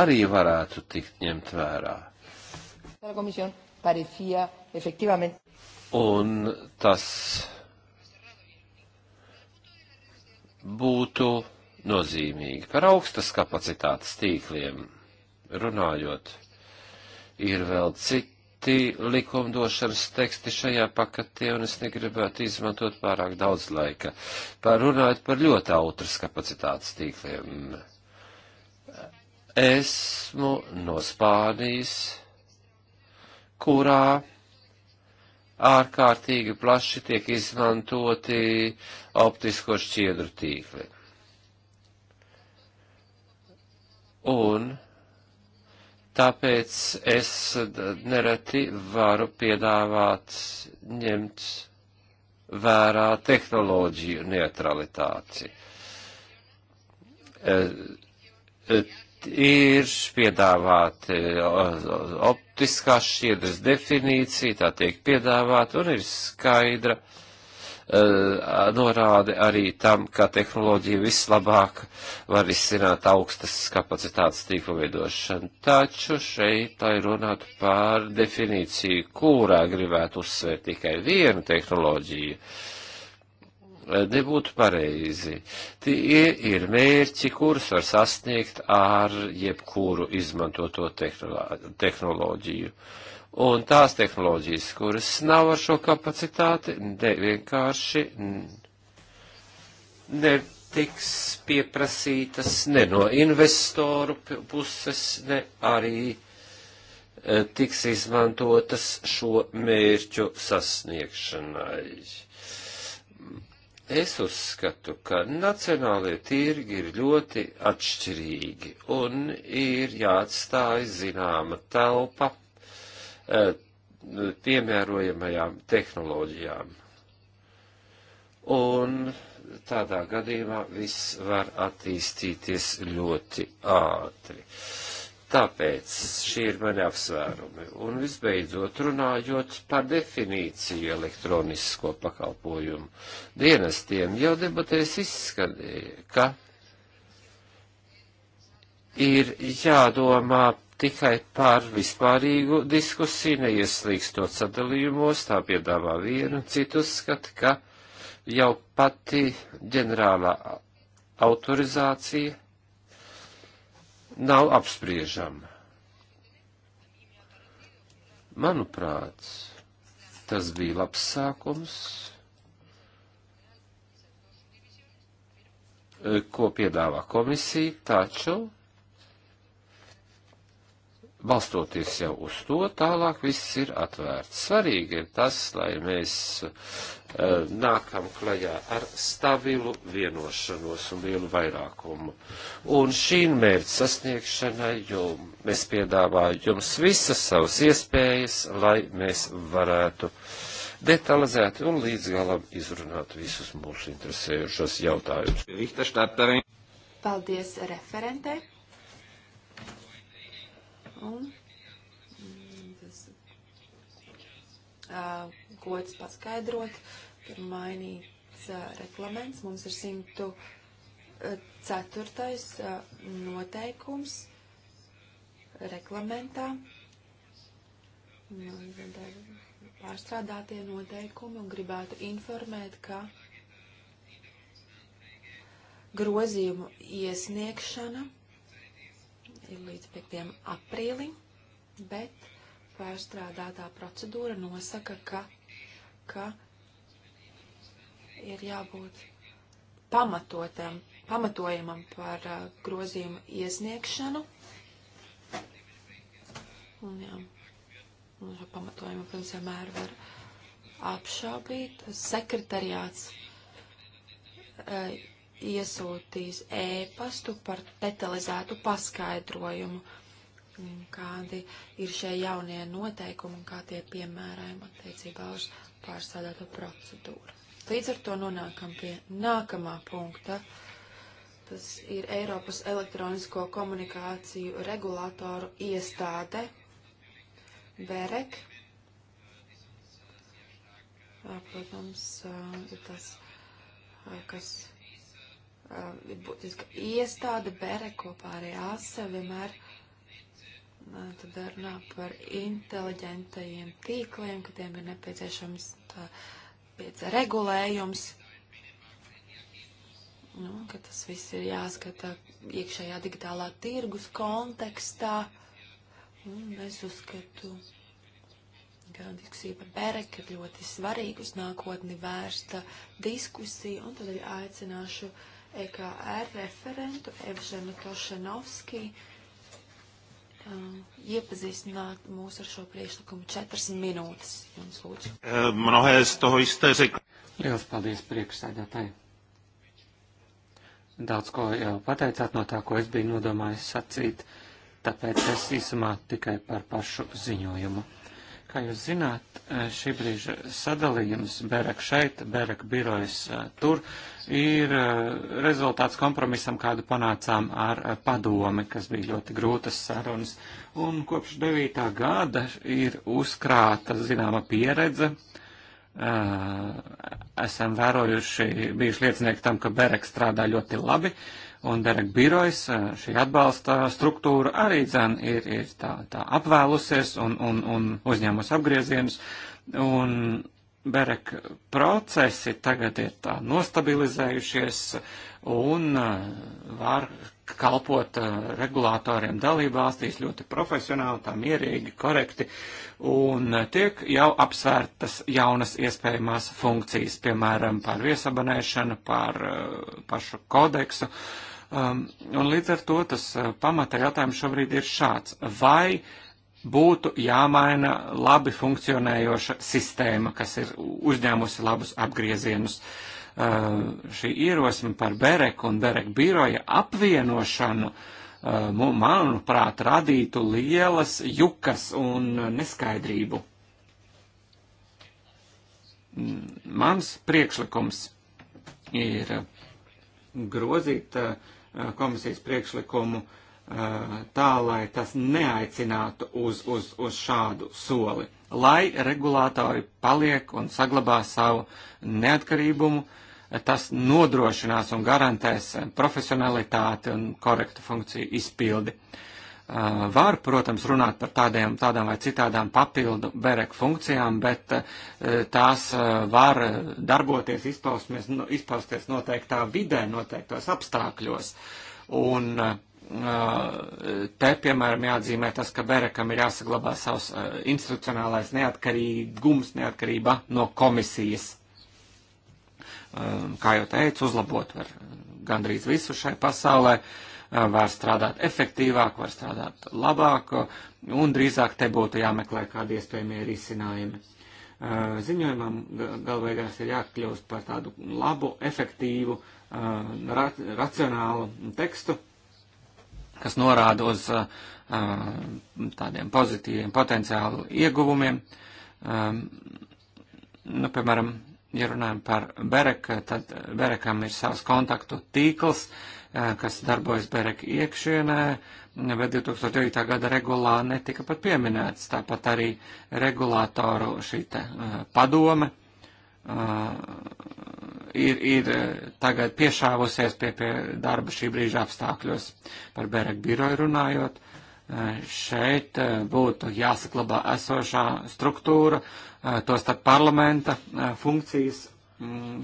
Arī varētu tikt ņemt vērā. Un tas būtu nozīmīgi par augstas kapacitātes tīkliem runājot ir vēl citi likumdošanas teksti šajā paketē, un es negribētu izmantot pārāk daudz laika. Pārunājot par ļoti autras kapacitātes tīkliem. Esmu no Spānijas, kurā ārkārtīgi plaši tiek izmantoti optisko šķiedru tīkli. Un Tāpēc es nereti varu piedāvāt ņemt vērā tehnoloģiju neutralitāti. E, e, ir piedāvāti e, optiskā šķiedras definīcija, tā tiek piedāvāta un ir skaidra uh, Eh, norāde arī tam, ka tehnoloģija vislabāk var izsināt augstas kapacitātes tīklu veidošanu. Taču šeit, lai runātu par definīciju, kurā gribētu uzsvērt tikai vienu tehnoloģiju, eh, nebūtu pareizi. Tie ir mērķi, kurus var sasniegt ar jebkuru izmantoto tehnoloģiju un tās tehnoloģijas, kuras nav ar šo kapacitāti, ne, vienkārši netiks pieprasītas ne no investoru puses, ne arī e, tiks izmantotas šo mērķu sasniegšanai. Es uzskatu, ka nacionālie tirgi ir ļoti atšķirīgi un ir jāatstāj zināma telpa Eh, piemērojamajām tehnoloģijām. Un tādā gadījumā viss var attīstīties ļoti ātri. Tāpēc šie ir mani apsvērumi. Un visbeidzot, runājot par definīciju elektronisko pakalpojumu dienestiem, jau debatēs izskanēja, ka ir jādomā tikai par vispārīgu diskusiju, neieslīgstot sadalījumos, tā piedāvā vienu un citu uzskatu, ka jau pati ģenerālā autorizācija nav apspriežama. Manuprāt, tas bija labs sākums, ko piedāvā komisija, taču balstoties jau uz to, tālāk viss ir atvērts. Svarīgi ir tas, lai mēs uh, nākam klajā ar stabilu vienošanos un lielu vairākumu. Un šīm mērķu sasniegšanai jums mēs piedāvājam jums visas savas iespējas, lai mēs varētu detalizēti un līdz galam izrunāt visus mūsu interesējušos jautājumus. Paldies referentei! Un mm, tas uh, gods paskaidrot, ir mainīts uh, reglaments. Mums ir 104. Uh, noteikums reglamentā. Nu, un, pārstrādātie noteikumi un gribētu informēt, ka grozījumu iesniegšana ir līdz 5. aprīlim, bet pārstrādātā procedūra nosaka, ka, ka ir jābūt pamatotam, pamatojumam par uh, grozījumu iesniegšanu. Un, jā, un šo pamatojumu, protams, vienmēr var apšaubīt. Sekretariāts uh, iesūtīs ēpastu e par detalizētu paskaidrojumu, mm, kādi ir šie jaunie noteikumi un kā tie piemērojami attiecībā uz pārsādāto procedūru. Līdz ar to nonākam pie nākamā punkta. Tas ir Eiropas elektronisko komunikāciju regulātoru iestāde, BEREK. Protams, ir tas, kas Uh, ir būtiska iestāde, bere kopā arī ASE vienmēr uh, tad runā par inteliģentajiem tīkliem, ka tiem ir nepieciešams tā, regulējums, nu, ka tas viss ir jāskata iekšējā digitālā tirgus kontekstā. Un es uzskatu, ka diskusija par Berek ir ļoti svarīga uz nākotni vērsta diskusija, un tad arī aicināšu uh, EKR referentu Evženu Tošanovski uh, um, iepazīstināt mūs ar šo priekšlikumu četras minūtes. Jums lūdzu. Eh, Mnohē z toho jste řekl. Liels paldies priekšsēdētāji. Daudz ko jau pateicāt no tā, ko es biju nodomājis sacīt, tāpēc es īsumā tikai par pašu ziņojumu. Kā jūs zināt, eh, šī brīža sadalījums Berek šeit, Berek birojas eh, tur ir eh, rezultāts kompromisam, kādu panācām ar padomi, kas bija ļoti grūtas sarunas. Un kopš 9. gada ir uzkrāta zināma pieredze. Esam vērojuši, bijuši liecinieki tam, ka Berek strādā ļoti labi. Uh, Un Derek Birojs, eh, šī atbalsta struktūra arī dzen ir, ir tā, tā apvēlusies un, un, un uzņēmus apgriezienus. Un Berek procesi tagad ir tā nostabilizējušies un eh, var kalpot eh, regulātoriem dalībvalstīs ļoti profesionāli, tā mierīgi, korekti, un tiek jau apsvērtas jaunas iespējamās funkcijas, piemēram, par viesabanēšanu, par pašu kodeksu. Uh, Um, un līdz ar to tas uh, pamata jautājums šobrīd ir šāds. Vai būtu jāmaina labi funkcionējoša sistēma, kas ir uzņēmusi labus apgriezienus? Uh, šī ierosme par Bereku un Bereku biroja apvienošanu uh, manuprāt, radītu lielas jukas un neskaidrību. Mm, mans priekšlikums ir uh, grozīt uh, komisijas priekšlikumu tā, lai tas neaicinātu uz, uz, uz šādu soli, lai regulātori paliek un saglabā savu neatkarībumu, tas nodrošinās un garantēs profesionalitāti un korektu funkciju izpildi. Uh, Eh, var, protams, runāt par tādiem, tādām vai citādām papildu berek funkcijām, bet eh, tās eh, var darboties, nu, izpausties noteiktā vidē, noteiktos apstākļos. Un te, piemēram, jāatzīmē tas, ka berekam ir jāsaglabā savs institucionālais neatkarīgums, neatkarība no komisijas. Kā jau teicu, uzlabot var gandrīz visu šai pasaulē. Uh, var strādāt efektīvāk, var strādāt labāk, un drīzāk te būtu jāmeklē kādi iespējamie risinājumi. Ziņojumam galvēgās ir jākļūst par tādu labu, efektīvu, racionālu tekstu, kas norāda uz tādiem pozitīviem potenciālu ieguvumiem. Nu, piemēram, ja runājam par Bereka, tad Berekam ir savs kontaktu tīkls, uh, kas darbojas Bereka iekšienē, bet 2009. gada regulā netika pat pieminēts. Tāpat arī regulātoru šī te, padome ir, ir tagad piešāvusies pie, pie darba šī brīža apstākļos par Bereka biroju runājot. Šeit būtu jāsaklabā esošā struktūra, to starp parlamenta funkcijas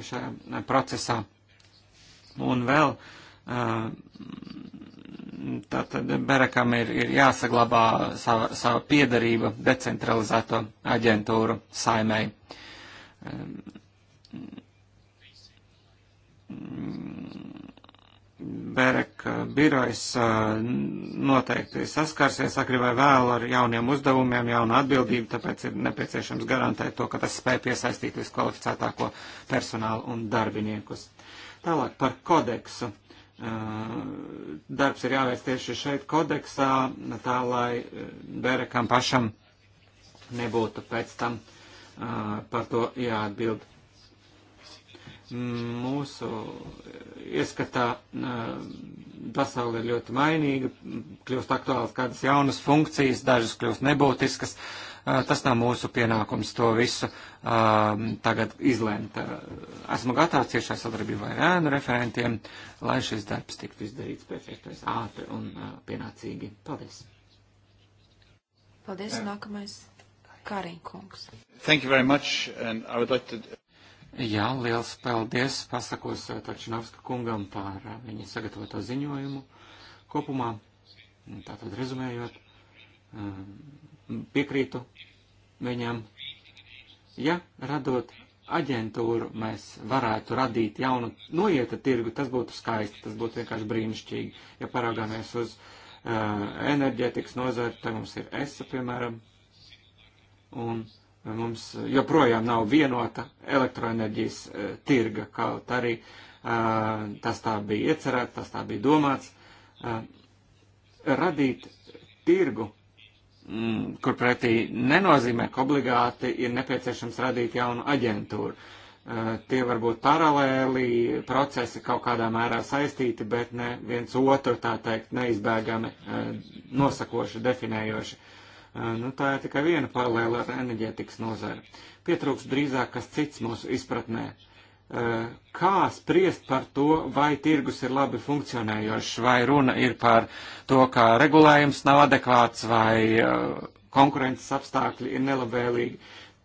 šajā procesā. Un vēl uh, Tātad Berekam ir, ir jāsaglabā sava, sava piedarība decentralizēto aģentūru saimēji. Bereka birojs noteikti saskarsies agri vai vēl ar jauniem uzdevumiem, jaunu atbildību, tāpēc ir nepieciešams garantēt to, ka tas spēj piesaistīt viskvalificētāko personālu un darbiniekus. Tālāk par kodeksu darbs ir jāveic tieši šeit kodeksā, tā lai Berekam pašam nebūtu pēc tam par to jāatbild. Mūsu ieskatā pasaule ir ļoti mainīga, kļūst aktuāls kādas jaunas funkcijas, dažas kļūst nebūtiskas. Uh, Ah, tas nav mūsu pienākums to visu ah, tagad izlēmt. Ah, esmu gatavs ciešā sadarbībā ar ēnu referentiem, lai šis darbs tiktu izdarīts pēc iespējas ātri un pienācīgi. Paldies! Paldies, nākamais Kāriņkungs. Thank you very much, and I would like to... Jā, liels paldies. Pasakos eh, Tačinovska kungam par eh, viņa sagatavoto ziņojumu kopumā. Tātad rezumējot, eh, piekrītu viņam. Ja radot aģentūru mēs varētu radīt jaunu noieta tirgu, tas būtu skaisti, tas būtu vienkārši brīnišķīgi. Ja paraugāmies uz uh, enerģētikas nozari, tad mums ir ESA, piemēram, un mums joprojām nav vienota elektroenerģijas uh, tirga, kaut arī uh, tas tā bija iecerēts, tas tā bija domāts. Uh, radīt tirgu Mm, kur pretī nenozīmē, ka obligāti ir nepieciešams radīt jaunu aģentūru. Eh, tie var būt paralēli, procesi kaut kādā mērā saistīti, bet ne viens otru, tā teikt, neizbēgami eh, nosakoši, definējoši. Eh, nu, tā ir tikai viena paralēla ar enerģētikas nozari. Pietrūks drīzāk kas cits mūsu izpratnē. Uh, Eh, kā spriest par to, vai tirgus ir labi funkcionējošs, vai runa ir par to, ka regulējums nav adekvāts, vai eh, konkurences apstākļi ir nelabvēlīgi.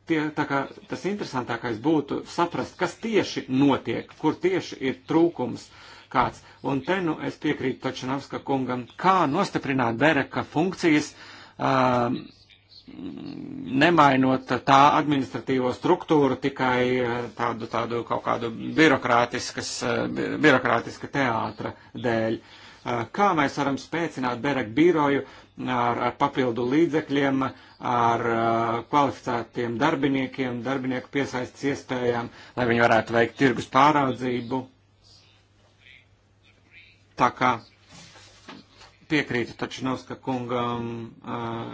Tie, tā kā tas interesantākais būtu saprast, kas tieši notiek, kur tieši ir trūkums kāds. Un te nu es piekrītu Točanovska kungam, kā nostiprināt Bereka funkcijas. Um, nemainot tā administratīvo struktūru, tikai eh, tādu, tādu kaut kādu birokrātiskas, eh, birokrātiska teātra dēļ. Eh, kā mēs varam spēcināt Berek biroju ar, ar papildu līdzekļiem, ar kvalificētiem darbiniekiem, darbinieku piesaistas iespējām, lai viņi varētu veikt tirgus pāraudzību? Tā kā piekrītu Tačnovska kungam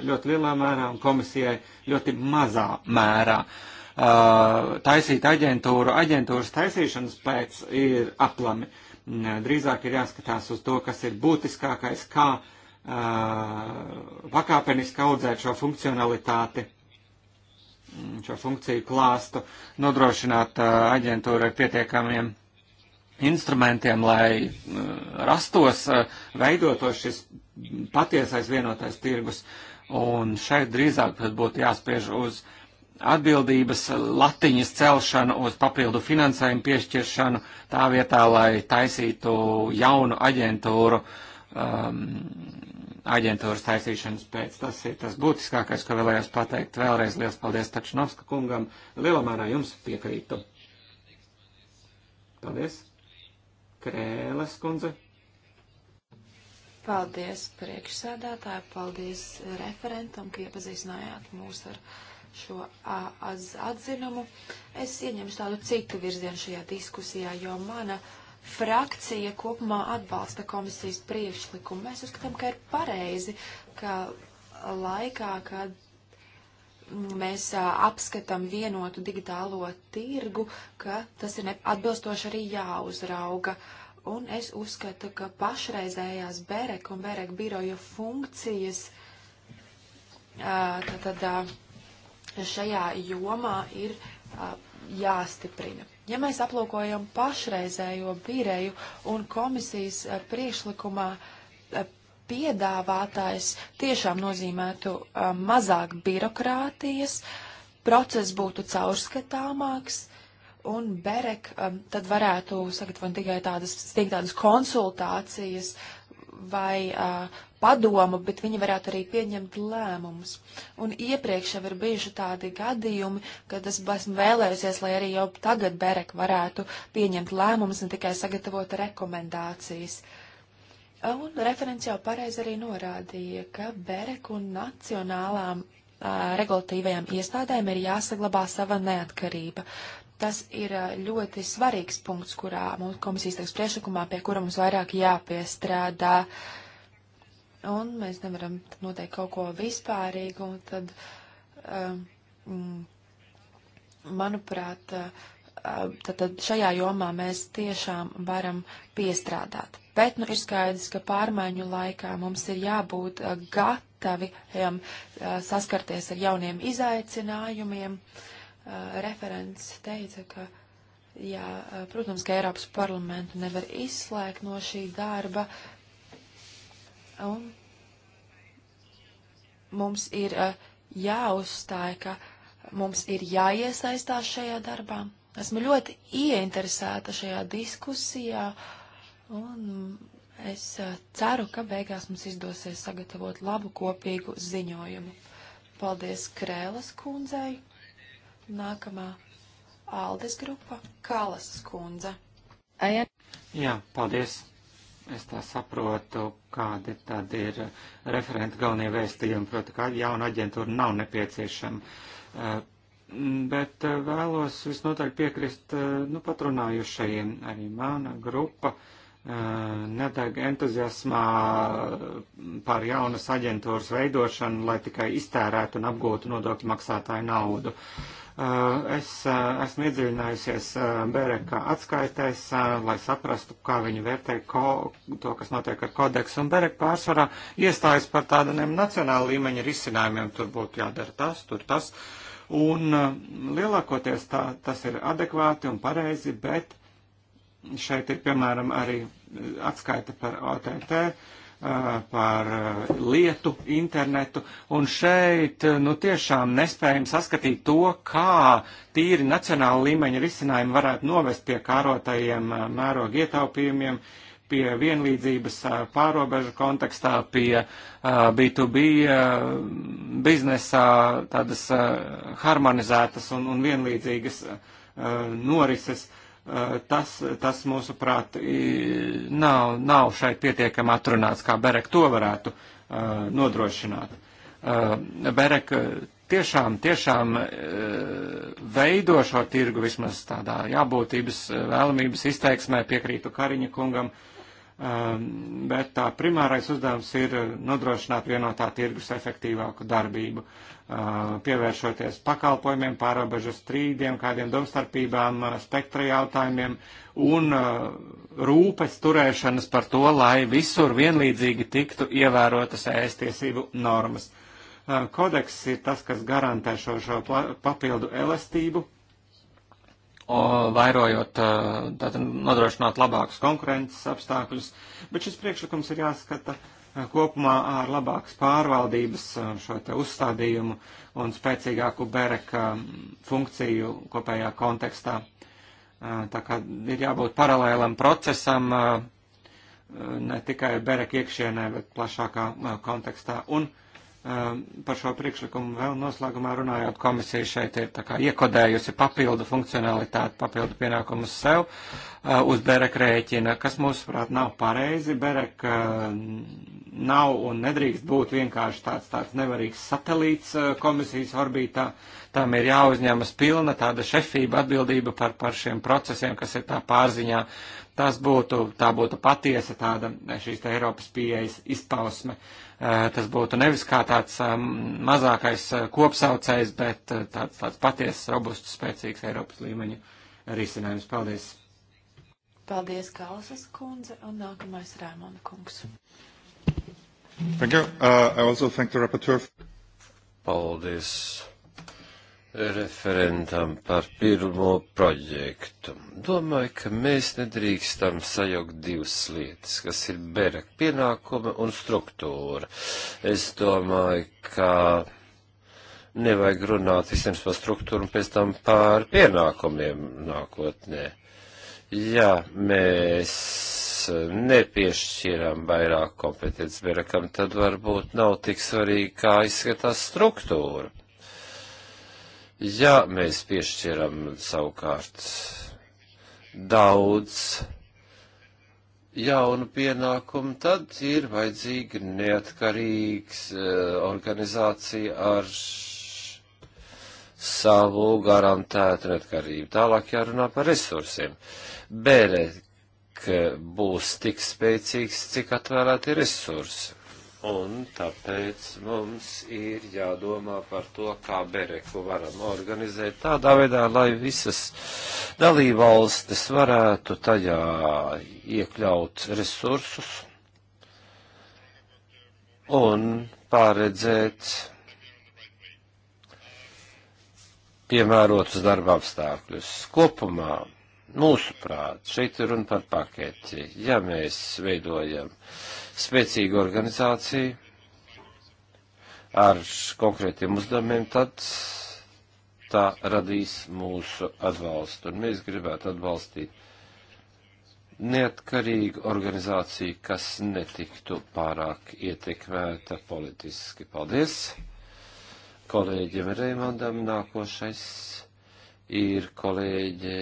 ļoti lielā mērā un komisijai ļoti mazā mērā. Taisīt aģentūru, aģentūras taisīšanas pēc ir aplami. Drīzāk ir jāskatās uz to, kas ir būtiskākais, kā pakāpeniski audzēt šo funkcionalitāti šo funkciju klāstu, nodrošināt aģentūru ar pietiekamiem instrumentiem, lai uh, rastos, uh, veidotos šis patiesais vienotais tirgus. Un šeit drīzāk būtu jāspiež uz atbildības latiņas celšanu, uz papildu finansējumu piešķiršanu, tā vietā, lai taisītu jaunu aģentūru, um, aģentūras taisīšanas pēc. Tas ir tas būtiskākais, ko vēlējos pateikt. Vēlreiz liels paldies Tačnovska kungam. Lielā mērā jums piekrītu. Paldies! Krēles kundze. Paldies priekšsēdētāji, paldies referentam, ka iepazīstinājāt mūs ar šo atzinumu. Es ieņemšu tādu citu virzienu šajā diskusijā, jo mana frakcija kopumā atbalsta komisijas priekšlikumu. Mēs uzskatām, ka ir pareizi, ka laikā, kad mēs apskatām vienotu digitālo tirgu, ka tas ir atbilstoši arī jāuzrauga. Un es uzskatu, ka pašreizējās BEREK un BEREK biroja funkcijas tātad šajā jomā ir jāstiprina. Ja mēs aplūkojam pašreizējo bireju un komisijas priekšlikumā, uh, piedāvātājs tiešām nozīmētu um, mazāk birokrātijas, process būtu caurskatāmāks, un Berek um, tad varētu sagatavot tikai tādas, sniegt tādas konsultācijas vai uh, padomu, bet viņi varētu arī pieņemt lēmumus. Un iepriekš jau ir bijuši tādi gadījumi, kad es esmu vēlējusies, lai arī jau tagad Berek varētu pieņemt lēmumus un tikai sagatavot rekomendācijas. Uh, Un referents jau pareizi arī norādīja, ka Berek un nacionālām regulatīvajām iestādēm ir jāsaglabā sava neatkarība. Tas ir ļoti svarīgs punkts, kurā mums komisijas teiks priešakumā, pie kura mums vairāk jāpiestrādā. Un mēs nevaram noteikt kaut ko vispārīgu, un tad, um, manuprāt, tad, tad šajā jomā mēs tiešām varam piestrādāt. Bet nu, ir skaidrs, ka pārmaiņu laikā mums ir jābūt eh, gatavi um, saskarties ar jauniem izaicinājumiem. Uh, referents teica, ka, jā, protams, ka Eiropas parlamentu nevar izslēgt no šī darba. Un mums ir uh, jāuzstāj, ka mums ir jāiesaistās šajā darbā. Esmu ļoti ieinteresēta šajā diskusijā. Uh, Un mm, es ceru, ka beigās mums izdosies sagatavot labu kopīgu ziņojumu. Paldies Krēlas kundzei. Nākamā Aldes grupa - Kalas kundze. Aja. Jā, paldies. Es tā saprotu, kādi tad ir referenta galvenie vēstījumi, proti, ka jauna aģentūra nav nepieciešama. Bet vēlos visnotaļ piekrist, nu, patrunājušajiem arī mana grupa. Uh, nedeg entuziasmā par jaunas aģentūras veidošanu, lai tikai iztērētu un apgūtu nodokļu maksātāju naudu. Es esmu iedziļinājusies Bereka atskaitēs, lai saprastu, kā viņi vērtē ko, to, kas notiek ar kodeksu, un Bereka pārsvarā iestājas par tādiem nacionāla līmeņa risinājumiem, tur būtu jādara tas, tur tas, un lielākoties tā, tas ir adekvāti un pareizi, bet Šeit ir, piemēram, arī eh, atskaita par OTT, eh, par eh, lietu internetu, un šeit, nu, tiešām nespējam saskatīt to, kā tīri nacionāla līmeņa risinājumi varētu novest pie kārotajiem mēroga ietaupījumiem, pie vienlīdzības pārobežu kontekstā, pie B2B biznesā tādas harmonizētas un, un vienlīdzīgas norises. Uh, Eh, tas, tas mūsuprāt, nav, nav šeit pietiekami atrunāts, kā Berek to varētu eh, nodrošināt. Eh, Berek tiešām, tiešām veido šo tirgu vismaz tādā jābūtības vēlamības izteiksmē, piekrītu Kariņa kungam, bet tā primārais uzdevums ir nodrošināt vienotā tirgus efektīvāku darbību. Uh, pievēršoties pakalpojumiem, pārobežu strīdiem, kādiem domstarpībām, uh, spektra jautājumiem un uh, rūpes turēšanas par to, lai visur vienlīdzīgi tiktu ievērotas ēstiesību normas. Kodeks ir tas, kas garantē šo, šo papildu elastību, o, vairojot, tātad nodrošināt labākus konkurences apstākļus, bet šis priekšlikums ir jāskata uh, Eh, kopumā ar eh, labākas pārvaldības eh, šo te uzstādījumu un spēcīgāku bereka funkciju kopējā kontekstā. Tā kā ir jābūt paralēlam procesam ne tikai bereka iekšienē, bet plašākā kontekstā. Un, uh, Um, par šo priekšlikumu vēl noslēgumā runājot, komisija šeit ir tā kā iekodējusi papildu funkcionalitāti, papildu pienākumus sev uh, uz Berek rēķina, kas mūsuprāt nav pareizi. Berek uh, nav un nedrīkst būt vienkārši tāds, tāds nevarīgs satelīts uh, komisijas orbītā. Tam ir jāuzņemas pilna tāda šefība atbildība par, par šiem procesiem, kas ir tā pārziņā. Tas būtu, tā būtu patiesa tāda šīs tā Eiropas pieejas izpausme. Uh, Eh, tas būtu nevis kā tāds eh, mazākais eh, kopsaucējs, bet tāds, tāds patiesi robusts, spēcīgs Eiropas līmeņa risinājums. Paldies! Paldies, Kalasas kundze, un nākamais Rēmona kungs. Thank you. Uh, I also thank the rapporteur. Paldies referentam par pirmo projektu. Domāju, ka mēs nedrīkstam sajaukt divas lietas, kas ir berek pienākumi un struktūra. Es domāju, ka nevajag runāt visiem par struktūru un pēc tam par pienākumiem nākotnē. Ja mēs nepiešķiram vairāk kompetences berekam, tad varbūt nav tik svarīgi, kā izskatās struktūra Ja mēs piešķiram savukārt daudz jaunu pienākumu, tad ir vajadzīga neatkarīgs e, organizācija ar savu garantētu neatkarību. Tālāk jārunā par resursiem. Bērek būs tik spēcīgs, cik atvērēti resursi. Un tāpēc mums ir jādomā par to, kā Bereku varam organizēt tādā veidā, lai visas dalībvalstis varētu tajā iekļaut resursus un pārredzēt piemērotus darba apstākļus. Kopumā mūsuprāt, šeit ir runa par paketi. Ja mēs veidojam uh, spēcīga organizācija ar konkrētiem uzdevumiem, tad tā radīs mūsu atbalstu. Un mēs gribētu atbalstīt neatkarīgu organizāciju, kas netiktu pārāk ietekmēta politiski. Paldies! Kolēģim Reimandam nākošais ir kolēģe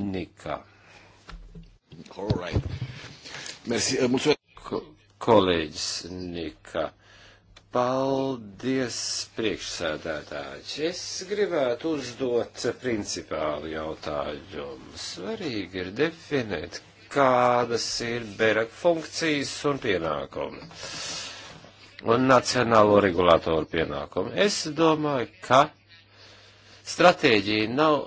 Nika. All right. Merci. Eh, mulțumesc ko, kolēģis Nika. Paldies, priekšsēdētāji. Es gribētu uzdot principālu jautājumu. Svarīgi ir definēt, kādas ir berak funkcijas un pienākumi. Un nacionālo regulātoru pienākumi. Es domāju, ka stratēģija nav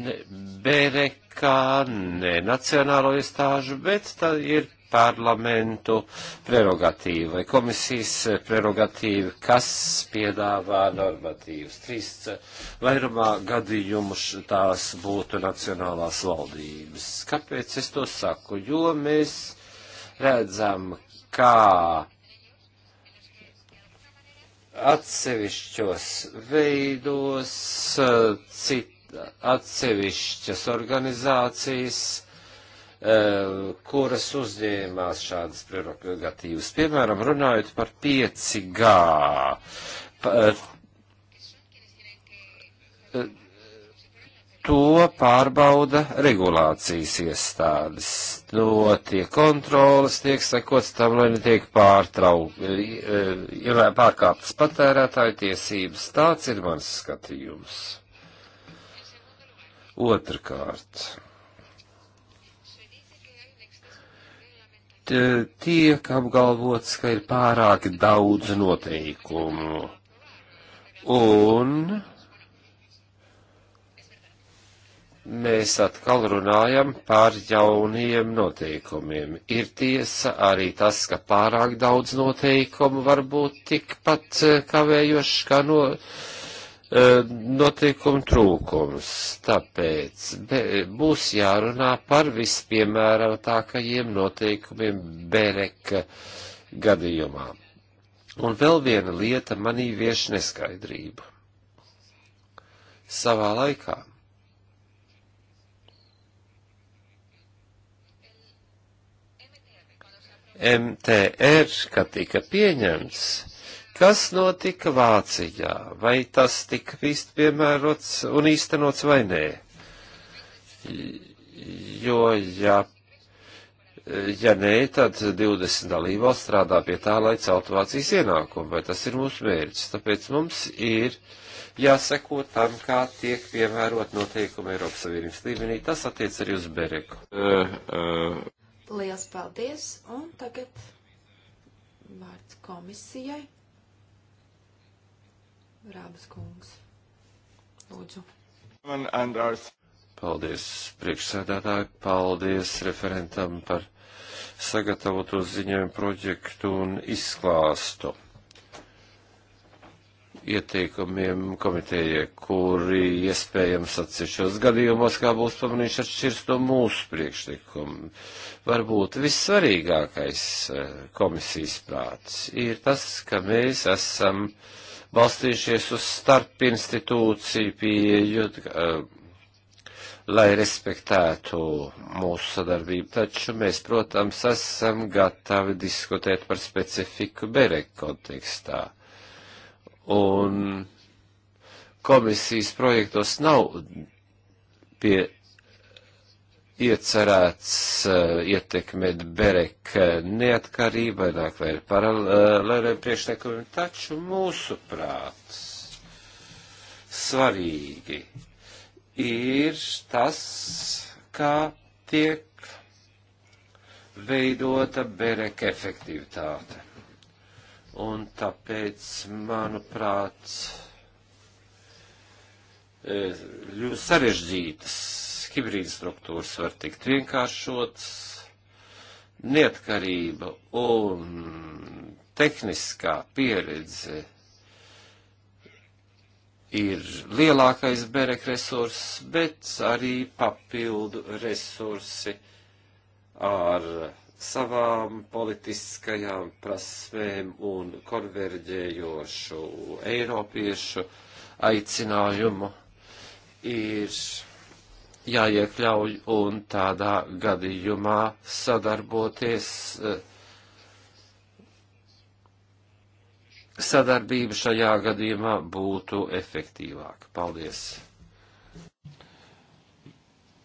ne berekā, ne nacionālo iestāžu, bet tā ir parlamentu prerogatīva vai komisijas prerogatīva, kas piedāvā normatīvas. Trīs vairumā gadījumu tās būtu nacionālās valdības. Kāpēc es to saku? Jo mēs redzam, kā atsevišķos veidos cita, atsevišķas organizācijas Eh, kuras uzņēmās šādas prerogatīvas. Piemēram, runājot par 5G. Pa, eh, to pārbauda regulācijas iestādes. Notiek kontrolas, tiek sekots tam, lai netiek pārtraukt, eh, pārkāptas patērētāju tiesības. Tāds ir mans skatījums. Otrkārt. Eh, tiek apgalvots, ka ir pārāk daudz noteikumu. Un mēs atkal runājam par jauniem noteikumiem. Ir tiesa arī tas, ka pārāk daudz noteikumu var būt tikpat eh, kavējošs kā no, E, notiekumu trūkums. Tāpēc be, būs jārunā par vispiemērotākajiem noteikumiem Bereka gadījumā. Un vēl viena lieta manī vieš neskaidrība. Savā laikā. MTR, kad tika pieņemts, Kas notika Vācijā? Vai tas tika vist piemērots un īstenots vai nē? Jo, ja, ja nē, tad 20 dalībvalsts strādā pie tā, lai celtu Vācijas ienākumu, vai tas ir mūsu mērķis. Tāpēc mums ir jāseko tam, kā tiek piemērot noteikumi Eiropas Savienības līmenī. Tas attiec arī uz Bereku. Uh, uh. Lielas paldies, un tagad vārds komisijai. Rābas kungs. Lūdzu. Paldies, priekšsēdētāji, paldies referentam par sagatavoto ziņojumu projektu un izklāstu ieteikumiem komitējai, kuri iespējams atsevišķos gadījumos, kā būs pamanījuši atšķirs no mūsu priekšlikumu. Varbūt vissvarīgākais eh, komisijas prāts ir tas, ka mēs esam uh, balstījušies uz starp institūciju pieeju, eh, lai respektētu mūsu sadarbību. Taču mēs, protams, esam gatavi diskutēt par specifiku Berek kontekstā. Un komisijas projektos nav pie iecerēts eh, ietekmēt Berek neatkarībai, nāk vēl paralēliem priekšniekumiem, taču mūsu prāts svarīgi ir tas, kā tiek veidota Berek efektivitāte. Un tāpēc, manuprāt, eh, sarežģītas hibrīda struktūras var tikt vienkāršots, neatkarība un tehniskā pieredze ir lielākais berek resurss, bet arī papildu resursi ar savām politiskajām prasmēm un konverģējošu eiropiešu aicinājumu ir jāiekļauj un tādā gadījumā sadarboties. Eh, sadarbība šajā gadījumā būtu efektīvāka. Paldies!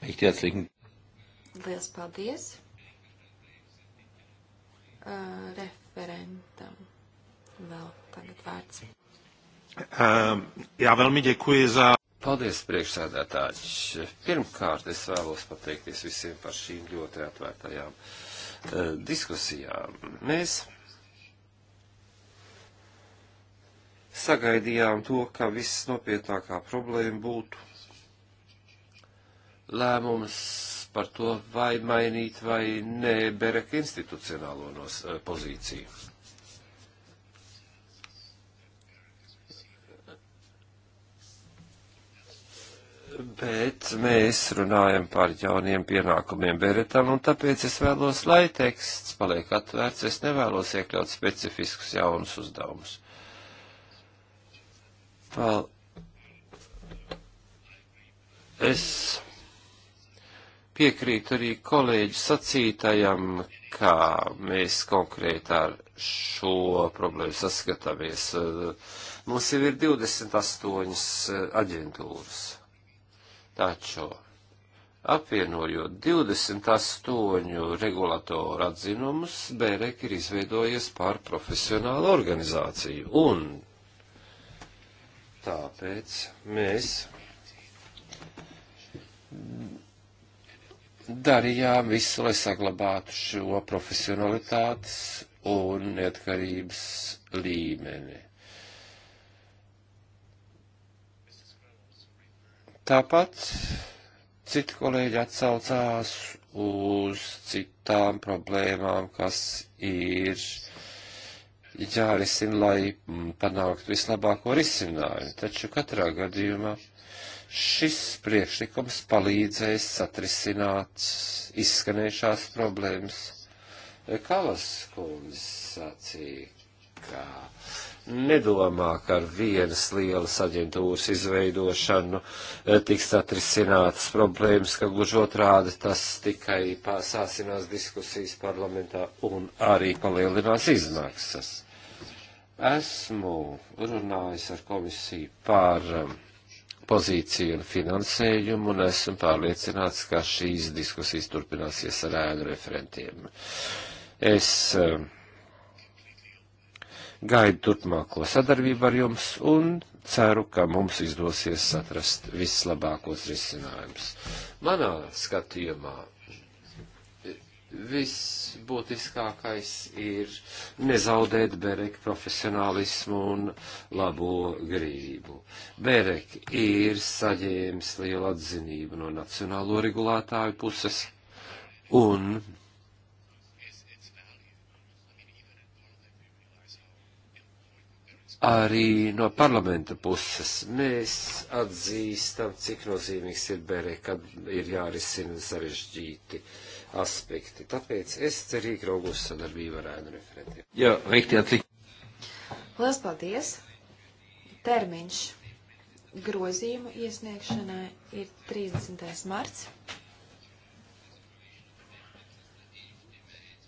Liels paldies uh, referentam. Vēl tagad vārds. Um, eh, jā, velmi ďakuji za Paldies, priekšsēdētāji. Pirmkārt, es vēlos pateikties visiem par šīm ļoti atvērtajām uh, diskusijām. Mēs sagaidījām to, ka viss nopietnākā problēma būtu lēmums par to, vai mainīt vai nē Bereka institucionālo nos, uh, pozīciju. bet mēs runājam par jauniem pienākumiem Beretam, un tāpēc es vēlos, lai teksts paliek atvērts, es nevēlos iekļaut specifiskus jaunus uzdevumus. Pal... Es piekrītu arī kolēģi sacītajam, kā mēs konkrēti ar šo problēmu saskatāmies. Mums jau ir 28 aģentūras. Taču apvienojot 28 regulatoru atzinumus, Bērek ir izveidojies par profesionālu organizāciju. Un tāpēc mēs darījām visu, lai saglabātu šo profesionalitātes un neatkarības līmeni. Tāpat citi kolēģi atsaucās uz citām problēmām, kas ir jārisina, lai mm, panāktu vislabāko risinājumu. Taču katrā gadījumā šis priekšlikums palīdzēs satrisināt izskanējušās problēmas. Kalas kundze sacīja, ka nedomā, ka ar vienas lielas aģentūras izveidošanu eh, tiks atrisinātas problēmas, ka gluži otrādi tas tikai sāsinās diskusijas parlamentā un arī palielinās izmaksas. Esmu runājis ar komisiju par um, pozīciju un finansējumu, un esmu pārliecināts, ka šīs diskusijas turpināsies ar ēnu referentiem. Es uh, gaidu turpmāko sadarbību ar jums un ceru, ka mums izdosies atrast vislabākos risinājumus. Manā skatījumā visbūtiskākais ir nezaudēt Bereka profesionālismu un labo grību. Bereka ir saņēmis lielu atzinību no nacionālo regulātāju puses, un arī no parlamenta puses mēs atzīstam, cik nozīmīgs ir bērē, kad ir jārisina sarežģīti aspekti. Tāpēc es cerīgi raugos sadarbību ar ēnu referentiem. Jā, rīktī atlik. Lielas paldies! Termiņš grozījumu iesniegšanai ir 30. marts.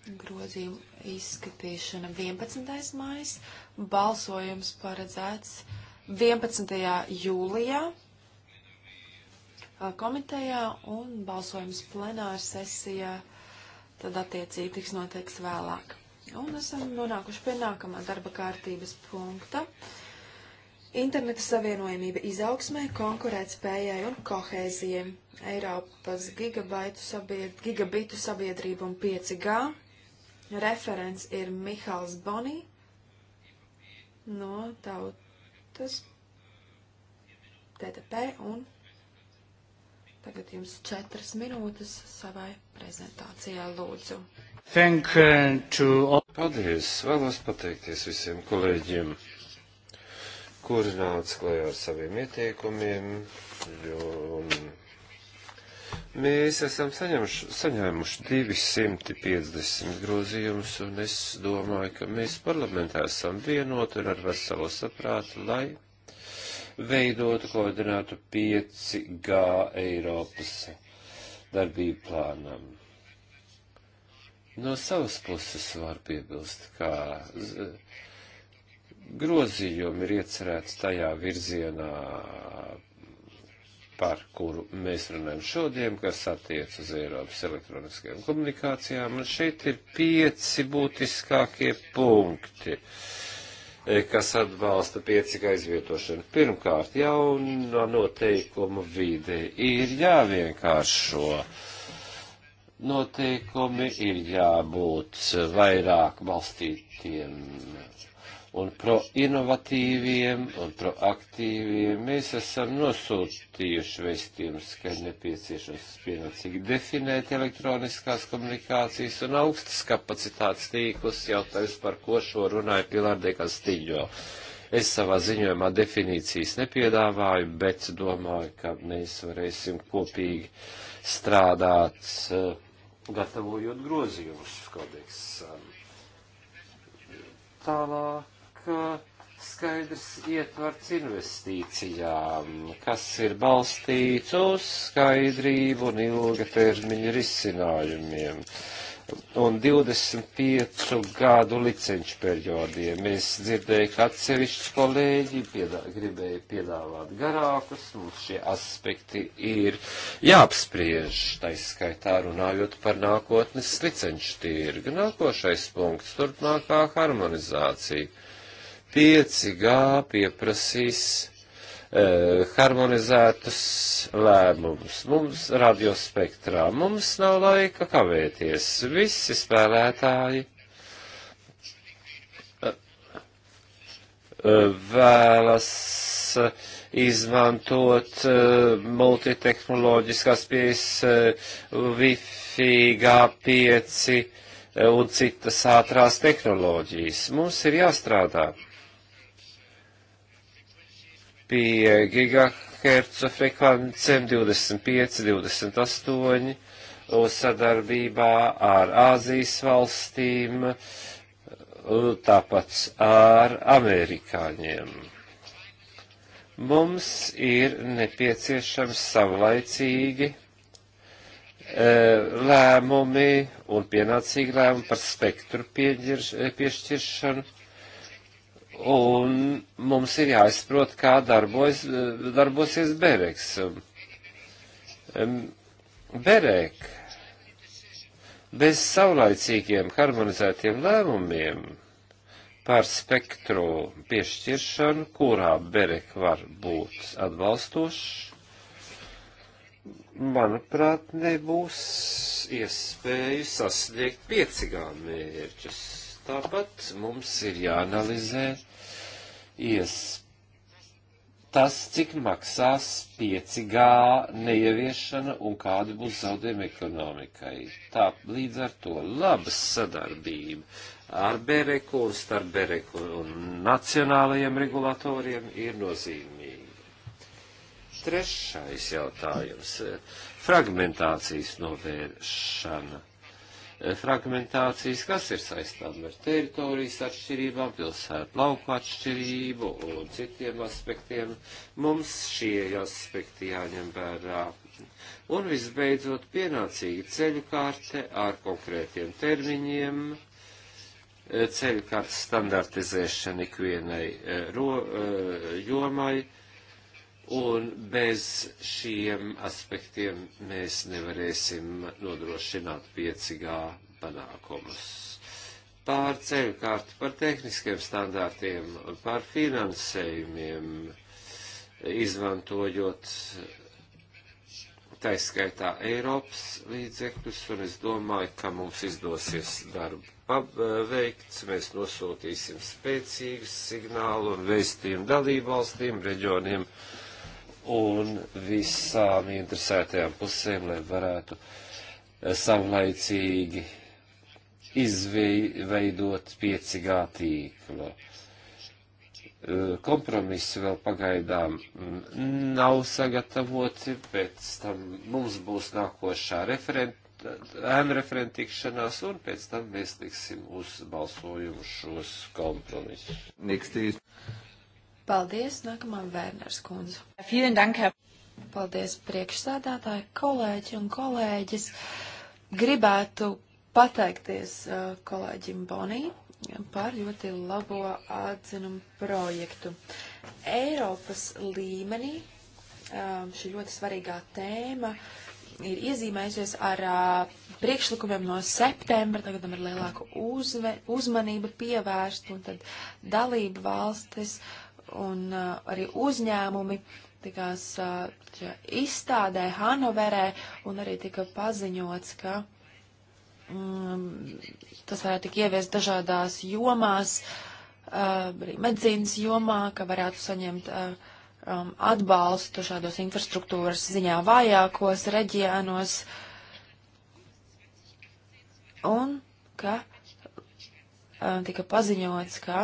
Grozījumu izskatīšana 11. mājas, Balsojums paredzēts 11. jūlijā komitejā un balsojums plenāra sesijā tad attiecīgi tiks noteikts vēlāk. Un esam nonākuši pie nākamā darba kārtības punkta. Interneta savienojamība izaugsmē, konkurēt spējai un kohēzijai. Eiropas sabied, gigabitu sabiedrība un 5G. Referents ir Mihāls Bonī no tautas TTP un tagad jums četras minūtes savai prezentācijā lūdzu. Thank uh, to all. Paldies, vēlos pateikties visiem kolēģiem, kuri nāca klajā ar saviem ieteikumiem, jo, un Mēs esam saņemuši, saņēmuši 250 grozījumus, un es domāju, ka mēs parlamentā esam vienoti un ar veselo saprātu, lai veidotu koordinātu 5G Eiropas darbību plānam. No savas puses var piebilst, ka grozījumi ir iecerēts tajā virzienā par kuru mēs runājam šodien, kas attiec uz Eiropas elektroniskajām komunikācijām. Un šeit ir pieci būtiskākie punkti, e, kas atbalsta piecika aizvietošanu. Pirmkārt, jaunā noteikuma vide ir jāvienkāršo. Noteikumi ir jābūt vairāk balstītiem un proinovatīviem un proaktīviem. Mēs esam nosūtījuši vēstījumus, ka ir nepieciešams pienācīgi definēt elektroniskās komunikācijas un augstas kapacitātes tīklus, jautājums par ko šo runāja Pilārdēkā Stīļo. Es savā ziņojumā definīcijas nepiedāvāju, bet domāju, ka mēs varēsim kopīgi strādāt, eh, gatavojot grozījumus kodeksam. Tālāk skaidrs ietvarts investīcijām, kas ir balstīts uz skaidrību un ilgatermiņa risinājumiem. Un 25 gadu licenču periodiem es dzirdēju, ka atsevišķi kolēģi piedā, gribēja piedāvāt garākus, mums šie aspekti ir jāapspriež, taiskaitā runājot par nākotnes licenču tirgu. Nākošais punkts - turpmākā harmonizācija 5G pieprasīs eh, harmonizētus lēmumus. Mums radiospektrā mums nav laika kavēties. Visi spēlētāji e, e, vēlas izmantot e, multitehnoloģiskās pieejas Wi-Fi, G5 un citas ātrās tehnoloģijas. Mums ir jāstrādā pie gigaherca frekvencēm 25, 28 un sadarbībā ar Āzijas valstīm, tāpat ar amerikāņiem. Mums ir nepieciešams savlaicīgi e, lēmumi un pienācīgi lēmumi par spektru e, piešķiršanu Un mums ir jāizprot, kā darbojas, darbosies Bereks. Berek bez saulaicīgiem harmonizētiem lēmumiem par spektru piešķiršanu, kurā Berek var būt atbalstošs, manuprāt, nebūs iespēju sasniegt 5G mērķus. Tāpat mums ir jāanalizē iespējas tas, cik maksās 5G neieviešana un kādi būs zaudējumi ekonomikai. Tā līdz ar to laba sadarbība ar Bereku un starp Bereku un nacionālajiem regulatoriem ir nozīmīga. Trešais jautājums - fragmentācijas novēršana fragmentācijas, kas ir saistām ar teritorijas atšķirībām, pilsētu lauku atšķirību un citiem aspektiem. Mums šie aspekti jāņem vērā. Un visbeidzot pienācīga ceļu kārte ar konkrētiem termiņiem, ceļu kārtas standartizēšana ikvienai eh, ro, eh, jomai un bez šiem aspektiem mēs nevarēsim nodrošināt 5G panākumus. Pār ceļu kārtu, par tehniskiem standārtiem, par finansējumiem, izmantojot taiskaitā Eiropas līdzekļus, un es domāju, ka mums izdosies darbu paveikt. Mēs nosūtīsim spēcīgu signālu un vēstījumu dalībvalstīm, reģioniem. valstīm, reģioniem un visām interesētajām pusēm, lai varētu eh, savlaicīgi izveidot 5G tīklu. Eh, kompromisi vēl pagaidām mm, nav sagatavoti, pēc tam mums būs nākošā referenta, ēnu referenta tikšanās, un pēc tam mēs liksim uz balsojumu šos kompromisus. Nikstīs. Paldies, nākamā Vērners kundze. Paldies, priekšsēdētāji, kolēģi un kolēģis. Gribētu pateikties uh, kolēģim Bonī par ļoti labo atzinumu projektu. Eiropas līmenī um, šī ļoti svarīgā tēma ir iezīmējusies ar uh, priekšlikumiem no septembra, tagad tam ir lielāka uzve, uzmanība pievērsta, un tad dalība valstis un uh, arī uzņēmumi tikās uh, tā, izstādē Hanoverē un arī tika paziņots, ka mm, tas varētu tik ieviest dažādās jomās, uh, arī medicīnas jomā, ka varētu saņemt um, atbalstu šādos infrastruktūras ziņā vājākos reģionos un ka Eh, tika paziņots, ka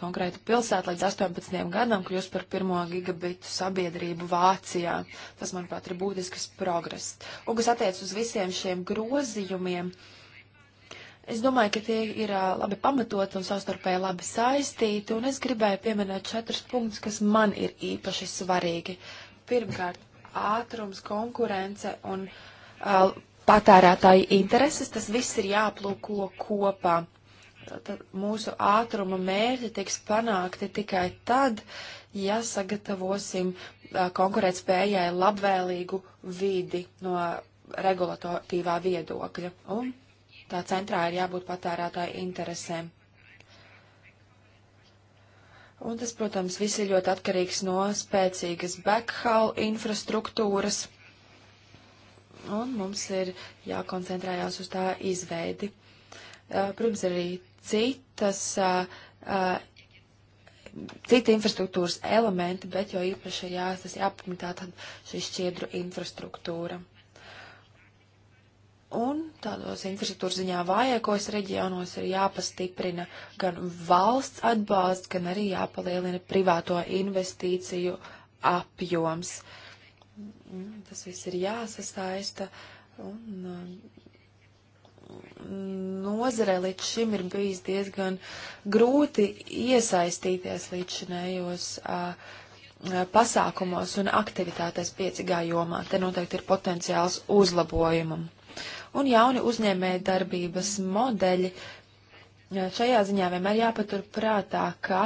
konkrēta pilsēta līdz 18 gadam kļūs par pirmo gigabitu sabiedrību Vācijā. Tas, manuprāt, ir būtisks progress. Un kas attiec uz visiem šiem grozījumiem, es domāju, ka tie ir eh, labi pamatot un savstarpēji labi saistīti, un es gribēju pieminēt četrus punktus, kas man ir īpaši svarīgi. Pirmkārt, ātrums, konkurence un uh, patērētāju intereses, tas viss ir jāplūko kopā. Tad mūsu ātruma mērķi tiks panākti tikai tad, ja sagatavosim konkurētspējai labvēlīgu vidi no regulatīvā viedokļa. Un tā centrā ir jābūt patērētāju interesēm. Un tas, protams, viss ir ļoti atkarīgs no spēcīgas backhaul infrastruktūras. Un mums ir jākoncentrējās uz tā izveidi. Protams, arī citas, citi infrastruktūras elementi, bet jo īpaši ir jāsas jāpamatā tad šī šķiedru infrastruktūra. Un tādos infrastruktūras ziņā vājākos reģionos ir jāpastiprina gan valsts atbalsts, gan arī jāpalielina privāto investīciju apjoms. Mm, tas viss ir jāsasaista. Un nozarē līdz šim ir bijis diezgan grūti iesaistīties līdz šinējos pasākumos un aktivitātēs 5G jomā. Te noteikti ir potenciāls uzlabojumam. Un jauni uzņēmēja darbības modeļi šajā ziņā vienmēr jāpatur prātā, ka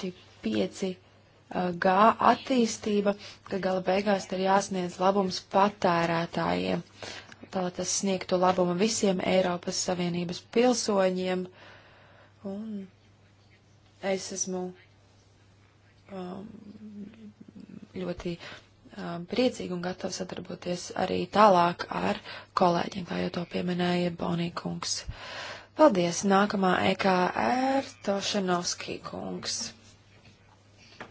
šī 5G attīstība, ka gala beigās ir jāsniedz labums patērētājiem. Uh, tā tas sniegtu labumu visiem Eiropas Savienības pilsoņiem. Un es esmu um, ļoti um, priecīga un gatava sadarboties arī tālāk ar kolēģiem, kā jau to pieminēja Bonīkungs. Paldies! Nākamā EKR Tošanovskī kungs.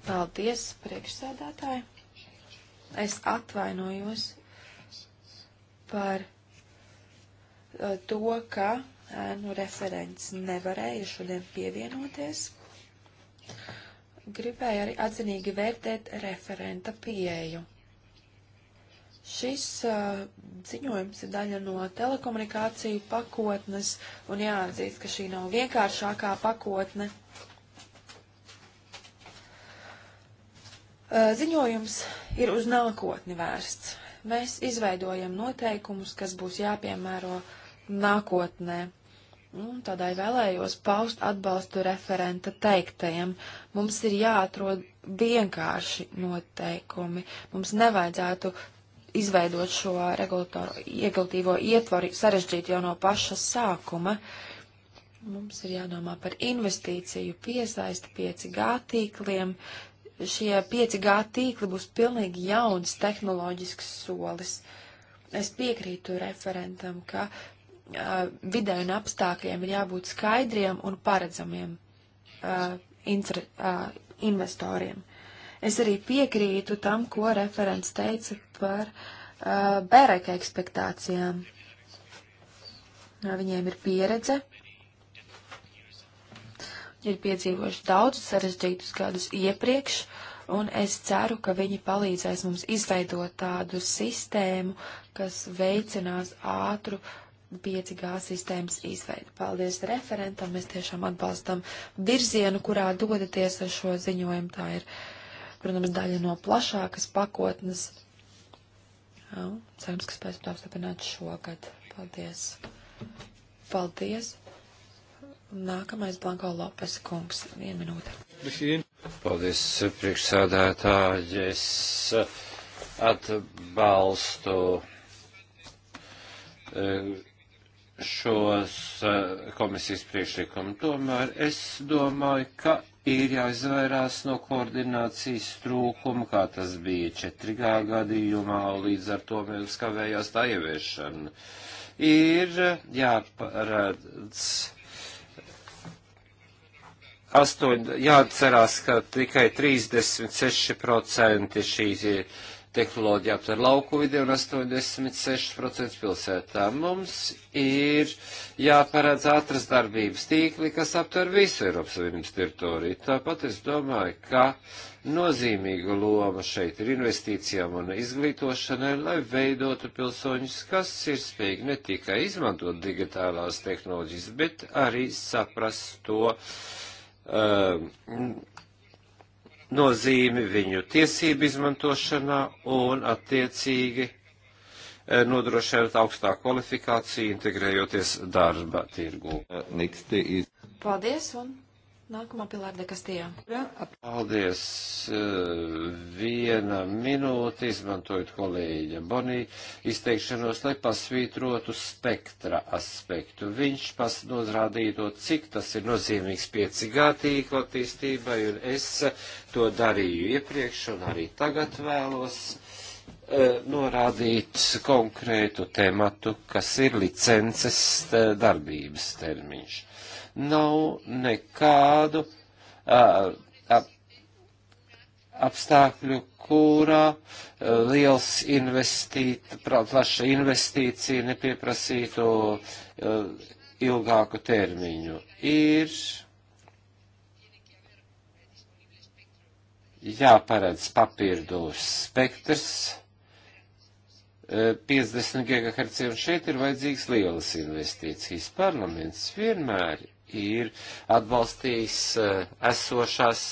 Paldies, priekšsēdētāji! Es atvainojos, par uh, to, ka nu, referents nevarēja šodien pievienoties. Gribēju arī atzinīgi vērtēt referenta pieeju. Šis uh, ziņojums ir daļa no telekomunikāciju pakotnes, un jāatzīst, ka šī nav vienkāršākā pakotne. Uh, ziņojums ir uz nākotni vērsts mēs izveidojam noteikumus, kas būs jāpiemēro nākotnē. Un tādai vēlējos paust atbalstu referenta teiktajam. Mums ir jāatrod vienkārši noteikumi. Mums nevajadzētu izveidot šo regulatīvo ietvaru sarežģīt jau no paša sākuma. Mums ir jādomā par investīciju piesaisti 5G tīkliem, uh, šie 5G tīkli būs pilnīgi jauns tehnoloģisks solis. Es piekrītu referentam, ka uh, vidē un apstākļiem ir jābūt skaidriem un paredzamiem uh, intra, uh, investoriem. Es arī piekrītu tam, ko referents teica par uh, bērēka ekspektācijām. Viņiem ir pieredze, ir piedzīvojuši daudz sarežģītus gadus iepriekš, un es ceru, ka viņi palīdzēs mums izveidot tādu sistēmu, kas veicinās ātru 5G sistēmas izveidu. Paldies referentam, mēs tiešām atbalstam virzienu, kurā dodaties ar šo ziņojumu. Tā ir, protams, daļa no plašākas pakotnes. Jā, cerams, ka spēsim to apstiprināt šogad. Paldies! Paldies! Nākamais Blanko Lopes kungs, viena minūte. Paldies, priekšsādātāji, es eh, atbalstu eh, šos eh, komisijas priekšlikumu. Tomēr es domāju, ka ir jāizvairās no koordinācijas trūkuma, kā tas bija 4G gadījumā, līdz ar to mums kavējās tā ieviešana. Ir jāparādz 8, jāatcerās, ka tikai 36% šīs tehnoloģija aptver lauku vidi un 86% pilsētā. Mums ir jāparedz ātras darbības tīkli, kas aptver visu Eiropas Savienības teritoriju. Tāpat es domāju, ka nozīmīga loma šeit ir investīcijām un izglītošanai, lai veidotu pilsoņus, kas ir spējīgi ne tikai izmantot digitālās tehnoloģijas, bet arī saprast to, uh, Um, nozīmi viņu tiesību izmantošanā un attiecīgi uh, nodrošināt augstāku kvalifikāciju, integrējoties darba tirgu. Paldies, un Nākamā pilāra de Kastijā. Paldies. Eh, viena minūte izmantojot kolēģa Bonī izteikšanos, lai pasvītrotu spektra aspektu. Viņš pas nozrādīja to, cik tas ir nozīmīgs 5G tīkla attīstībai, un es to darīju iepriekš un arī tagad vēlos eh, norādīt konkrētu tematu, kas ir licences eh, darbības termiņš nav nekādu uh, ap, apstākļu, kurā uh, liels investīt, plaša investīcija nepieprasītu uh, ilgāku termiņu. Ir jāparedz papildus spektrs 50 GHz, un šeit ir vajadzīgs lielas investīcijas. Parlaments vienmēr ir atbalstījis eh, esošās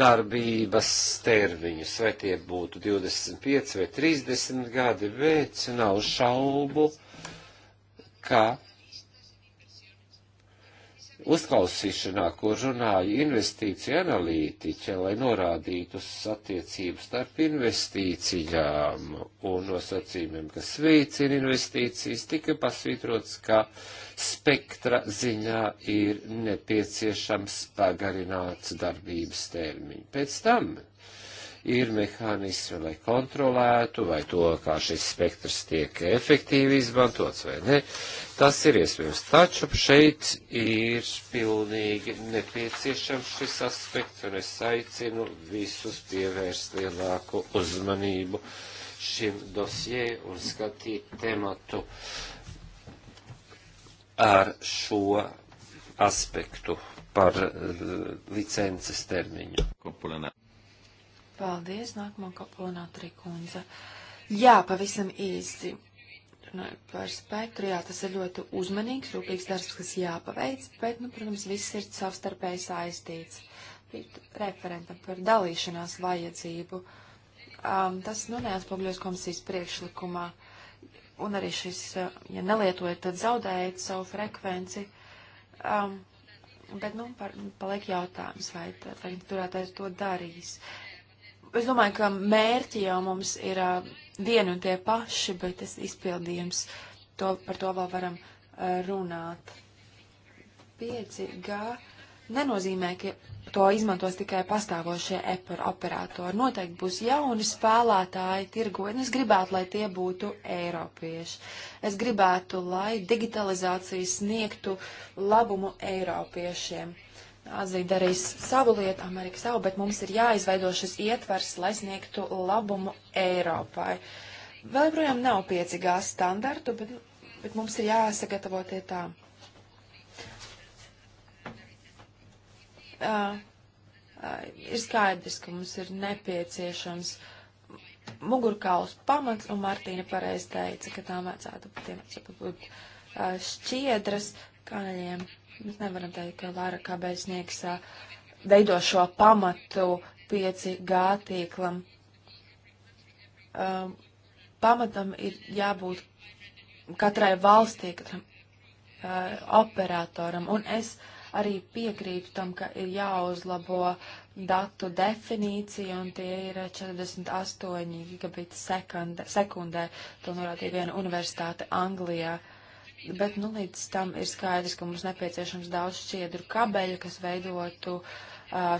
darbības termiņus, vai tie būtu 25 vai 30 gadi, bet nav šaubu, ka uzklausīšanā, kur runāju investīciju analītiķe, lai norādītu uz attiecību starp investīcijām un nosacījumiem, kas veicina investīcijas, tika pasvītrots, ka spektra ziņā ir nepieciešams pagarināts darbības termiņš. Pēc tam ir mehānismi, lai kontrolētu, vai to, kā šis spektrs tiek efektīvi izmantots vai ne. Tas ir iespējams. Taču šeit ir pilnīgi nepieciešams šis aspekts, un es aicinu visus pievērst lielāku uzmanību šim dosjē un skatīt tematu ar šo aspektu par eh, licences termiņu. Kopulēnā. Paldies, nākamā kaplonā trikundze. Jā, pavisam īsi. Runāju par spektru, jā, tas ir ļoti uzmanīgs, rūpīgs darbs, kas jāpaveic, bet, nu, protams, viss ir savstarpēji saistīts. Referentam par dalīšanās vajadzību. Um, tas, nu, neatspogļos komisijas priekšlikumā. Un arī šis, ja nelietojat, tad zaudējat savu frekvenci. Um, bet, nu, par, paliek jautājums, vai tad vai turētājs to darīs es domāju, ka mērķi jau mums ir uh, vieni un tie paši, bet tas izpildījums, to, par to vēl varam uh, runāt. 5G nenozīmē, ka to izmantos tikai pastāvošie operatori. Noteikti būs jauni spēlētāji tirgu, un es gribētu, lai tie būtu eiropieši. Es gribētu, lai digitalizācija sniegtu labumu eiropiešiem. Azija darīs savu lietu, Amerika savu, bet mums ir jāizveido šis ietvers, lai sniegtu labumu Eiropai. Vēl projām nav 5G standartu, bet, bet mums ir jāsagatavo tie tā. Uh, uh, ir skaidrs, ka mums ir nepieciešams mugurkauls pamats, un Martīna pareiz teica, ka tām vajadzētu būt šķiedras kaļiem. Uh, Mēs nevaram teikt, ka Lāra Kabēznieks veido šo pamatu 5G tīklam. Um, pamatam ir jābūt katrai valstī, katram uh, operatoram. Un es arī piekrītu tam, ka ir jāuzlabo datu definīcija, un tie ir 48 gigabiti sekundē. sekundē to norādīja viena universitāte Anglijā bet nu, līdz tam ir skaidrs, ka mums nepieciešams daudz šķiedru kabeļu, kas veidotu uh,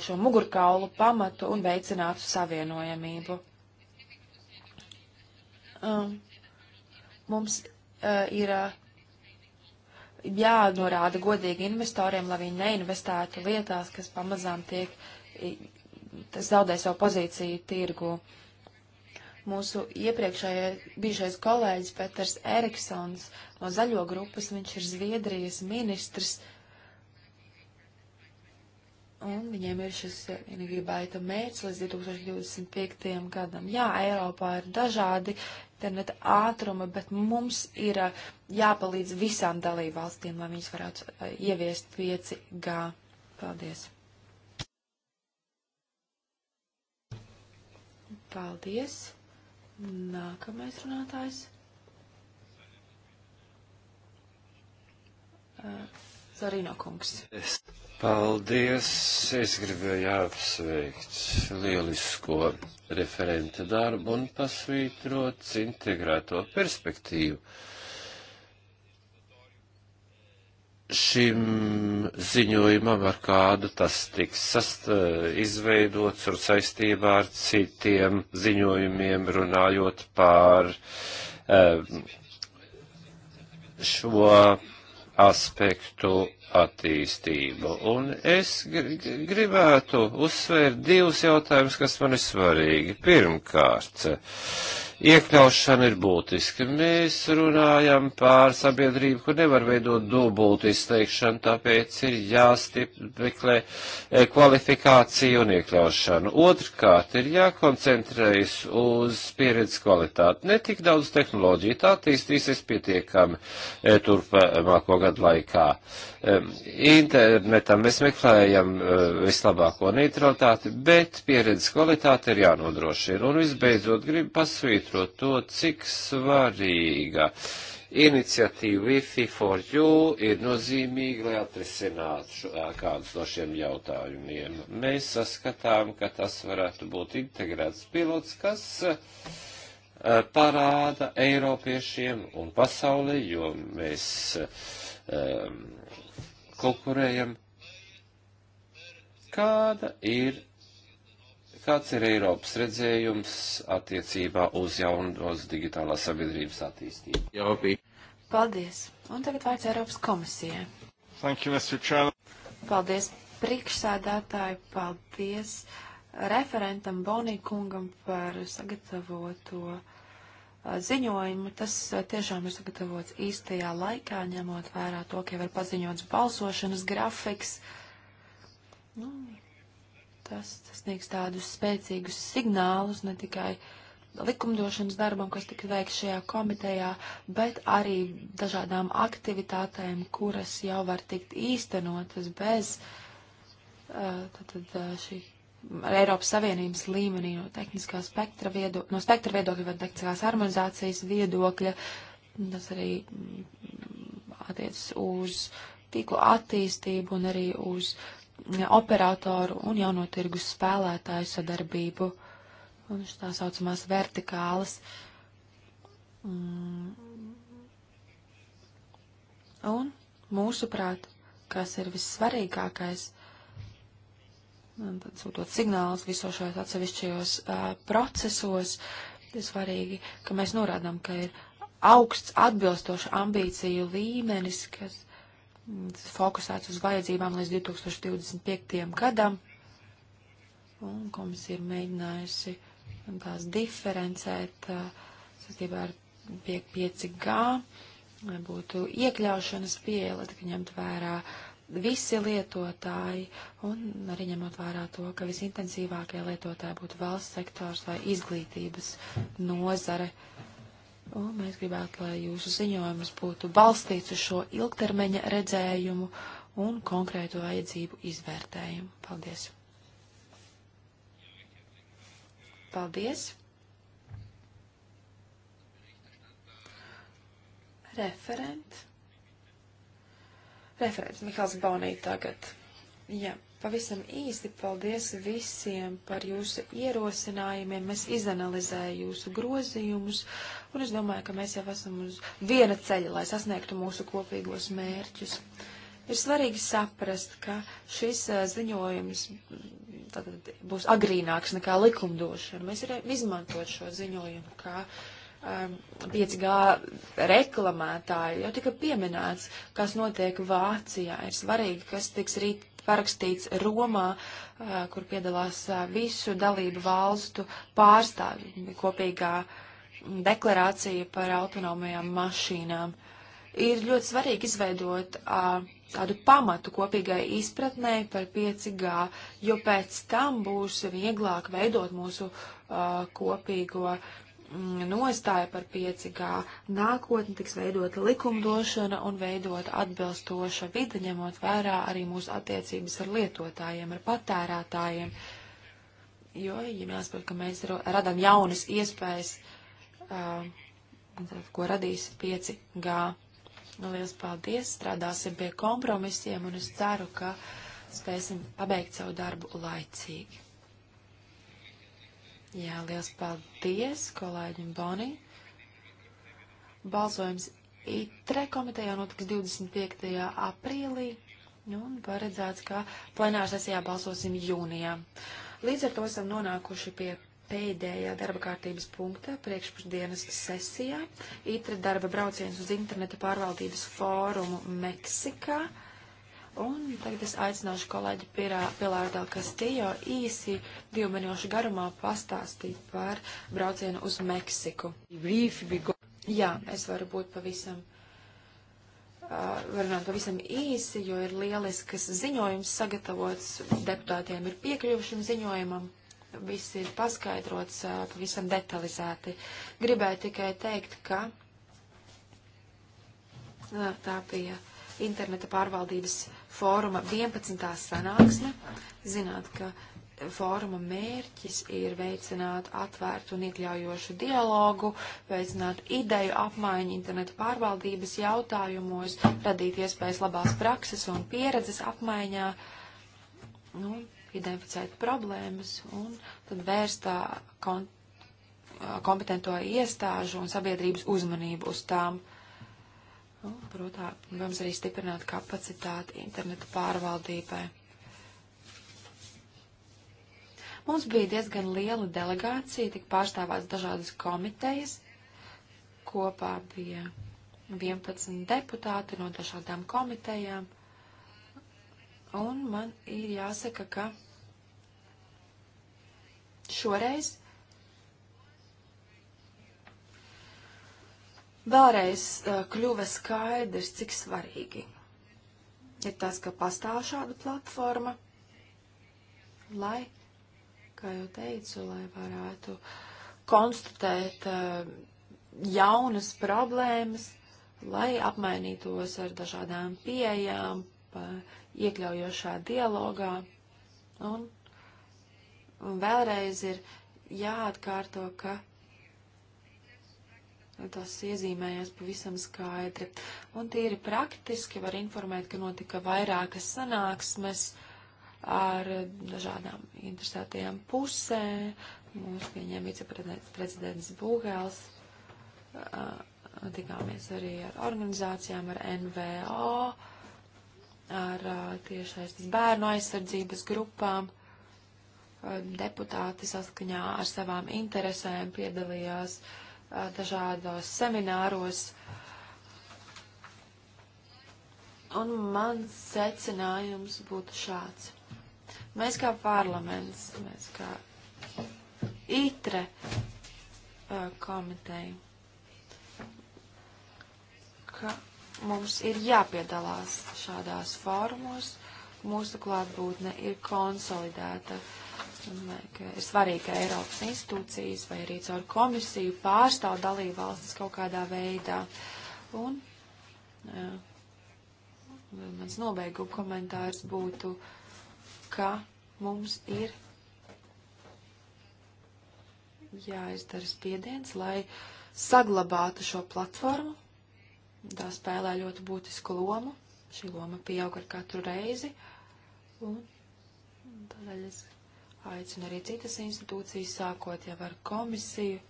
šo mugurkaulu pamatu un veicinātu savienojamību. Uh, mums uh, ir jānorāda godīgi investoriem, lai viņi neinvestētu lietās, kas pamazām tiek, tas zaudē savu pozīciju tirgu. Uh, Mūsu iepriekšējais bijušais kolēģis Peters Eriksons no zaļo grupas, viņš ir Zviedrijas ministrs. Un viņiem ir šis enerģībaita mērķis līdz 2025. gadam. Jā, Eiropā ir dažādi interneta ātruma, bet mums ir uh, jāpalīdz visām dalībvalstīm, lai viņas varētu uh, ieviest 5G. Paldies! Paldies! Nākamais runātājs. Zarino kungs. Paldies! Es gribēju apsveikt lielisko referenta darbu un pasvītrot integrēto perspektīvu šim ziņojumam, ar kādu tas tiks sast, eh, izveidots un saistībā ar citiem ziņojumiem runājot pār eh, šo aspektu attīstību. Un es gribētu uzsvērt divus jautājumus, kas man ir svarīgi. Pirmkārt, uh, iekļaušana ir būtiska. Mēs runājam pār sabiedrību, kur nevar veidot dubultu izteikšanu, tāpēc ir jāstiprina e, kvalifikācija un iekļaušana. Otrkārt, ir jākoncentrējas uz pieredzes kvalitāti. Ne tik daudz tehnoloģiju, tā attīstīsies pietiekami e, turpmāko gadu laikā. E, internetam mēs meklējam vislabāko neutralitāti, bet pieredzes kvalitāte ir jānodrošina. Un visbeidzot, gribu pasvīt pasvītro to, cik svarīga iniciatīva Wi-Fi for You ir nozīmīga, lai atrisinātu kādus no šiem jautājumiem. Mēs saskatām, ka tas varētu būt integrēts pilots, kas parāda Eiropiešiem un pasaulē, jo mēs um, konkurējam kāda ir Kāds ir Eiropas redzējums attiecībā uz jaunos digitālās sabiedrības attīstību? Jopī. Paldies. Un tagad vārds Eiropas komisijai. Thank you, Mr. Chairman. Paldies priekšsādātāji, paldies referentam Bonī kungam par sagatavoto uh, ziņojumu. Tas uh, tiešām ir sagatavots īstajā laikā, ņemot vērā to, ka jau ir paziņots balsošanas grafiks. Nu, Tas sniegs tādus spēcīgus signālus ne tikai likumdošanas darbam, kas tika veikts šajā komitejā, bet arī dažādām aktivitātēm, kuras jau var tikt īstenotas bez tātad, šī Eiropas Savienības līmenī no tehniskā spektra viedokļa, no spektra viedokļa vai tehniskās harmonizācijas viedokļa. Tas arī mm, attiecas uz tīklu attīstību un arī uz operatoru un jauno tirgus spēlētāju sadarbību, un tā saucamās vertikālas. Mm. Un mūsuprāt, kas ir vissvarīgākais, mm, tad sūtot signālus visos šajos atsevišķajos uh, procesos, ir svarīgi, ka mēs norādām, ka ir augsts atbilstoši ambīciju līmenis, kas fokusēts uz vajadzībām līdz 2025. gadam, un komisija ir mēģinājusi tās diferencēt uh, saistībā ar 5G, lai būtu iekļaušanas pieeja, lai tika ņemt vērā visi lietotāji, un arī ņemot vērā to, ka visintensīvākie lietotāji būtu valsts sektors vai izglītības nozare. Uh, Un mēs gribētu, lai jūsu ziņojums būtu balstīts uz šo ilgtermiņa redzējumu un konkrētu vajadzību izvērtējumu. Paldies! Paldies! Referent. Referents Mihāls Bonī tagad. Jā, pavisam īsti paldies visiem par jūsu ierosinājumiem. Mēs izanalizēju jūsu grozījumus, un es domāju, ka mēs jau esam uz viena ceļa, lai sasniegtu mūsu kopīgos mērķus. Ir svarīgi saprast, ka šis uh, ziņojums tātad, būs agrīnāks nekā likumdošana. Mēs varam izmantot šo ziņojumu kā um, 5G reklamētāju. Jau tika pieminēts, kas notiek Vācijā. Ir svarīgi, kas tiks rīt parakstīts Romā, kur piedalās visu dalību valstu pārstāvi kopīgā deklarācija par autonomajām mašīnām. Ir ļoti svarīgi izveidot tādu pamatu kopīgai izpratnē par 5G, jo pēc tam būs vieglāk veidot mūsu kopīgo Mm, nostāja par 5G nākotni tiks veidota likumdošana un veidota atbilstoša vide, ņemot vērā arī mūsu attiecības ar lietotājiem, ar patērētājiem. Jo, ja mēs par, ka mēs radām jaunas iespējas, uh, ko radīs 5G. Nu, liels paldies, strādāsim pie kompromisiem un es ceru, ka spēsim pabeigt savu darbu laicīgi. Jā, liels paldies kolēģim Bonī. Balsojums ITRE komitejā notiks 25. aprīlī un paredzēts, ka plenāra sesijā balsosim jūnijā. Līdz ar to esam nonākuši pie pēdējā darba kārtības punkta priekšpusdienas sesijā. ITRE darba brauciens uz interneta pārvaldības fórumu Meksikā. Un tagad es aicināšu kolēģi Pilārdā Kastījo īsi divu minūšu garumā pastāstīt par braucienu uz Meksiku. Jā, es varu būt pavisam, uh, varunāt pavisam īsi, jo ir lielisks ziņojums sagatavots, deputātiem ir piekļuvušam ziņojumam, viss ir paskaidrots uh, pavisam detalizēti. Gribēju tikai teikt, ka uh, tā bija interneta pārvaldības fóruma 11. sanāksme. Zināt, ka fóruma mērķis ir veicināt atvērtu un iekļaujošu dialogu, veicināt ideju apmaiņu internetu pārvaldības jautājumos, radīt iespējas labās prakses un pieredzes apmaiņā, nu, identificēt problēmas un tad vērstā kon kompetento iestāžu un sabiedrības uzmanību uz tām. Uh, Un, nu, protams, arī stiprināt kapacitāti interneta pārvaldībai. Mums bija diezgan liela delegācija, tik pārstāvāts dažādas komitejas. Kopā bija 11 deputāti no dažādām komitejām. Un man ir jāsaka, ka šoreiz vēlreiz uh, kļuva skaidrs, cik svarīgi ir tas, ka pastāv šāda platforma, lai, kā jau teicu, lai varētu konstatēt uh, jaunas problēmas, lai apmainītos ar dažādām pieejām, pa, iekļaujošā dialogā. Un, un vēlreiz ir jāatkārto, ka tas iezīmējās pavisam skaidri. Un tīri praktiski var informēt, ka notika vairākas sanāksmes ar dažādām interesētajām pusēm. Mūs pieņēma viceprezidents Būgēls. Tikāmies arī ar organizācijām, ar NVO, ar tiešais bērnu aizsardzības grupām. Deputāti saskaņā ar savām interesēm piedalījās uh, dažādos semināros. Un mans secinājums būtu šāds. Mēs kā parlaments, mēs kā itre uh, komiteja, ka mums ir jāpiedalās šādās fórumos, mūsu klātbūtne ir konsolidēta. Uh, Domāju, ka ir svarīgi, ka Eiropas institūcijas vai arī caur komisiju pārstāv dalību valstis kaut kādā veidā. Un jā, mans nobeigu komentārs būtu, ka mums ir jāizdara spiediens, lai saglabātu šo platformu. Tā spēlē ļoti būtisku lomu. Šī loma pieaug ar katru reizi. Un tādēļ es aicinu arī citas institūcijas, sākot jau ar komisiju,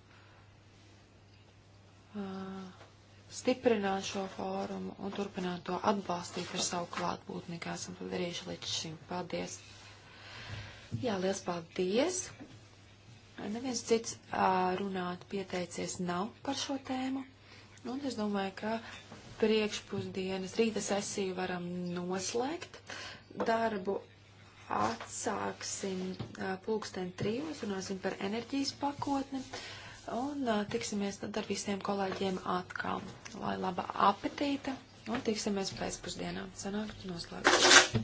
stiprināt šo fórumu un turpināt to atbalstīt ar savu klātbūtni, kā esam to darījuši līdz šim. Paldies! Jā, liels paldies! Neviens cits runāt pieteicies nav par šo tēmu. Un es domāju, ka priekšpusdienas rīta sesiju varam noslēgt. Darbu atsāksim pulksten trījus, runāsim par enerģijas pakotni un tiksimies tad ar visiem kolēģiem atkal. Lai laba apetīte un tiksimies pēcpusdienā. Sanāk, noslēgts.